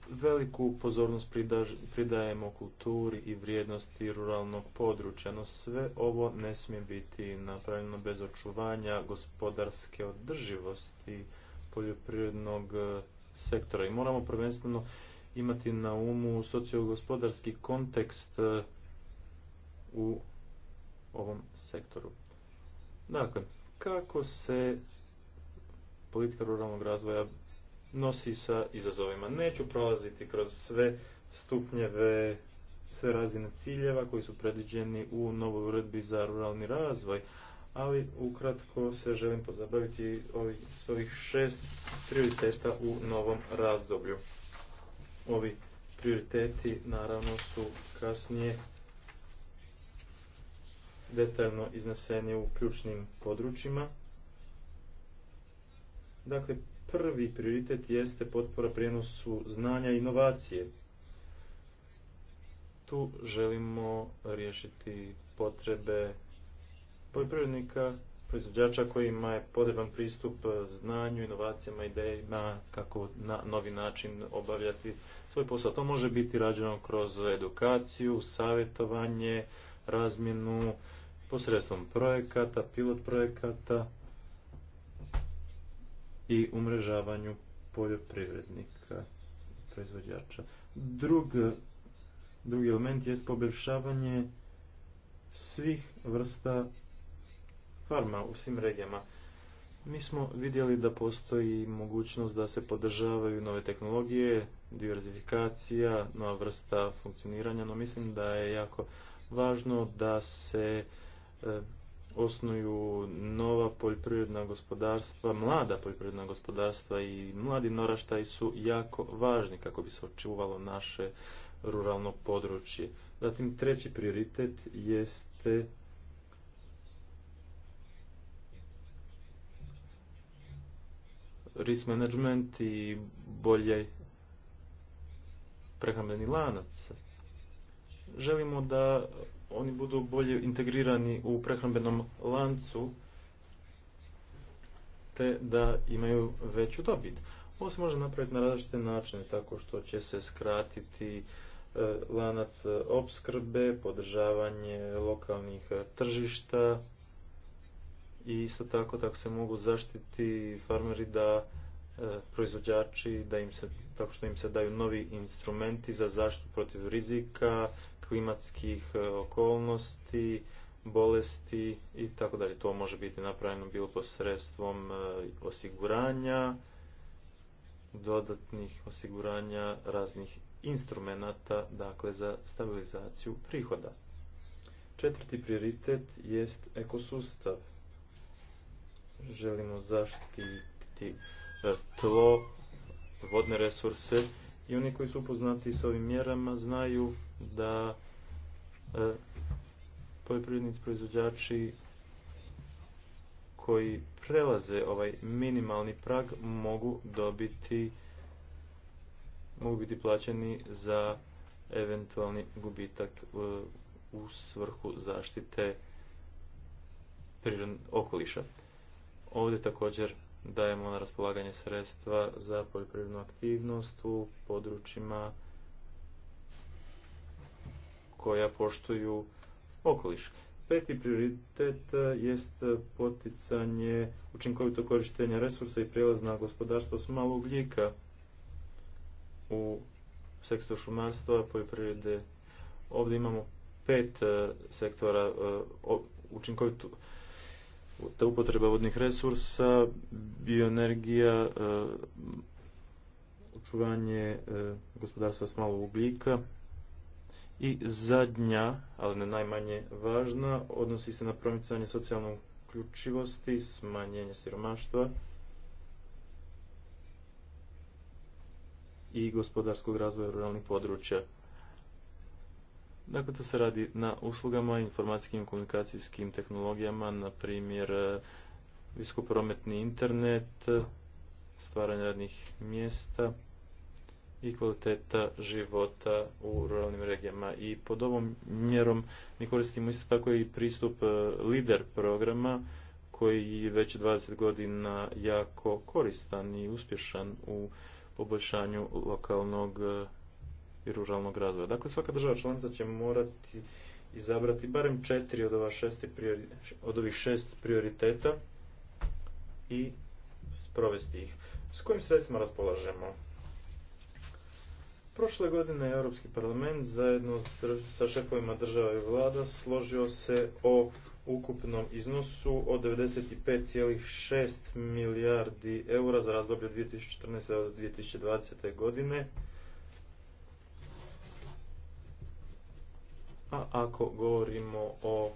veliku pozornost pridajemo kulturi i vrijednosti ruralnog područja, no sve ovo ne smije biti napravljeno bez očuvanja gospodarske održivosti poljoprivrednog e, sektora i moramo prvenstveno imati na umu sociogospodarski kontekst e, u ovom sektoru. Dakle, kako se politika ruralnog razvoja nosi sa izazovima. Neću prolaziti kroz sve stupnjeve, sve razine ciljeva koji su predviđeni u novoj uredbi za ruralni razvoj, ali ukratko se želim pozabaviti s ovih šest prioriteta u novom razdoblju. Ovi prioriteti naravno su kasnije detaljno izneseni u ključnim područjima. Dakle, prvi prioritet jeste potpora prijenosu znanja i inovacije. Tu želimo riješiti potrebe poljoprivrednika, proizvođača kojima je potreban pristup znanju, inovacijama, idejima, kako na novi način obavljati svoj posao. To može biti rađeno kroz edukaciju, savjetovanje, razmjenu, posredstvom projekata, pilot projekata, i umrežavanju poljoprivrednika, proizvođača. Drug, drugi element je poboljšavanje svih vrsta farma u svim regijama. Mi smo vidjeli da postoji mogućnost da se podržavaju nove tehnologije, diverzifikacija, nova vrsta funkcioniranja, no mislim da je jako važno da se e, osnuju nova poljoprivredna gospodarstva, mlada poljoprivredna gospodarstva i mladi noraštaji su jako važni kako bi se očuvalo naše ruralno područje. Zatim treći prioritet jeste risk management i bolje prehrambeni lanac. Želimo da oni budu bolje integrirani u prehrambenom lancu te da imaju veću dobit. Ovo se može napraviti na različite načine, tako što će se skratiti e, lanac e, opskrbe, podržavanje lokalnih e, tržišta i isto tako tako se mogu zaštiti farmeri da proizvođači tako što im se daju novi instrumenti za zaštitu protiv rizika, klimatskih e, okolnosti, bolesti i tako dalje. To može biti napravljeno bilo posredstvom e, osiguranja, dodatnih osiguranja raznih instrumenata, dakle za stabilizaciju prihoda. Četvrti prioritet jest ekosustav. Želimo zaštititi e, tlo, vodne resurse i oni koji su upoznati s ovim mjerama znaju da e, poljoprivrednici proizvođači koji prelaze ovaj minimalni prag mogu dobiti mogu biti plaćeni za eventualni gubitak e, u svrhu zaštite okoliša. Ovdje također dajemo na raspolaganje sredstva za poljoprivrednu aktivnost u područjima koja poštuju okoliš. Peti prioritet e, jest poticanje učinkovito korištenja resursa i prijelaz na gospodarstvo s malo ugljika u sektoru šumarstva, poljoprivrede. Ovdje imamo pet e, sektora e, učinkovito ta upotreba vodnih resursa, bioenergija, očuvanje gospodarstva s malog ugljika i zadnja, ali ne najmanje važna, odnosi se na promicanje socijalne uključivosti, smanjenje siromaštva i gospodarskog razvoja ruralnih područja. Dakle, to se radi na uslugama, informacijskim i komunikacijskim tehnologijama, na primjer e, viskoprometni internet, stvaranje radnih mjesta, i kvaliteta života u ruralnim regijama. I pod ovom mjerom mi koristimo isto tako i pristup e, lider programa koji je već 20 godina jako koristan i uspješan u poboljšanju lokalnog e, i ruralnog razvoja. Dakle, svaka država članica će morati izabrati barem četiri od, ova šesti od ovih šest prioriteta i sprovesti ih. S kojim sredstvima raspolažemo? Prošle godine Europski parlament zajedno sa šefovima država i vlada složio se o ukupnom iznosu od 95,6 milijardi eura za razdoblje 2014. do 2020. godine. A ako govorimo o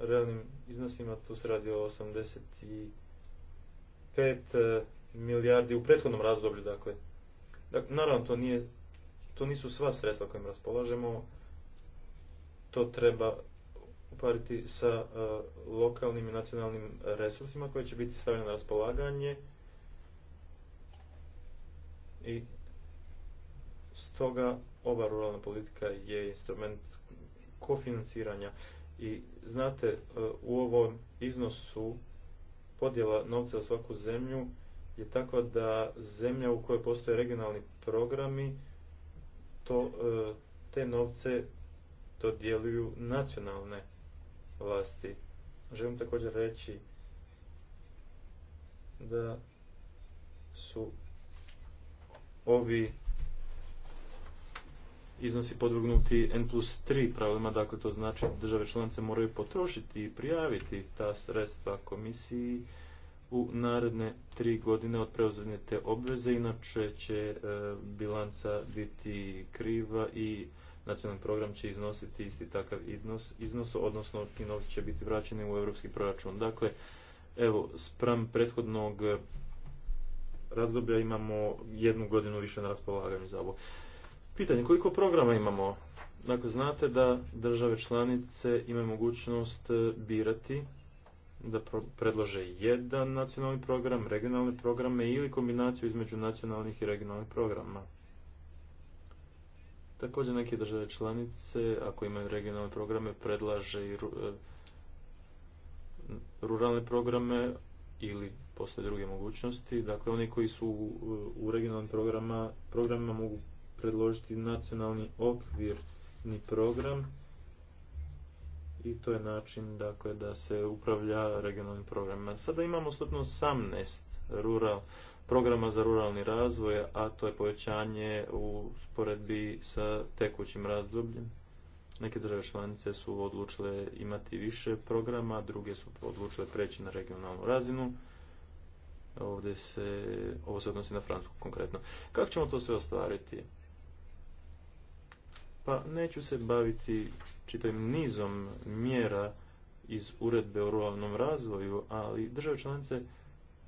realnim iznosima, tu se radi o 85 milijardi u prethodnom razdoblju, dakle, Dakle, naravno, to, nije, to nisu sva sredstva kojim raspolažemo, to treba upariti sa e, lokalnim i nacionalnim resursima koji će biti stavljeni na raspolaganje i stoga ova ruralna politika je instrument kofinanciranja i znate e, u ovom iznosu podjela novca za svaku zemlju je tako da zemlja u kojoj postoje regionalni programi to, e, te novce dodjeluju nacionalne vlasti. Želim također reći da su ovi iznosi podvrgnuti N plus 3 pravilima, dakle to znači države članice moraju potrošiti i prijaviti ta sredstva komisiji u naredne tri godine od preuzene te obveze, inače će e, bilanca biti kriva i nacionalni program će iznositi isti takav iznos, iznos odnosno ti novci će biti vraćeni u europski proračun. Dakle, evo, spram prethodnog razdoblja imamo jednu godinu više na raspolaganju za ovo. Pitanje, koliko programa imamo? Dakle, znate da države članice imaju mogućnost e, birati da predlože jedan nacionalni program, regionalne programe ili kombinaciju između nacionalnih i regionalnih programa. Također neke države članice, ako imaju regionalne programe, predlaže i e, ruralne programe ili postoje druge mogućnosti. Dakle, oni koji su u regionalnim programa, programima mogu predložiti nacionalni okvirni program i to je način dakle, da se upravlja regionalnim programima. Sada imamo stupno 18 rural, programa za ruralni razvoj, a to je povećanje u sporedbi sa tekućim razdobljem. Neke države članice su odlučile imati više programa, druge su odlučile preći na regionalnu razinu. Ovdje se, ovo se odnosi na Francusku konkretno. Kako ćemo to sve ostvariti? Pa neću se baviti čitavim nizom mjera iz uredbe o ruralnom razvoju, ali države članice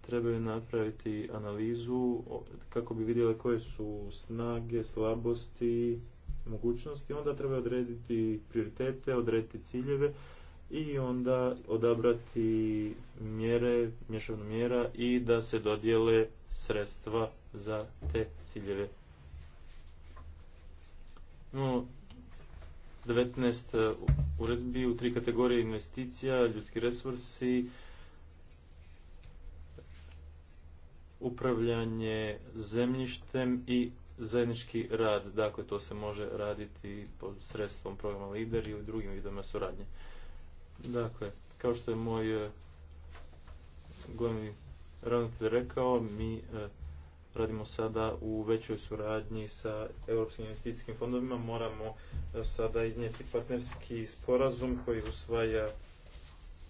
trebaju napraviti analizu kako bi vidjele koje su snage, slabosti, mogućnosti, onda treba odrediti prioritete, odrediti ciljeve i onda odabrati mjere, mješavna mjera i da se dodijele sredstva za te ciljeve. No, 19 e, uredbi u tri kategorije investicija, ljudski resursi, upravljanje zemljištem i zajednički rad. Dakle, to se može raditi pod sredstvom programa LIDER i u drugim vidima suradnje. Dakle, kao što je moj e, glavni ravnatelj rekao, mi e, radimo sada u većoj suradnji sa Europskim investicijskim fondovima. Moramo e, sada iznijeti partnerski sporazum koji usvaja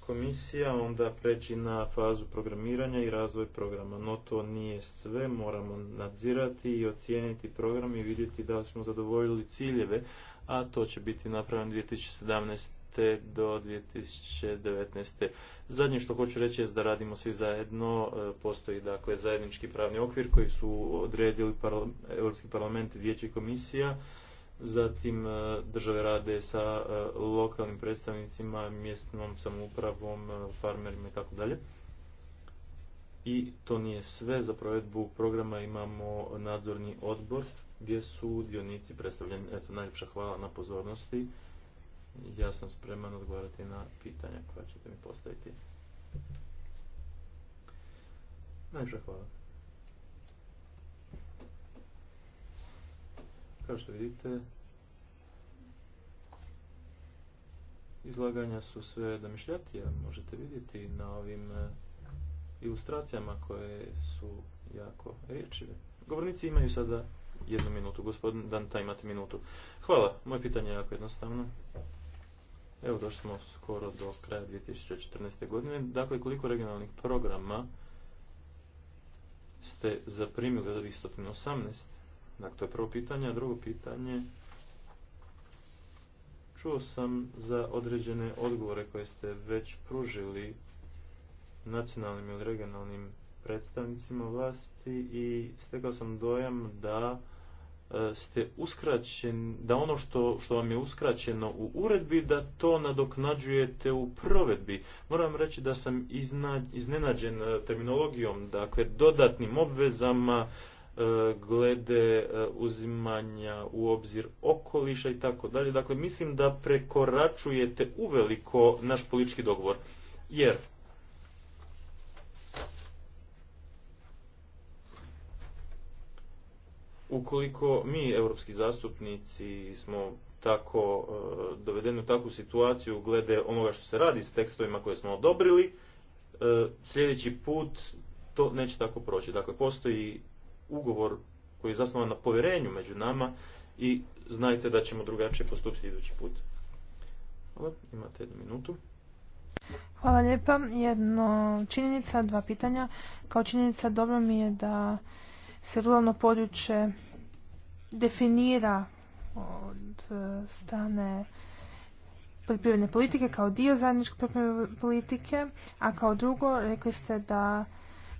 komisija, onda pređi na fazu programiranja i razvoj programa. No to nije sve, moramo nadzirati i ocijeniti program i vidjeti da li smo zadovoljili ciljeve, a to će biti napravljeno 2017 te do 2019. Zadnje što hoću reći je da radimo svi zajedno. E, postoji dakle zajednički pravni okvir koji su odredili Europski parlament i vijeće komisija. Zatim e, države rade sa e, lokalnim predstavnicima, mjestnom samoupravom, farmerima i tako dalje. I to nije sve. Za provedbu programa imamo nadzorni odbor gdje su dionici predstavljeni. Eto, najljepša hvala na pozornosti ja sam spreman odgovarati na pitanja koja ćete mi postaviti. Najviše hvala. Kao što vidite, izlaganja su sve domišljatija. Možete vidjeti na ovim e, ilustracijama koje su jako riječive. Govornici imaju sada jednu minutu. Gospodin Danta imate minutu. Hvala. Moje pitanje je jako jednostavno. Evo došli smo skoro do kraja 2014. godine. Dakle, koliko regionalnih programa ste zaprimili od ovih 118? Dakle, to je prvo pitanje. A drugo pitanje, čuo sam za određene odgovore koje ste već pružili nacionalnim ili regionalnim predstavnicima vlasti i stekao sam dojam da E, ste uskraćeni, da ono što, što vam je uskraćeno u uredbi, da to nadoknađujete u provedbi. Moram reći da sam iznenađen e, terminologijom, dakle dodatnim obvezama e, glede uzimanja u obzir okoliša i tako dalje. Dakle, mislim da prekoračujete uveliko naš politički dogovor. Jer Ukoliko mi, europski zastupnici, smo tako eh, dovedeni u takvu situaciju glede onoga što se radi s tekstovima koje smo odobrili, eh, sljedeći put to neće tako proći. Dakle, postoji ugovor koji je zasnovan na povjerenju među nama i znajte da ćemo drugačije postupiti idući put. Hvala, imate jednu minutu. Hvala lijepa. Jedno činjenica, dva pitanja. Kao činjenica dobro mi je da se ruralno područje definira od e, strane poljoprivredne politike kao dio zajedničke poljoprivredne politike, a kao drugo rekli ste da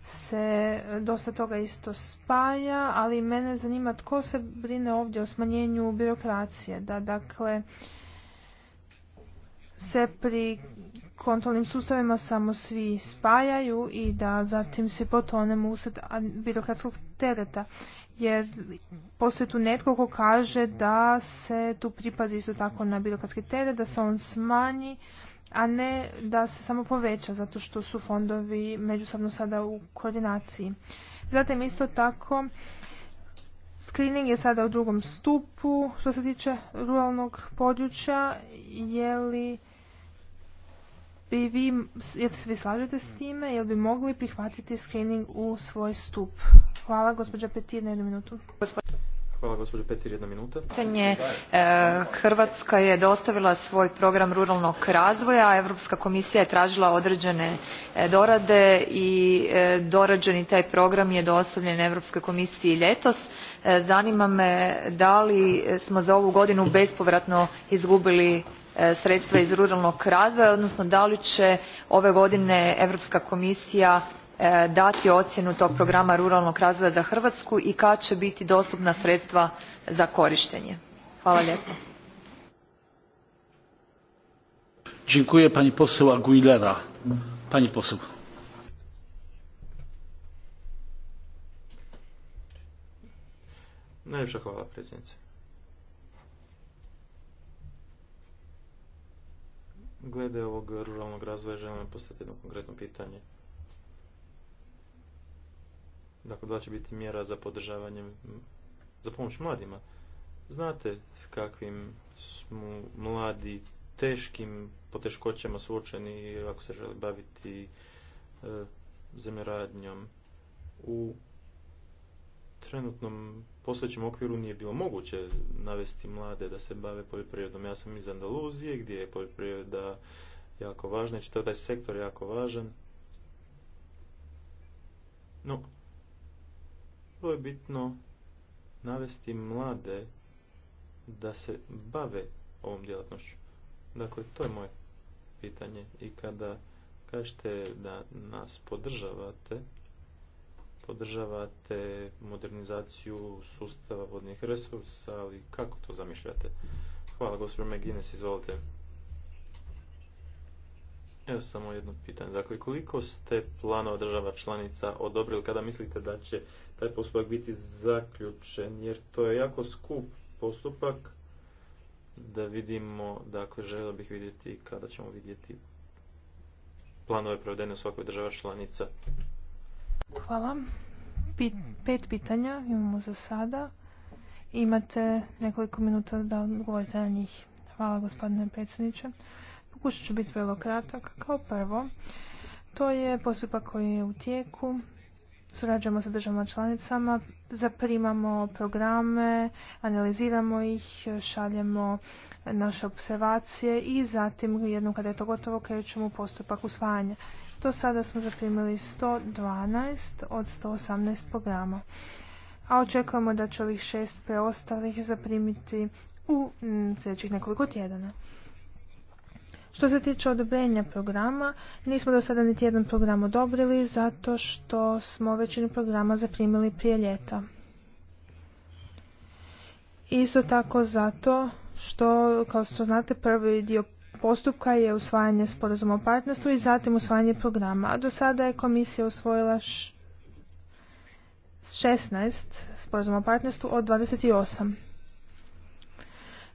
se dosta toga isto spaja, ali mene zanima tko se brine ovdje o smanjenju birokracije, da dakle se pri kontrolnim sustavima samo svi spajaju i da zatim se potonemo usred birokratskog tereta. Jer postoji tu netko ko kaže da se tu pripazi isto tako na birokratski teret, da se on smanji, a ne da se samo poveća zato što su fondovi međusobno sada u koordinaciji. Zatim isto tako Screening je sada u drugom stupu što se tiče ruralnog područja, je li bi vi, jel se vi slažete s time, jel bi mogli prihvatiti screening u svoj stup? Hvala, gospođa Petir, na jednu minutu. Hvala, gospođa Petir, jedna minuta. E, Hrvatska je dostavila svoj program ruralnog razvoja, Europska komisija je tražila određene e, dorade i e, dorađeni taj program je dostavljen Europskoj komisiji ljetos. Zanima me da li smo za ovu godinu bespovratno izgubili E, sredstva iz ruralnog razvoja odnosno da li će ove godine europska komisija e, dati ocjenu tog programa ruralnog razvoja za hrvatsku i kad će biti dostupna sredstva za korištenje? hvala Glede ovog ruralnog razvoja želim postaviti jedno konkretno pitanje. Dakle, da će biti mjera za podržavanje za pomoć mladima. Znate s kakvim smo mladi teškim poteškoćama suočeni ako se žele baviti e, u trenutnom postojećem okviru nije bilo moguće navesti mlade da se bave poljoprivredom. Ja sam iz Andaluzije gdje je poljoprivreda jako važna i je taj sektor jako važan. No, to je bitno navesti mlade da se bave ovom djelatnošću. Dakle, to je moje pitanje i kada kažete da nas podržavate, podržavate modernizaciju sustava vodnih resursa, ali kako to zamišljate? Hvala, gospodin McGuinness, izvolite. Evo samo jedno pitanje. Dakle, koliko ste planova država članica odobrili kada mislite da će taj postupak biti zaključen? Jer to je jako skup postupak da vidimo, dakle, želio bih vidjeti kada ćemo vidjeti planove provedene u svakoj država članica. Hvala. pet pitanja imamo za sada. Imate nekoliko minuta da odgovorite na njih. Hvala gospodine predsjedniče. Pokušat ću biti vrlo kratak. Kao prvo, to je postupak koji je u tijeku. Surađujemo sa državama članicama, zaprimamo programe, analiziramo ih, šaljemo naše observacije i zatim jednom kada je to gotovo krećemo u postupak usvajanja. Do sada smo zaprimili 112 od 118 programa, a očekujemo da će ovih šest preostalih zaprimiti u mm, sljedećih nekoliko tjedana. Što se tiče odobrenja programa, nismo do sada niti jedan program odobrili zato što smo većinu programa zaprimili prije ljeta. Isto tako zato što, kao što znate, prvi dio postupka je usvajanje sporazuma o partnerstvu i zatim usvajanje programa. A do sada je komisija usvojila 16 sporazuma o partnerstvu od 28.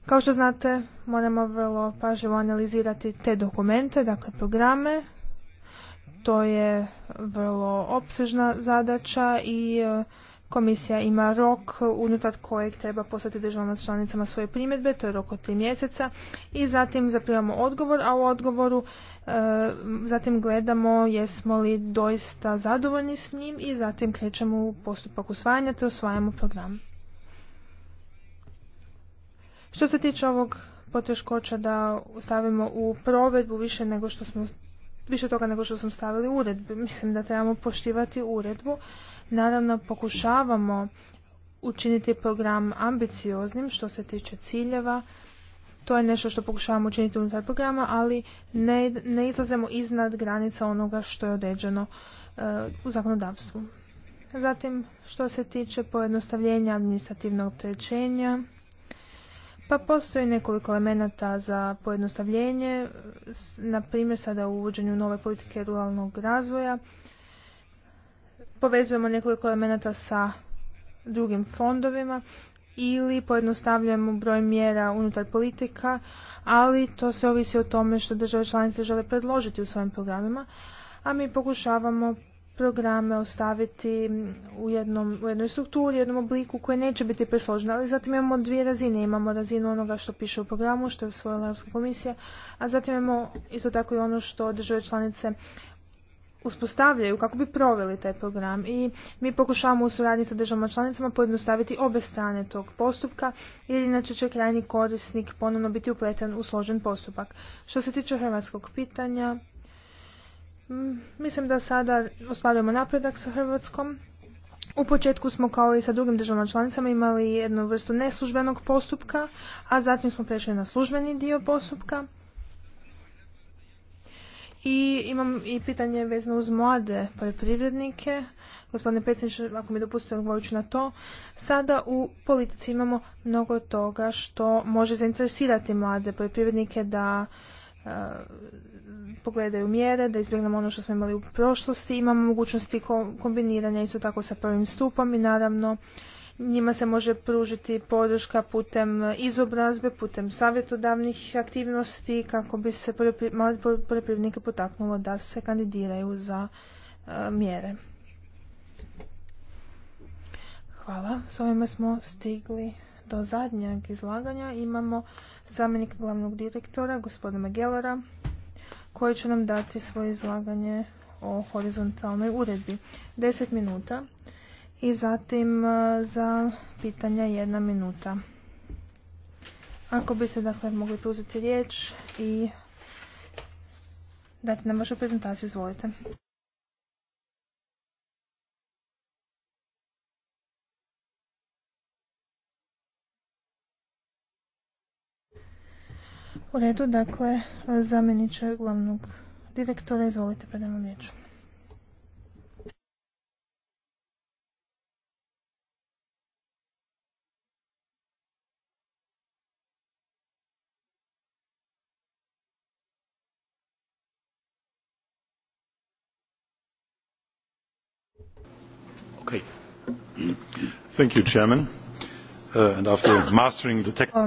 Kao što znate, moramo vrlo pažljivo analizirati te dokumente, dakle programe. To je vrlo opsežna zadaća i e, Komisija ima rok unutar kojeg treba poslati državama članicama svoje primjedbe, to je rok od tri mjeseca i zatim zaprimamo odgovor, a u odgovoru e, zatim gledamo jesmo li doista zadovoljni s njim i zatim krećemo u postupak usvajanja te usvajamo program. Što se tiče ovog poteškoća da stavimo u provedbu više nego što smo više toga nego što smo stavili u uredbu. Mislim da trebamo poštivati uredbu, Naravno, pokušavamo učiniti program ambicioznim što se tiče ciljeva. To je nešto što pokušavamo učiniti unutar programa, ali ne, ne izlazemo iznad granica onoga što je određeno eh, u zakonodavstvu. Zatim, što se tiče pojednostavljenja administrativnog opterećenja, pa postoji nekoliko elemenata za pojednostavljenje, na primjer sada u uvođenju nove politike ruralnog razvoja, povezujemo nekoliko elemenata sa drugim fondovima ili pojednostavljujemo broj mjera unutar politika, ali to se ovisi o tome što države članice žele predložiti u svojim programima, a mi pokušavamo programe ostaviti u, jednom, u jednoj strukturi, u jednom obliku koji neće biti presložena. Ali zatim imamo dvije razine. Imamo razinu onoga što piše u programu, što je usvojila Europska komisija, a zatim imamo isto tako i ono što države članice uspostavljaju, kako bi proveli taj program i mi pokušavamo u suradnji sa državama članicama pojednostaviti obe strane tog postupka jer inače će krajnji korisnik ponovno biti upleten u složen postupak. Što se tiče hrvatskog pitanja, mislim da sada ostvarujemo napredak sa Hrvatskom. U početku smo kao i sa drugim državama članicama imali jednu vrstu neslužbenog postupka, a zatim smo prešli na službeni dio postupka i imam i pitanje vezano uz mlade poljoprivrednike. Gospodine predsjedniče, ako mi dopustite, odgovorit ću na to. Sada u politici imamo mnogo toga što može zainteresirati mlade poljoprivrednike da e, pogledaju mjere, da izbjegnemo ono što smo imali u prošlosti. Imamo mogućnosti kombiniranja isto tako sa prvim stupom i naravno njima se može pružiti podrška putem izobrazbe, putem savjetodavnih aktivnosti kako bi se mali poljoprivrednike potaknulo da se kandidiraju za e, mjere. Hvala. S ovime smo stigli do zadnjeg izlaganja. Imamo zamjenika glavnog direktora, gospodina Gelora, koji će nam dati svoje izlaganje o horizontalnoj uredbi. Deset minuta i zatim e, za pitanja jedna minuta. Ako biste dakle mogli uzeti riječ i dati nam vašu prezentaciju, izvolite. U redu, dakle, zamjeniče glavnog direktora, izvolite, predajem vam riječ.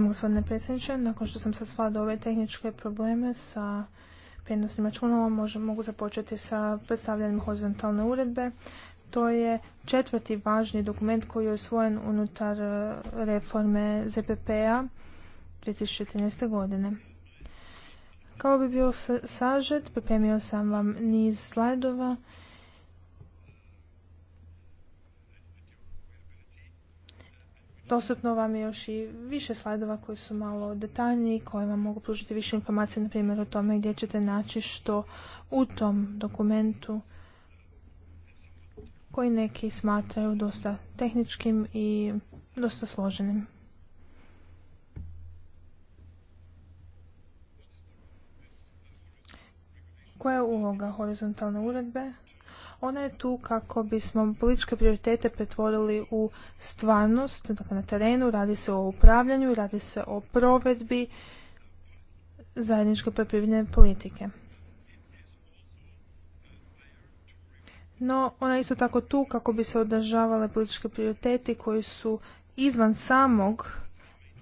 gospodine predsjedniče. Nakon što sam sad ove tehničke probleme sa prijenosnim računalom, mogu započeti sa predstavljanjem horizontalne uredbe. To je četvrti važni dokument koji je usvojen unutar uh, reforme ZPP-a trinaest godine. Kao bi bio sažet, pripremio sam vam niz slajdova Dostupno vam je još i više slajdova koji su malo detaljniji, koji vam mogu pružiti više informacije, na primjer o tome gdje ćete naći što u tom dokumentu koji neki smatraju dosta tehničkim i dosta složenim. Koja je uloga horizontalne uredbe? Ona je tu kako bismo političke prioritete pretvorili u stvarnost, dakle na terenu, radi se o upravljanju, radi se o provedbi zajedničke poljoprivredne politike. No, ona je isto tako tu kako bi se održavale političke prioriteti koji su izvan samog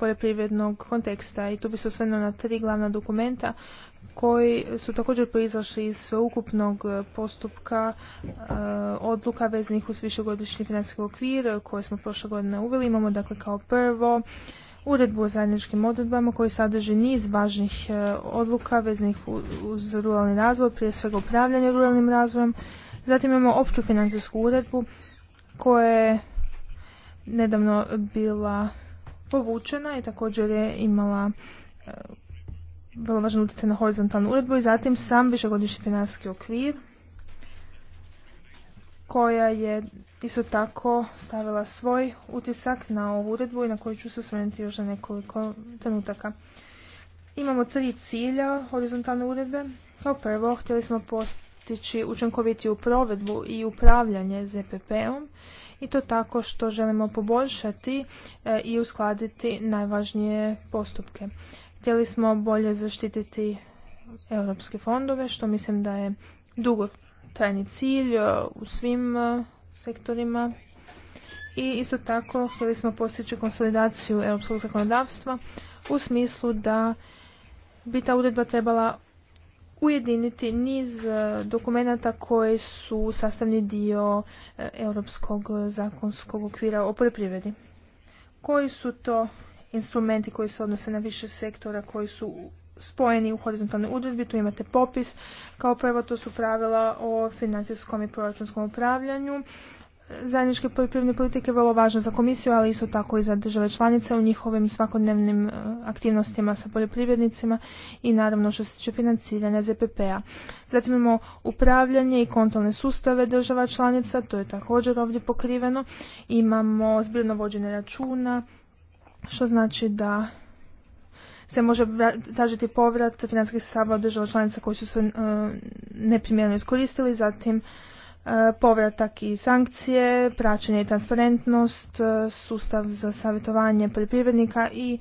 poljoprivrednog konteksta i tu bi se osvrnuo na tri glavna dokumenta koji su također proizašli iz sveukupnog e, postupka e, odluka veznih uz višegodišnji financijski okvir koje smo prošle godine uveli. Imamo dakle kao prvo uredbu o zajedničkim odredbama koji sadrži niz važnih e, odluka veznih uz ruralni razvoj, prije svega upravljanje ruralnim razvojem. Zatim imamo opću financijsku uredbu koja je nedavno bila povučena i također je imala e, vrlo važan utjecaj na horizontalnu uredbu i zatim sam višegodišnji financijski okvir koja je isto tako stavila svoj utisak na ovu uredbu i na koju ću se osvrnuti još za nekoliko trenutaka. Imamo tri cilja horizontalne uredbe. Kao prvo, htjeli smo postići učinkovitiju provedbu i upravljanje ZPP-om i to tako što želimo poboljšati e, i uskladiti najvažnije postupke. Htjeli smo bolje zaštititi europske fondove, što mislim da je dugotrajni cilj e, u svim e, sektorima i isto tako htjeli smo postići konsolidaciju europskog zakonodavstva u smislu da bi ta uredba trebala ujediniti niz e, dokumenata koji su sastavni dio e, europskog zakonskog okvira o poljoprivredi. Koji su to instrumenti koji se odnose na više sektora koji su spojeni u horizontalnoj udredbi, tu imate popis. Kao prvo to su pravila o financijskom i proračunskom upravljanju, zajedničke poljoprivredne politike vrlo važno za komisiju, ali isto tako i za države članice u njihovim svakodnevnim e, aktivnostima sa poljoprivrednicima i naravno što se tiče financiranja ZPP-a. Zatim imamo upravljanje i kontrolne sustave država članica, to je također ovdje pokriveno. Imamo zbirno vođenje računa, što znači da se može tražiti povrat financijskih sredstava od država članica koji su se e, neprimjerno iskoristili, zatim E, povratak i sankcije, praćenje i transparentnost, e, sustav za savjetovanje poljoprivrednika i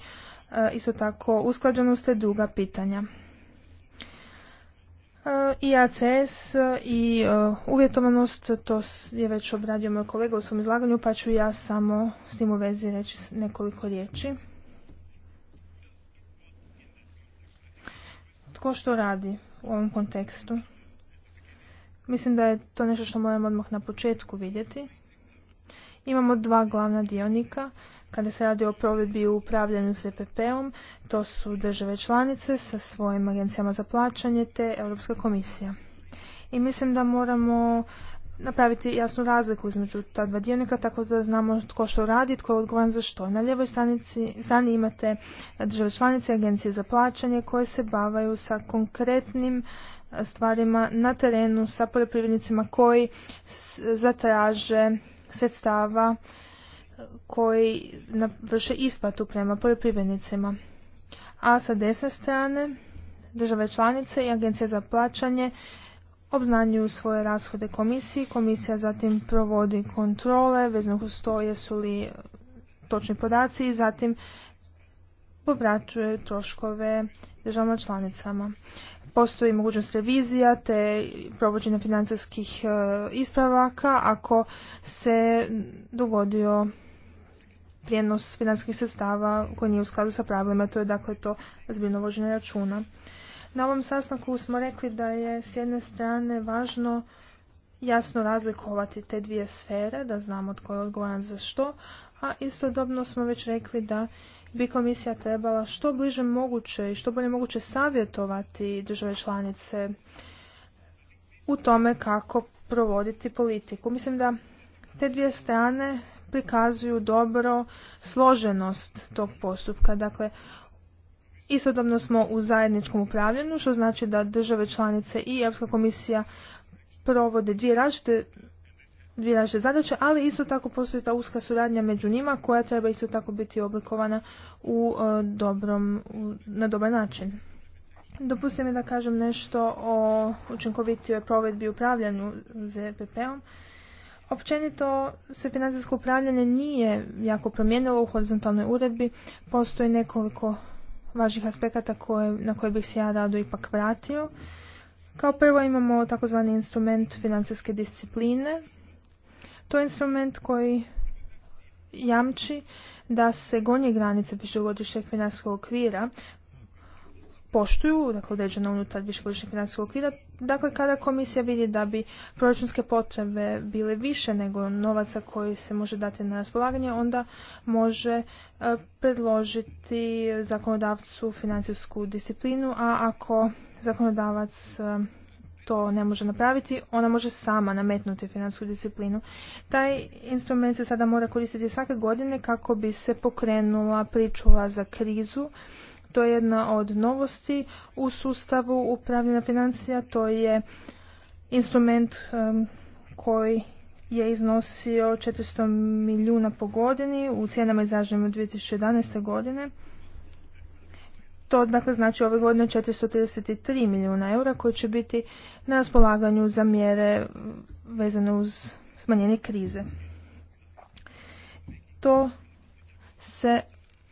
e, isto tako usklađenost te druga pitanja. I ACS i uvjetovanost, to je već obradio moj kolega u svom izlaganju, pa ću ja samo s tim u vezi reći nekoliko riječi. Tko što radi u ovom kontekstu? Mislim da je to nešto što moramo odmah na početku vidjeti. Imamo dva glavna dionika kada se radi o provedbi u upravljanju ppe om To su države članice sa svojim agencijama za plaćanje te Europska komisija. I mislim da moramo napraviti jasnu razliku između ta dva dionika tako da znamo tko što radi, tko je odgovoran za što. Na lijevoj stranici, strani imate države članice, agencije za plaćanje koje se bavaju sa konkretnim e, stvarima na terenu sa poljoprivrednicima koji zatraže sredstava e, koji vrše isplatu prema poljoprivrednicima. A sa desne strane države članice i agencije za plaćanje obznanju svoje rashode komisiji. Komisija zatim provodi kontrole vezno uz to jesu li e, točni podaci i zatim povraćuje troškove državama članicama. Postoji mogućnost revizija te provođenja financijskih e, ispravaka ako se dogodio prijenos financijskih sredstava koji nije u skladu sa pravilima, to je dakle to zbiljno vođenje računa. Na ovom sastanku smo rekli da je s jedne strane važno jasno razlikovati te dvije sfere, da znamo tko je odgovoran za što, a istodobno smo već rekli da bi komisija trebala što bliže moguće i što bolje moguće savjetovati države članice u tome kako provoditi politiku. Mislim da te dvije strane prikazuju dobro složenost tog postupka. Dakle, Istodobno smo u zajedničkom upravljanju, što znači da države članice i Europska komisija provode dvije različite dvije različite zadaće, ali isto tako postoji ta uska suradnja među njima koja treba isto tako biti oblikovana u e, dobrom, na dobar način. Dopustite mi da kažem nešto o učinkovitijoj provedbi upravljanju ZPP-om. Općenito se financijsko upravljanje nije jako promijenilo u horizontalnoj uredbi. Postoji nekoliko važnih aspekata koje, na koje bih se ja rado ipak vratio. Kao prvo imamo takozvani instrument financijske discipline. To je instrument koji jamči da se gonje granice višegodišnjeg financijskog okvira poštuju, dakle određena unutar višegodišnjeg financijskog okvira. Dakle, kada komisija vidi da bi proračunske potrebe bile više nego novaca koji se može dati na raspolaganje, onda može e, predložiti zakonodavcu financijsku disciplinu, a ako zakonodavac e, to ne može napraviti, ona može sama nametnuti financijsku disciplinu. Taj instrument se sada mora koristiti svake godine kako bi se pokrenula pričuva za krizu to je jedna od novosti u sustavu upravljanja financija, to je instrument koji je iznosio 400 milijuna po godini u cijenama izraženim 2011. godine. To dakle znači ove godine 433 milijuna eura koji će biti na raspolaganju za mjere vezane uz smanjenje krize. To se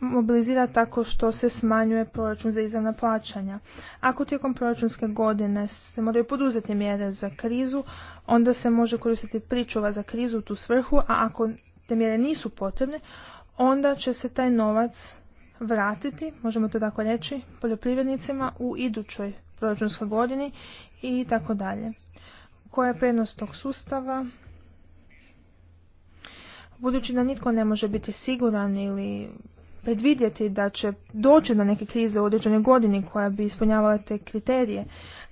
mobilizira tako što se smanjuje proračun za izravna plaćanja. Ako tijekom proračunske godine se moraju poduzeti mjere za krizu, onda se može koristiti pričuva za krizu u tu svrhu, a ako te mjere nisu potrebne, onda će se taj novac vratiti, možemo to tako reći, poljoprivrednicima u idućoj proračunskoj godini i tako dalje. Koja je prednost tog sustava? Budući da nitko ne može biti siguran ili predvidjeti da će doći do neke krize u određenoj godini koja bi ispunjavala te kriterije,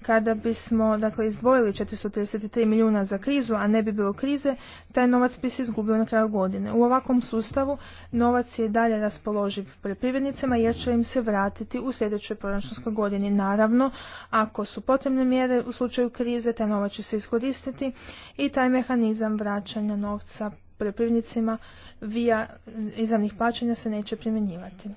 kada bismo dakle, izdvojili 433 milijuna za krizu, a ne bi bilo krize, taj novac bi se izgubio na kraju godine. U ovakvom sustavu novac je dalje raspoloživ poljoprivrednicima jer će im se vratiti u sljedećoj proračunskoj godini. Naravno, ako su potrebne mjere u slučaju krize, taj novac će se iskoristiti i taj mehanizam vraćanja novca poljoprivrednicima via izravnih plaćanja se neće primjenjivati.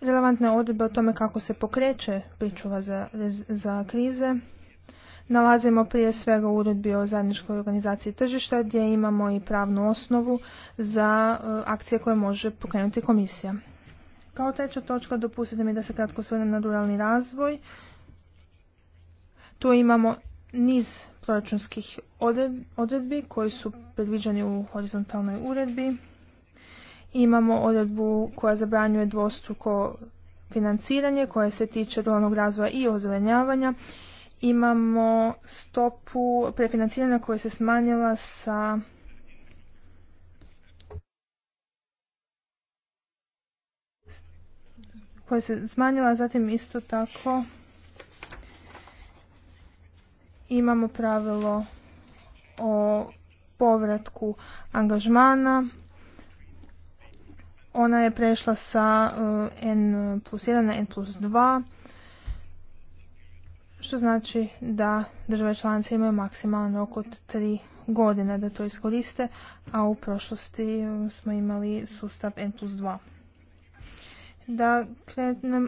Relevantne odredbe o tome kako se pokreće pričuva za, za krize nalazimo prije svega u uredbi o zajedničkoj organizaciji tržišta gdje imamo i pravnu osnovu za e, akcije koje može pokrenuti komisija. Kao treća točka dopustite mi da se kratko osvrnem na ruralni razvoj. Tu imamo niz proračunskih odredbi koji su predviđeni u horizontalnoj uredbi. Imamo odredbu koja zabranjuje dvostruko financiranje koje se tiče ruralnog razvoja i ozelenjavanja. Imamo stopu prefinanciranja koja se smanjila sa koja se smanjila, zatim isto tako imamo pravilo o povratku angažmana. Ona je prešla sa eh, N plus 1 na N plus 2, što znači da države članice imaju maksimalno oko 3 godine da to iskoriste, a u prošlosti smo imali sustav N plus 2 da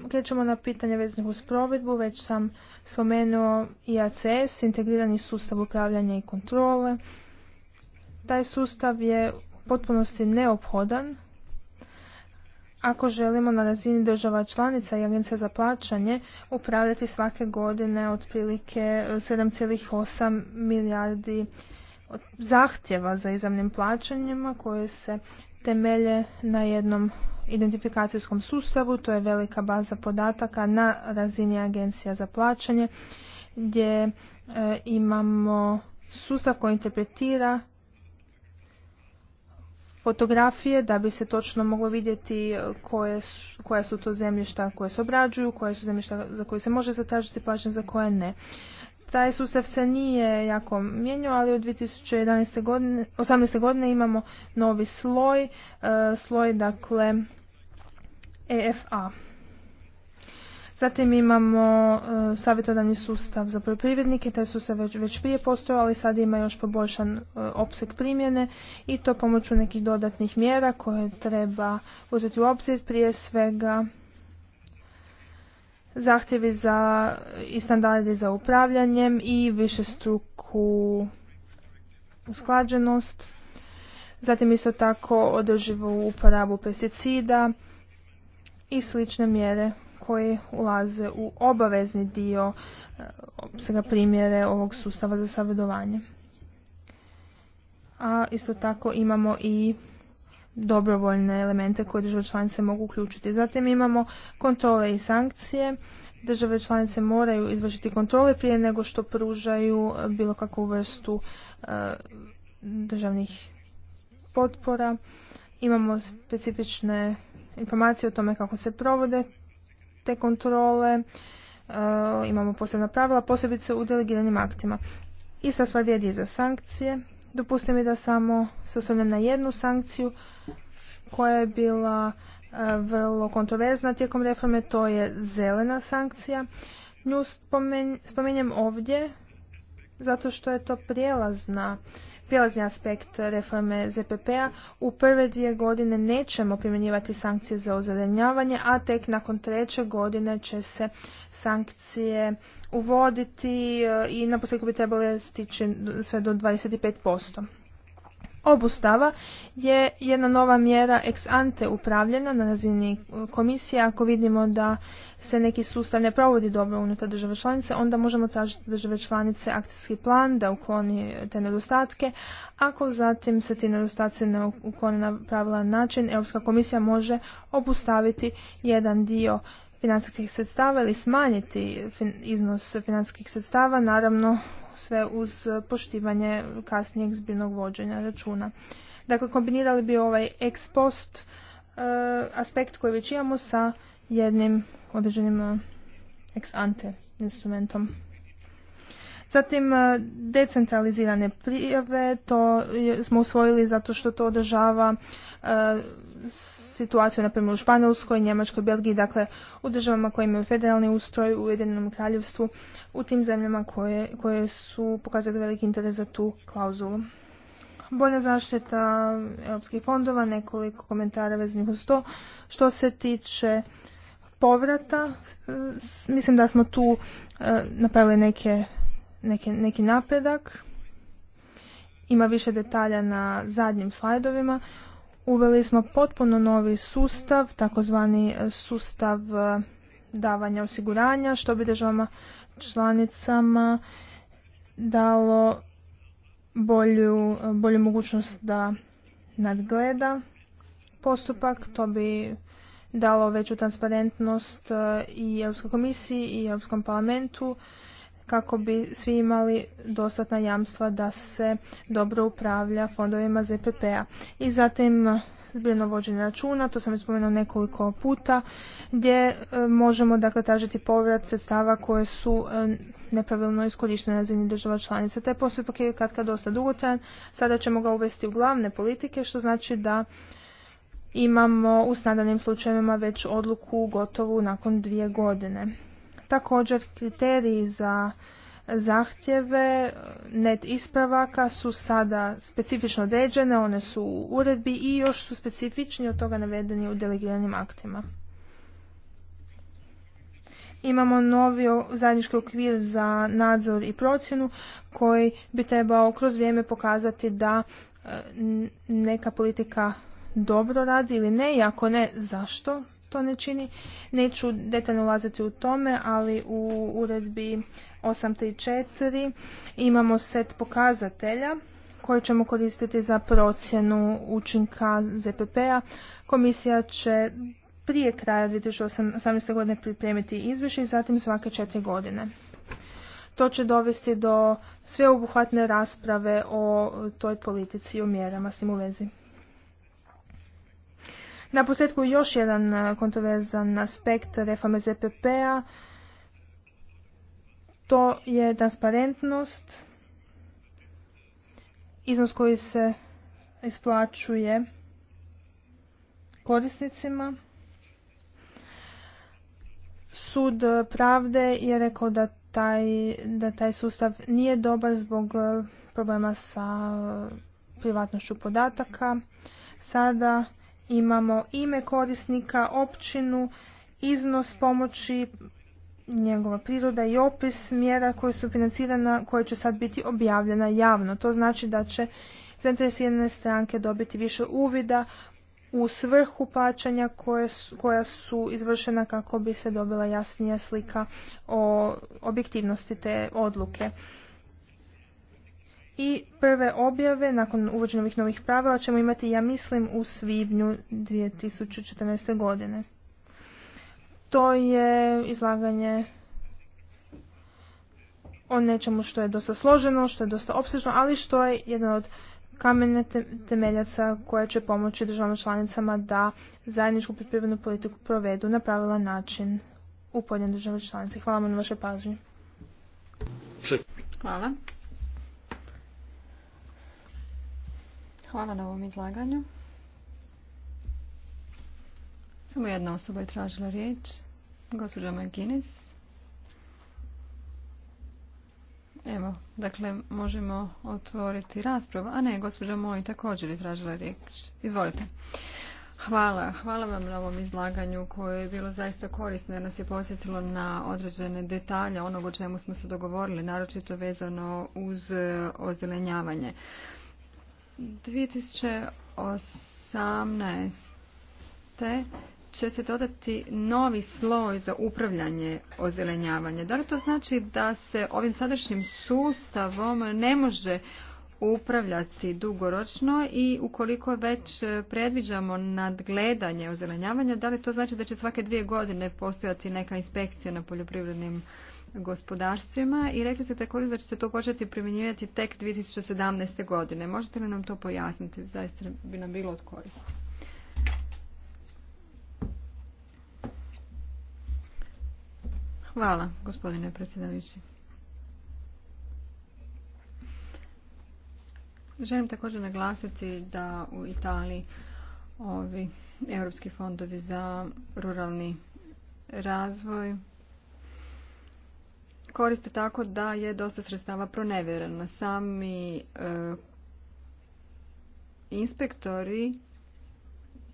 krećemo na pitanje veznih uz provedbu. Već sam spomenuo IACS, integrirani sustav upravljanja i kontrole. Taj sustav je u potpunosti neophodan ako želimo na razini država članica i agencija za plaćanje upravljati svake godine otprilike 7,8 milijardi zahtjeva za izravnim plaćanjima koje se temelje na jednom identifikacijskom sustavu, to je velika baza podataka na razini agencija za plaćanje, gdje e, imamo sustav koji interpretira fotografije da bi se točno moglo vidjeti e, koje su, koja su to zemljišta koje se obrađuju, koje su zemljišta za koje se može zatražiti plaćanje, za koje ne. Taj sustav se nije jako mijenjao, ali od 2018. godine imamo novi sloj, e, sloj dakle EFA. Zatim imamo e, savjetodani sustav za poljoprivrednike, taj sustav već, već prije postojao, ali sad ima još poboljšan e, opseg primjene i to pomoću nekih dodatnih mjera koje treba uzeti u obzir prije svega zahtjevi za i standardi za upravljanjem i više struku usklađenost. Zatim isto tako održivu uporabu pesticida, i slične mjere koje ulaze u obavezni dio e, svega primjere ovog sustava za savjedovanje. A isto tako imamo i dobrovoljne elemente koje države članice mogu uključiti. Zatim imamo kontrole i sankcije. Države članice moraju izvršiti kontrole prije nego što pružaju bilo kakvu vrstu e, državnih potpora. Imamo specifične informacije o tome kako se provode te kontrole, e, imamo posebna pravila, posebice u delegiranim aktima. Ista stvar vrijedi i za sankcije. Dopustite mi da samo se osvrnem na jednu sankciju koja je bila e, vrlo kontroverzna tijekom reforme, to je zelena sankcija. Nju spomenjem ovdje zato što je to prijelazna prijelazni aspekt reforme ZPP-a, u prve dvije godine nećemo primjenjivati sankcije za ozelenjavanje, a tek nakon treće godine će se sankcije uvoditi e, i na bi trebale stići sve do 25% obustava je jedna nova mjera ex ante upravljena na razini komisije. Ako vidimo da se neki sustav ne provodi dobro unutar države članice, onda možemo tražiti države članice akcijski plan da ukloni te nedostatke. Ako zatim se ti nedostaci ne ukloni na pravilan način, Europska komisija može obustaviti jedan dio financijskih sredstava ili smanjiti iznos financijskih sredstava, naravno sve uz poštivanje kasnijeg zbiljnog vođenja računa. Dakle, kombinirali bi ovaj ex post e, aspekt koji već imamo sa jednim određenim e, ex ante instrumentom. Zatim e, decentralizirane prijave, to smo usvojili zato što to održava situaciju, na primjer u Španjolskoj, Njemačkoj, Belgiji, dakle u državama koje imaju federalni ustroj, u Ujedinjenom kraljevstvu, u tim zemljama koje, koje su pokazali veliki interes za tu klauzulu. Bolja zaštita europskih fondova, nekoliko komentara veznih uz to. Što se tiče povrata, mislim da smo tu e, napravili neke, neke, neki napredak. Ima više detalja na zadnjim slajdovima. Uveli smo potpuno novi sustav, takozvani sustav e, davanja osiguranja, što bi državama članicama dalo bolju, bolju mogućnost da nadgleda postupak. To bi dalo veću transparentnost e, i Europskoj komisiji i Europskom parlamentu kako bi svi imali dostatna jamstva da se dobro upravlja fondovima ZPP-a. I zatim zbirno vođenje računa, to sam već nekoliko puta, gdje e, možemo dakle tražiti povrat sredstava koje su e, nepravilno iskorištene na razini država članica. Taj postupak je kad kad dosta dugotrajan, sada ćemo ga uvesti u glavne politike, što znači da imamo u snadanim slučajevima već odluku gotovu nakon dvije godine. Također kriteriji za zahtjeve net ispravaka su sada specifično određene, one su u uredbi i još su specifični od toga navedeni u delegiranim aktima. Imamo novi zajednički okvir za nadzor i procjenu koji bi trebao kroz vrijeme pokazati da e, neka politika dobro radi ili ne i ako ne zašto to ne čini. Neću detaljno ulaziti u tome, ali u uredbi 834 imamo set pokazatelja koje ćemo koristiti za procjenu učinka ZPP-a. Komisija će prije kraja 2018. godine pripremiti izvješće i zatim svake četiri godine. To će dovesti do sveobuhvatne rasprave o toj politici i o mjerama s tim u vezi. Na posljedku još jedan kontroverzan aspekt reforme ZPP-a to je transparentnost, iznos koji se isplaćuje korisnicima. Sud pravde je rekao da taj, da taj sustav nije dobar zbog e, problema sa privatnošću podataka. Sada imamo ime korisnika, općinu, iznos pomoći, njegova priroda i opis mjera koje su financirana, koje će sad biti objavljena javno. To znači da će zainteresirane stranke dobiti više uvida u svrhu plaćanja koja su izvršena kako bi se dobila jasnija slika o objektivnosti te odluke. I prve objave nakon uvođenja ovih novih pravila ćemo imati, ja mislim, u svibnju 2014. godine. To je izlaganje o nečemu što je dosta složeno, što je dosta opsežno, ali što je jedan od kamene temeljaca koja će pomoći državama članicama da zajedničku poljoprivrednu politiku provedu na pravilan način u pojedinoj državi članici. Hvala vam na vašoj pažnji. Hvala. Hvala na ovom izlaganju. Samo jedna osoba je tražila riječ. Gospođa Maginis. Evo, dakle, možemo otvoriti raspravu. A ne, gospođa Moj također je tražila riječ. Izvolite. Hvala. Hvala vam na ovom izlaganju koje je bilo zaista korisno jer nas je posjetilo na određene detalje onog o čemu smo se dogovorili, naročito vezano uz e, ozelenjavanje. 2018 će se dodati novi sloj za upravljanje ozelenjavanja. Da li to znači da se ovim sadašnjim sustavom ne može upravljati dugoročno i ukoliko već predviđamo nadgledanje ozelenjavanja, da li to znači da će svake dvije godine postojati neka inspekcija na poljoprivrednim gospodarstvima i rekli ste također da će se to početi primjenjivati tek 2017. godine. Možete li nam to pojasniti? Zaista bi nam bilo od koristi. Hvala, gospodine predsjedavići. Želim također naglasiti da u Italiji ovi europski fondovi za ruralni razvoj koriste tako da je dosta sredstava pronevjereno. Sami e, inspektori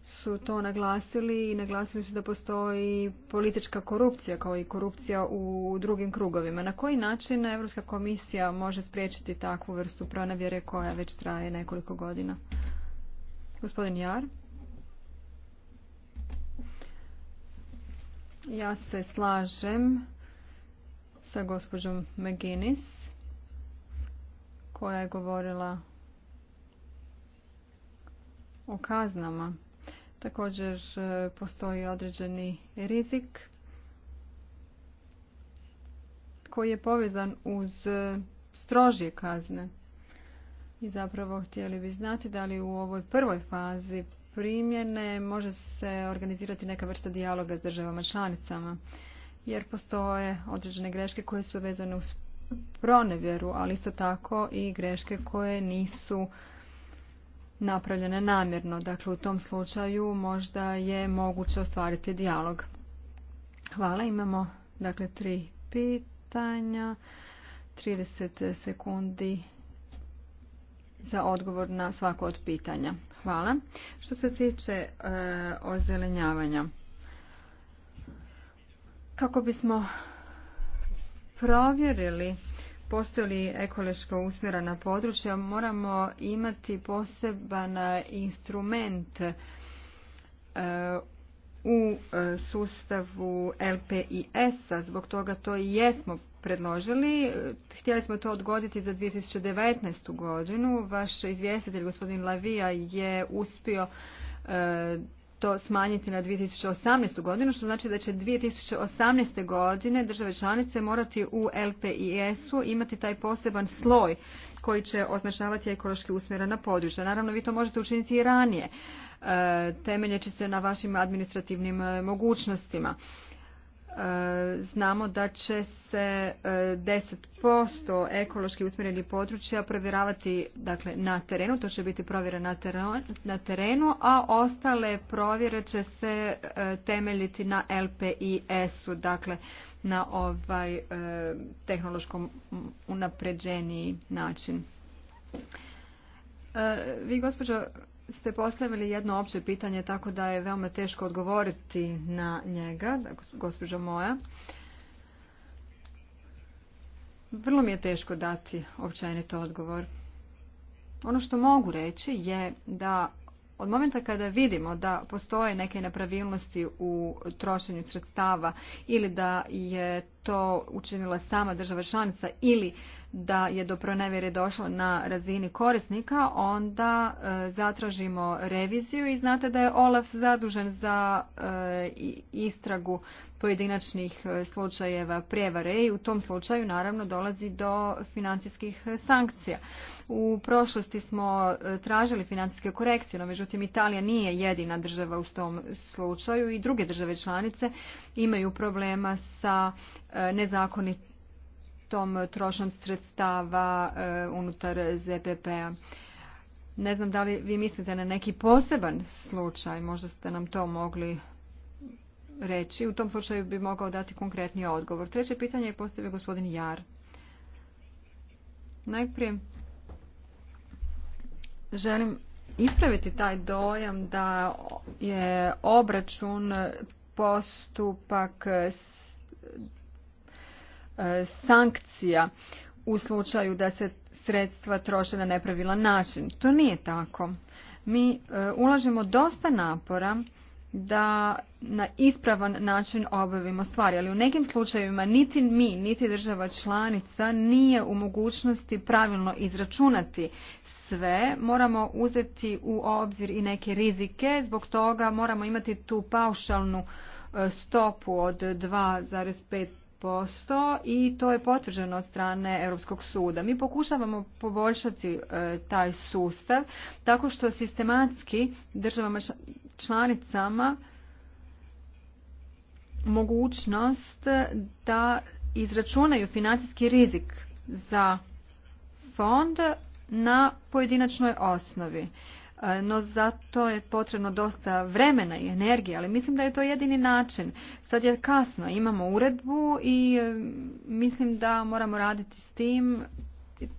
su to naglasili i naglasili su da postoji politička korupcija kao i korupcija u drugim krugovima. Na koji način Europska komisija može spriječiti takvu vrstu pronavjere koja već traje nekoliko godina? Gospodin Jar. Ja se slažem sa gospođom McGuinness koja je govorila o kaznama. Također e, postoji određeni rizik koji je povezan uz e, strožije kazne. I zapravo htjeli bi znati da li u ovoj prvoj fazi primjene može se organizirati neka vrsta dijaloga s državama članicama. Jer postoje određene greške koje su vezane uz pronevjeru, ali isto tako i greške koje nisu napravljene namjerno. Dakle, u tom slučaju možda je moguće ostvariti dijalog. Hvala, imamo dakle tri pitanja, 30 sekundi za odgovor na svako od pitanja. Hvala. Što se tiče e, ozelenjavanja, kako bismo provjerili postoji li ekološko usmjerena područja, moramo imati poseban e, instrument e, u e, sustavu LPIS-a. Zbog toga to i jesmo predložili. Htjeli smo to odgoditi za 2019. godinu. Vaš izvjestitelj, gospodin Lavija, je uspio to smanjiti na 2018. godinu, što znači da će 2018. godine države članice morati u LPIS-u imati taj poseban sloj koji će označavati ekološki usmjerena područja. Naravno, vi to možete učiniti i ranije. E, temeljeći se na vašim administrativnim e, mogućnostima. E, znamo da će se 10% e, ekološki usmjerenih područja provjeravati dakle, na terenu, to će biti provjera na terenu, a ostale provjere će se e, temeljiti na LPIS-u, dakle na ovaj tehnološkom unapređeniji način. Vi, gospođo ste postavili jedno opće pitanje, tako da je veoma teško odgovoriti na njega, gospođo moja. Vrlo mi je teško dati općenito odgovor. Ono što mogu reći je da od momenta kada vidimo da postoje neke nepravilnosti u trošenju sredstava ili da je to učinila sama država članica ili da je do pronevjere došlo na razini korisnika, onda e, zatražimo reviziju i znate da je Olaf zadužen za e, istragu pojedinačnih e, slučajeva prijevare i u tom slučaju naravno dolazi do financijskih sankcija. U prošlosti smo tražili financijske korekcije, no međutim Italija nije jedina država u tom slučaju i druge države članice imaju problema sa nezakonitom trošnjom sredstava e, unutar ZPP-a. Ne znam da li vi mislite na neki poseban slučaj, možda ste nam to mogli reći. U tom slučaju bi mogao dati konkretni odgovor. Treće pitanje je postavio gospodin Jar. Najprije želim ispraviti taj dojam da je obračun postupak E, sankcija u slučaju da se sredstva troše na nepravilan način. To nije tako. Mi e, ulažemo dosta napora da na ispravan način obavimo stvari, ali u nekim slučajevima niti mi, niti država članica nije u mogućnosti pravilno izračunati sve. Moramo uzeti u obzir i neke rizike, zbog toga moramo imati tu paušalnu e, stopu od 2,5 posto i to je potvrđeno od strane Europskog suda. Mi pokušavamo poboljšati e, taj sustav tako što sistematski državama članicama mogućnost da izračunaju financijski rizik za fond na pojedinačnoj osnovi. E, no zato je potrebno dosta vremena i energije, ali mislim da je to jedini način. Sad je kasno, imamo uredbu i e, mislim da moramo raditi s tim,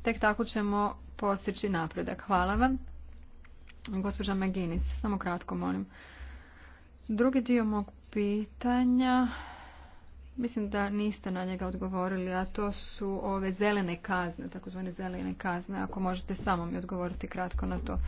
tek tako ćemo postići napredak. Hvala vam. Gospođa Maginis, samo kratko molim. Drugi dio mog pitanja, mislim da niste na njega odgovorili, a to su ove zelene kazne, takozvane zelene kazne, ako možete samo mi odgovoriti kratko na to.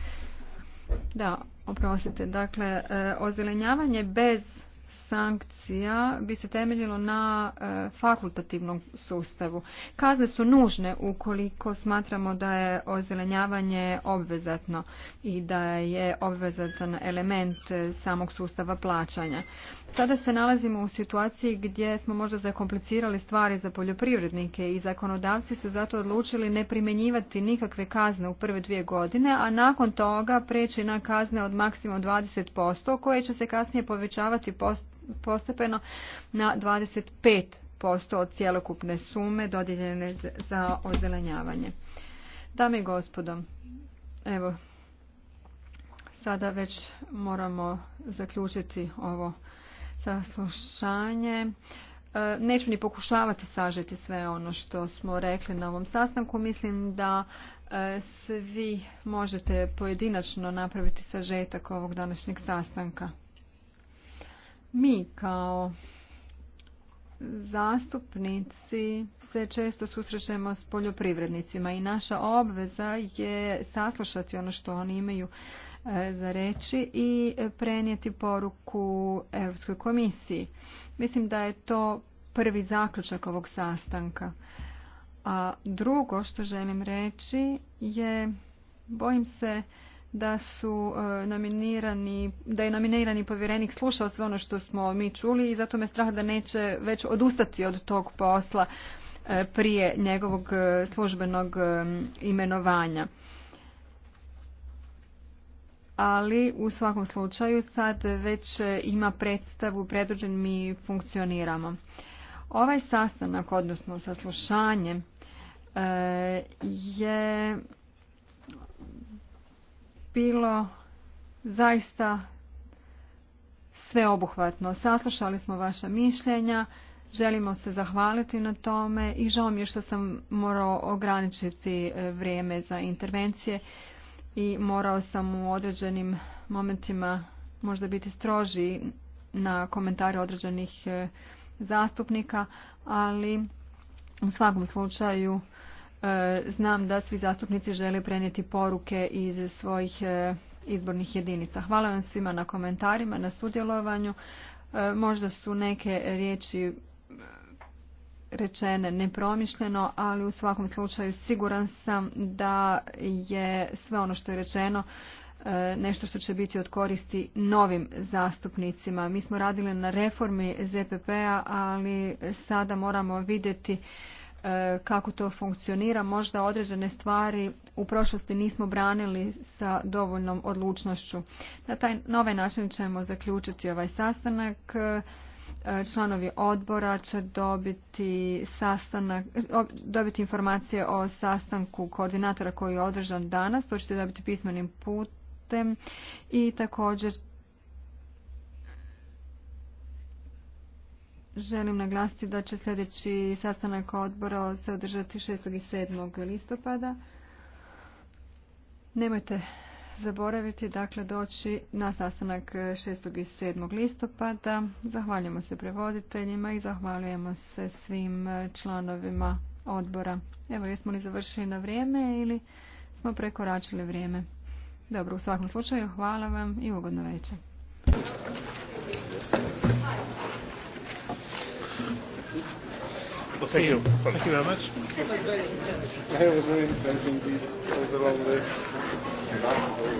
Da, oprostite. Dakle, e, ozelenjavanje bez sankcija bi se temeljilo na e, fakultativnom sustavu. Kazne su nužne ukoliko smatramo da je ozelenjavanje obvezatno i da je obvezatan element e, samog sustava plaćanja. Sada se nalazimo u situaciji gdje smo možda zakomplicirali stvari za poljoprivrednike i zakonodavci su zato odlučili ne primjenjivati nikakve kazne u prve dvije godine, a nakon toga preći na kazne od maksimum 20%, koje će se kasnije povećavati postepeno na 25% od cjelokupne sume dodijeljene za ozelenjavanje. Dame i gospodo, evo, sada već moramo zaključiti ovo saslušanje. E, neću ni pokušavati sažeti sve ono što smo rekli na ovom sastanku. Mislim da e, svi možete pojedinačno napraviti sažetak ovog današnjeg sastanka. Mi kao zastupnici se često susrećemo s poljoprivrednicima i naša obveza je saslušati ono što oni imaju E, za reći i prenijeti poruku Europskoj komisiji. Mislim da je to prvi zaključak ovog sastanka. A drugo što želim reći je, bojim se da su e, nominirani, da je nominirani povjerenik slušao sve ono što smo mi čuli i zato me strah da neće već odustati od tog posla e, prije njegovog službenog imenovanja ali u svakom slučaju sad već ima predstavu predruđen mi funkcioniramo. Ovaj sastanak, odnosno saslušanje, e, je bilo zaista sveobuhvatno. Saslušali smo vaša mišljenja, želimo se zahvaliti na tome i žao mi je što sam morao ograničiti e, vrijeme za intervencije i morao sam u određenim momentima možda biti stroži na komentare određenih e, zastupnika, ali u svakom slučaju e, znam da svi zastupnici žele prenijeti poruke iz svojih e, izbornih jedinica. Hvala vam svima na komentarima, na sudjelovanju. Možda su neke riječi rečene nepromišljeno, ali u svakom slučaju siguran sam da je sve ono što je rečeno e, nešto što će biti od koristi novim zastupnicima. Mi smo radili na reformi ZPP-a, ali sada moramo vidjeti e, kako to funkcionira. Možda određene stvari u prošlosti nismo branili sa dovoljnom odlučnošću. Na, taj, na ovaj način ćemo zaključiti ovaj sastanak članovi odbora će dobiti, sastanak, dobiti informacije o sastanku koordinatora koji je održan danas. To ćete dobiti pismenim putem i također Želim naglasiti da će sljedeći sastanak odbora se održati 6. i 7. listopada. Nemojte zaboraviti dakle doći na sastanak 6. i 7. listopada. Zahvaljujemo se prevoditeljima i zahvaljujemo se svim e, članovima odbora. Evo, jesmo li završili na vrijeme ili smo prekoračili vrijeme? Dobro, u svakom slučaju hvala vam i ugodno večer. Well, thank you. Thank you very much. It was very intense. It was very intense indeed. It was long day. Yeah, I'm